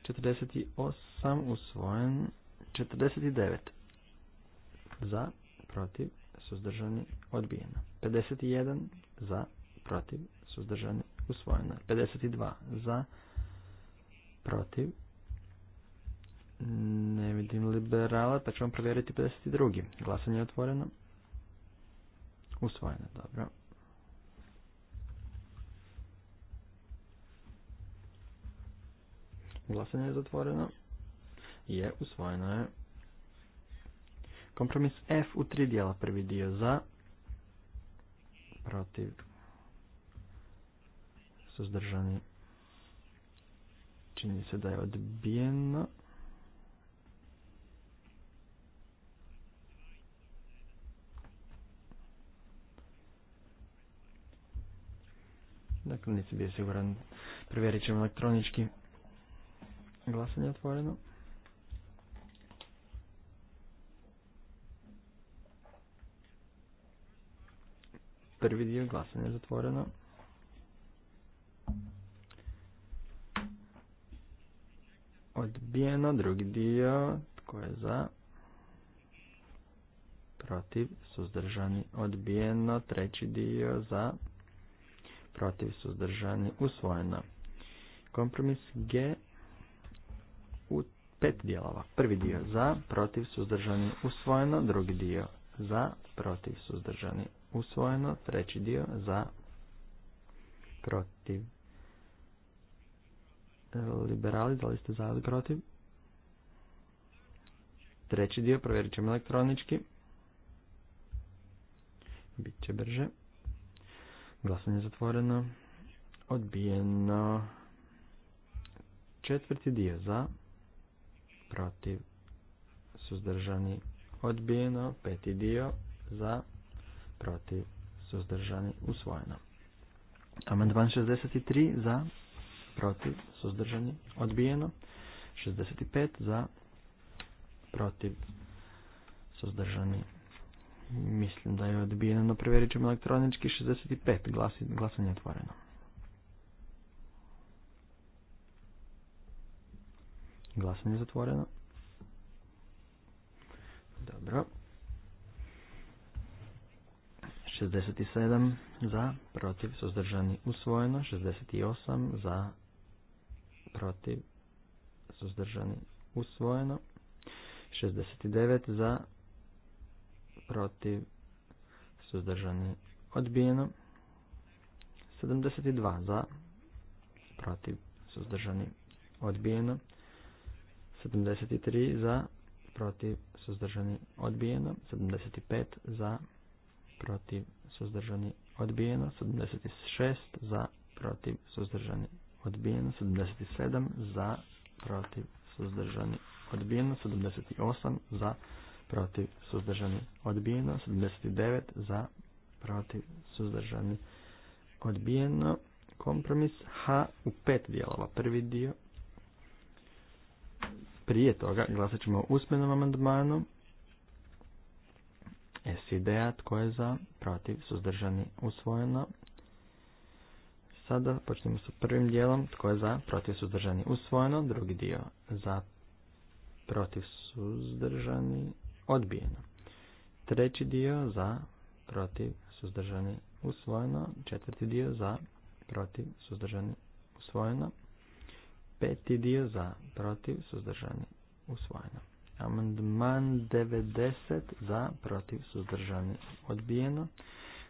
48 usvojen. 49 za, protiv, suzdržani, odbijeno. 51 za, protiv, suzdržani, usvojeno. 52 za, protiv, ne vidim liberala, pa ćemo provjeriti 52. Glasanje je otvoreno. Usvojeno, dobro. Glasanje je zatvoreno. Je, usvojeno je. Kompromis F u tri dijela. Prvi dio za, protiv, suzdržani. Čini se da je odbijeno. Dakle, nisi bio siguran. Provjerit ćemo elektronički. Glasanje otvoreno. Prvi dio glasanje zatvoreno. Odbijeno. Drugi dio. Tko je za? Protiv. Suzdržani. Odbijeno. Treći dio. Za. Protiv. Suzdržani. Usvojeno. Kompromis G pet dijelova. Prvi dio za, protiv, suzdržani, usvojeno. Drugi dio za, protiv, suzdržani, usvojeno. Treći dio za, protiv. E, liberali, da li ste za ili protiv? Treći dio provjerit ćemo elektronički. Biće brže. Glasanje zatvoreno. Odbijeno. Četvrti dio za protiv, suzdržani, odbijeno. Peti dio za, protiv, suzdržani, usvojeno. Amandman 63 za, protiv, suzdržani, odbijeno. 65 za, protiv, suzdržani. Mislim da je odbijeno, no provjerit ćemo elektronički 65, glasanje otvoreno. Glasanje je zatvoreno. Dobro. 67 za, protiv, suzdržani, usvojeno. 68 za, protiv, suzdržani, usvojeno. 69 za, protiv, suzdržani, odbijeno. 72 za, protiv, suzdržani, odbijeno. 73 za, protiv, suzdržani, odbijeno. 75 za, protiv, suzdržani, odbijeno. 76 za, protiv, suzdržani, odbijeno. 77 za, protiv, suzdržani, odbijeno. 78 za, protiv, suzdržani, odbijeno. 79 za, protiv, suzdržani, odbijeno. Kompromis H u pet dijelova. Prvi dio prije toga glasat ćemo o usmenom amandmanu s ideja tko je za, protiv, suzdržani, usvojeno. Sada počnemo sa prvim dijelom, tko je za, protiv, suzdržani, usvojeno. Drugi dio, za, protiv, suzdržani, odbijeno. Treći dio, za, protiv, suzdržani, usvojeno. Četvrti dio, za, protiv, suzdržani, usvojeno. Peti dio za, protiv, suzdržani, usvojeno. Amandman 90 za, protiv, suzdržani, odbijeno.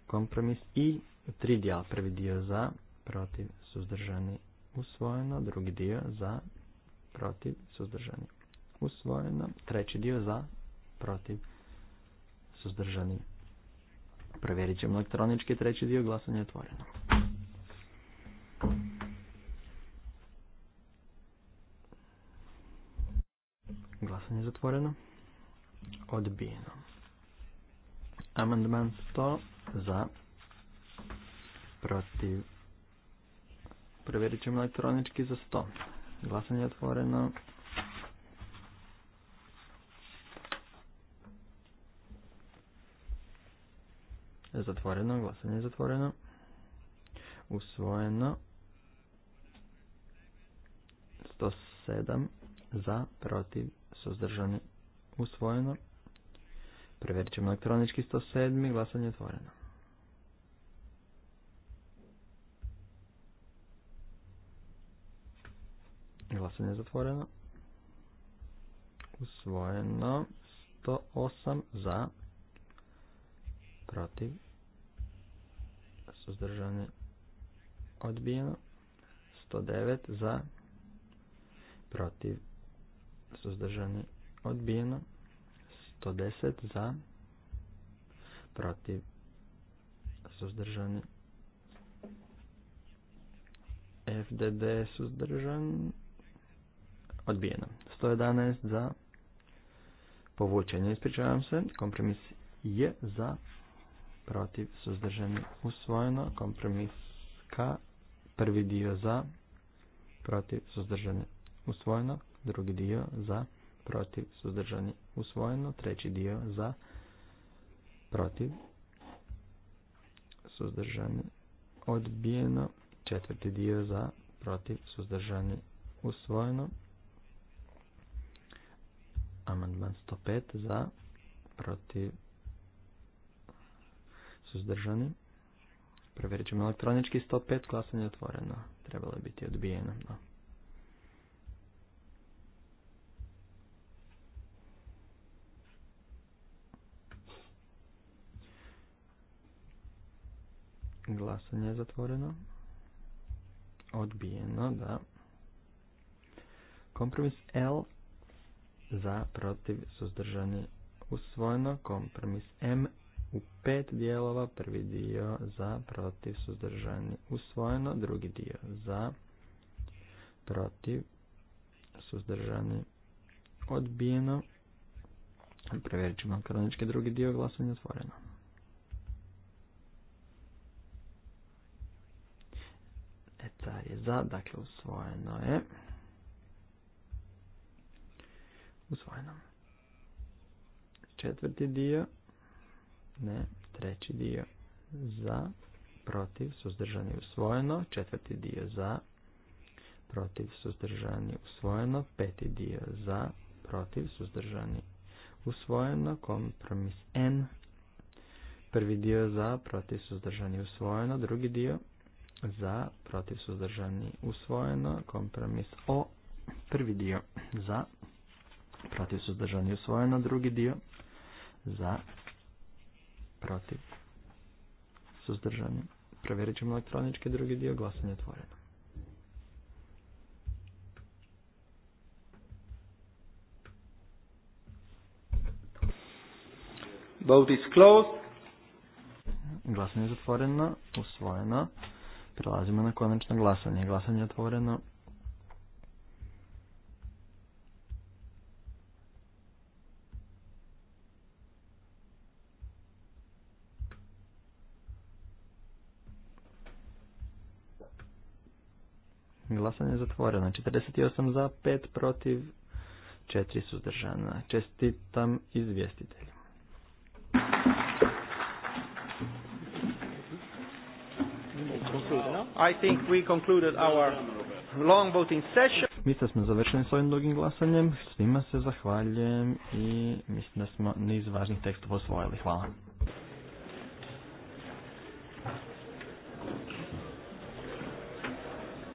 Kompromis i tri dijela. Prvi dio za, protiv, suzdržani, usvojeno. Drugi dio za, protiv, suzdržani, usvojeno. Treći dio za, protiv, suzdržani. Provjerit ćemo elektronički treći dio glasanje otvoreno. Zatvoreno. Odbijeno. Amandman 100 za. Protiv. Provjerit ćemo elektronički za 100. Glasanje je otvoreno. Zatvoreno. Glasanje je zatvoreno. Usvojeno. 107 za, protiv, suzdržani, usvojeno. Preverit ćemo elektronički 107. Glasanje je otvoreno. Glasanje je zatvoreno. Usvojeno. 108 za. Protiv. Suzdržane. Odbijeno. 109 za. Protiv suzdržani, odbijeno. 110 za, protiv, suzdržani, FDD suzdržan, odbijeno. 111 za, povučenje, ispričavam se, kompromis je za, protiv, suzdržani, usvojeno, kompromis K, prvi dio za, protiv, suzdržani, usvojeno, drugi dio za, protiv, suzdržani, usvojeno, treći dio za, protiv, suzdržani, odbijeno, četvrti dio za, protiv, suzdržani, usvojeno, amandman 105 za, protiv, suzdržani, provjerit ćemo elektronički 105, glasanje je otvoreno, trebalo je biti odbijeno, no. Glasanje je zatvoreno. Odbijeno, da. Kompromis L za, protiv, suzdržani, usvojeno. Kompromis M u pet dijelova. Prvi dio za, protiv, suzdržani, usvojeno. Drugi dio za, protiv, suzdržani, odbijeno. Preverit ćemo kroničke. drugi dio glasanja otvoreno. ECR je za, dakle usvojeno je. Usvojeno. Četvrti dio. Ne, treći dio. Za, protiv, suzdržani, usvojeno. Četvrti dio za, protiv, suzdržani, usvojeno. Peti dio za, protiv, suzdržani, usvojeno. Kompromis N. Prvi dio za, protiv, suzdržani, usvojeno. Drugi dio za, protiv suzdržani usvojeno, kompromis o, prvi dio za, protiv suzdržani usvojeno, drugi dio za, protiv suzdržani. Provjerit ćemo elektronički drugi dio, glasanje otvoreno. Vote is closed. Glasanje je zatvoreno, usvojeno. Prelazimo na konačno glasanje. Glasanje je otvoreno. Glasanje je zatvoreno. 48 za, 5 protiv, 4 suzdržana. Čestitam izvjestitelju. I think we concluded long voting session. Mislim da smo završili s ovim dugim glasanjem. Svima se zahvaljujem i mislim da smo niz važnih tekstova osvojili. Hvala.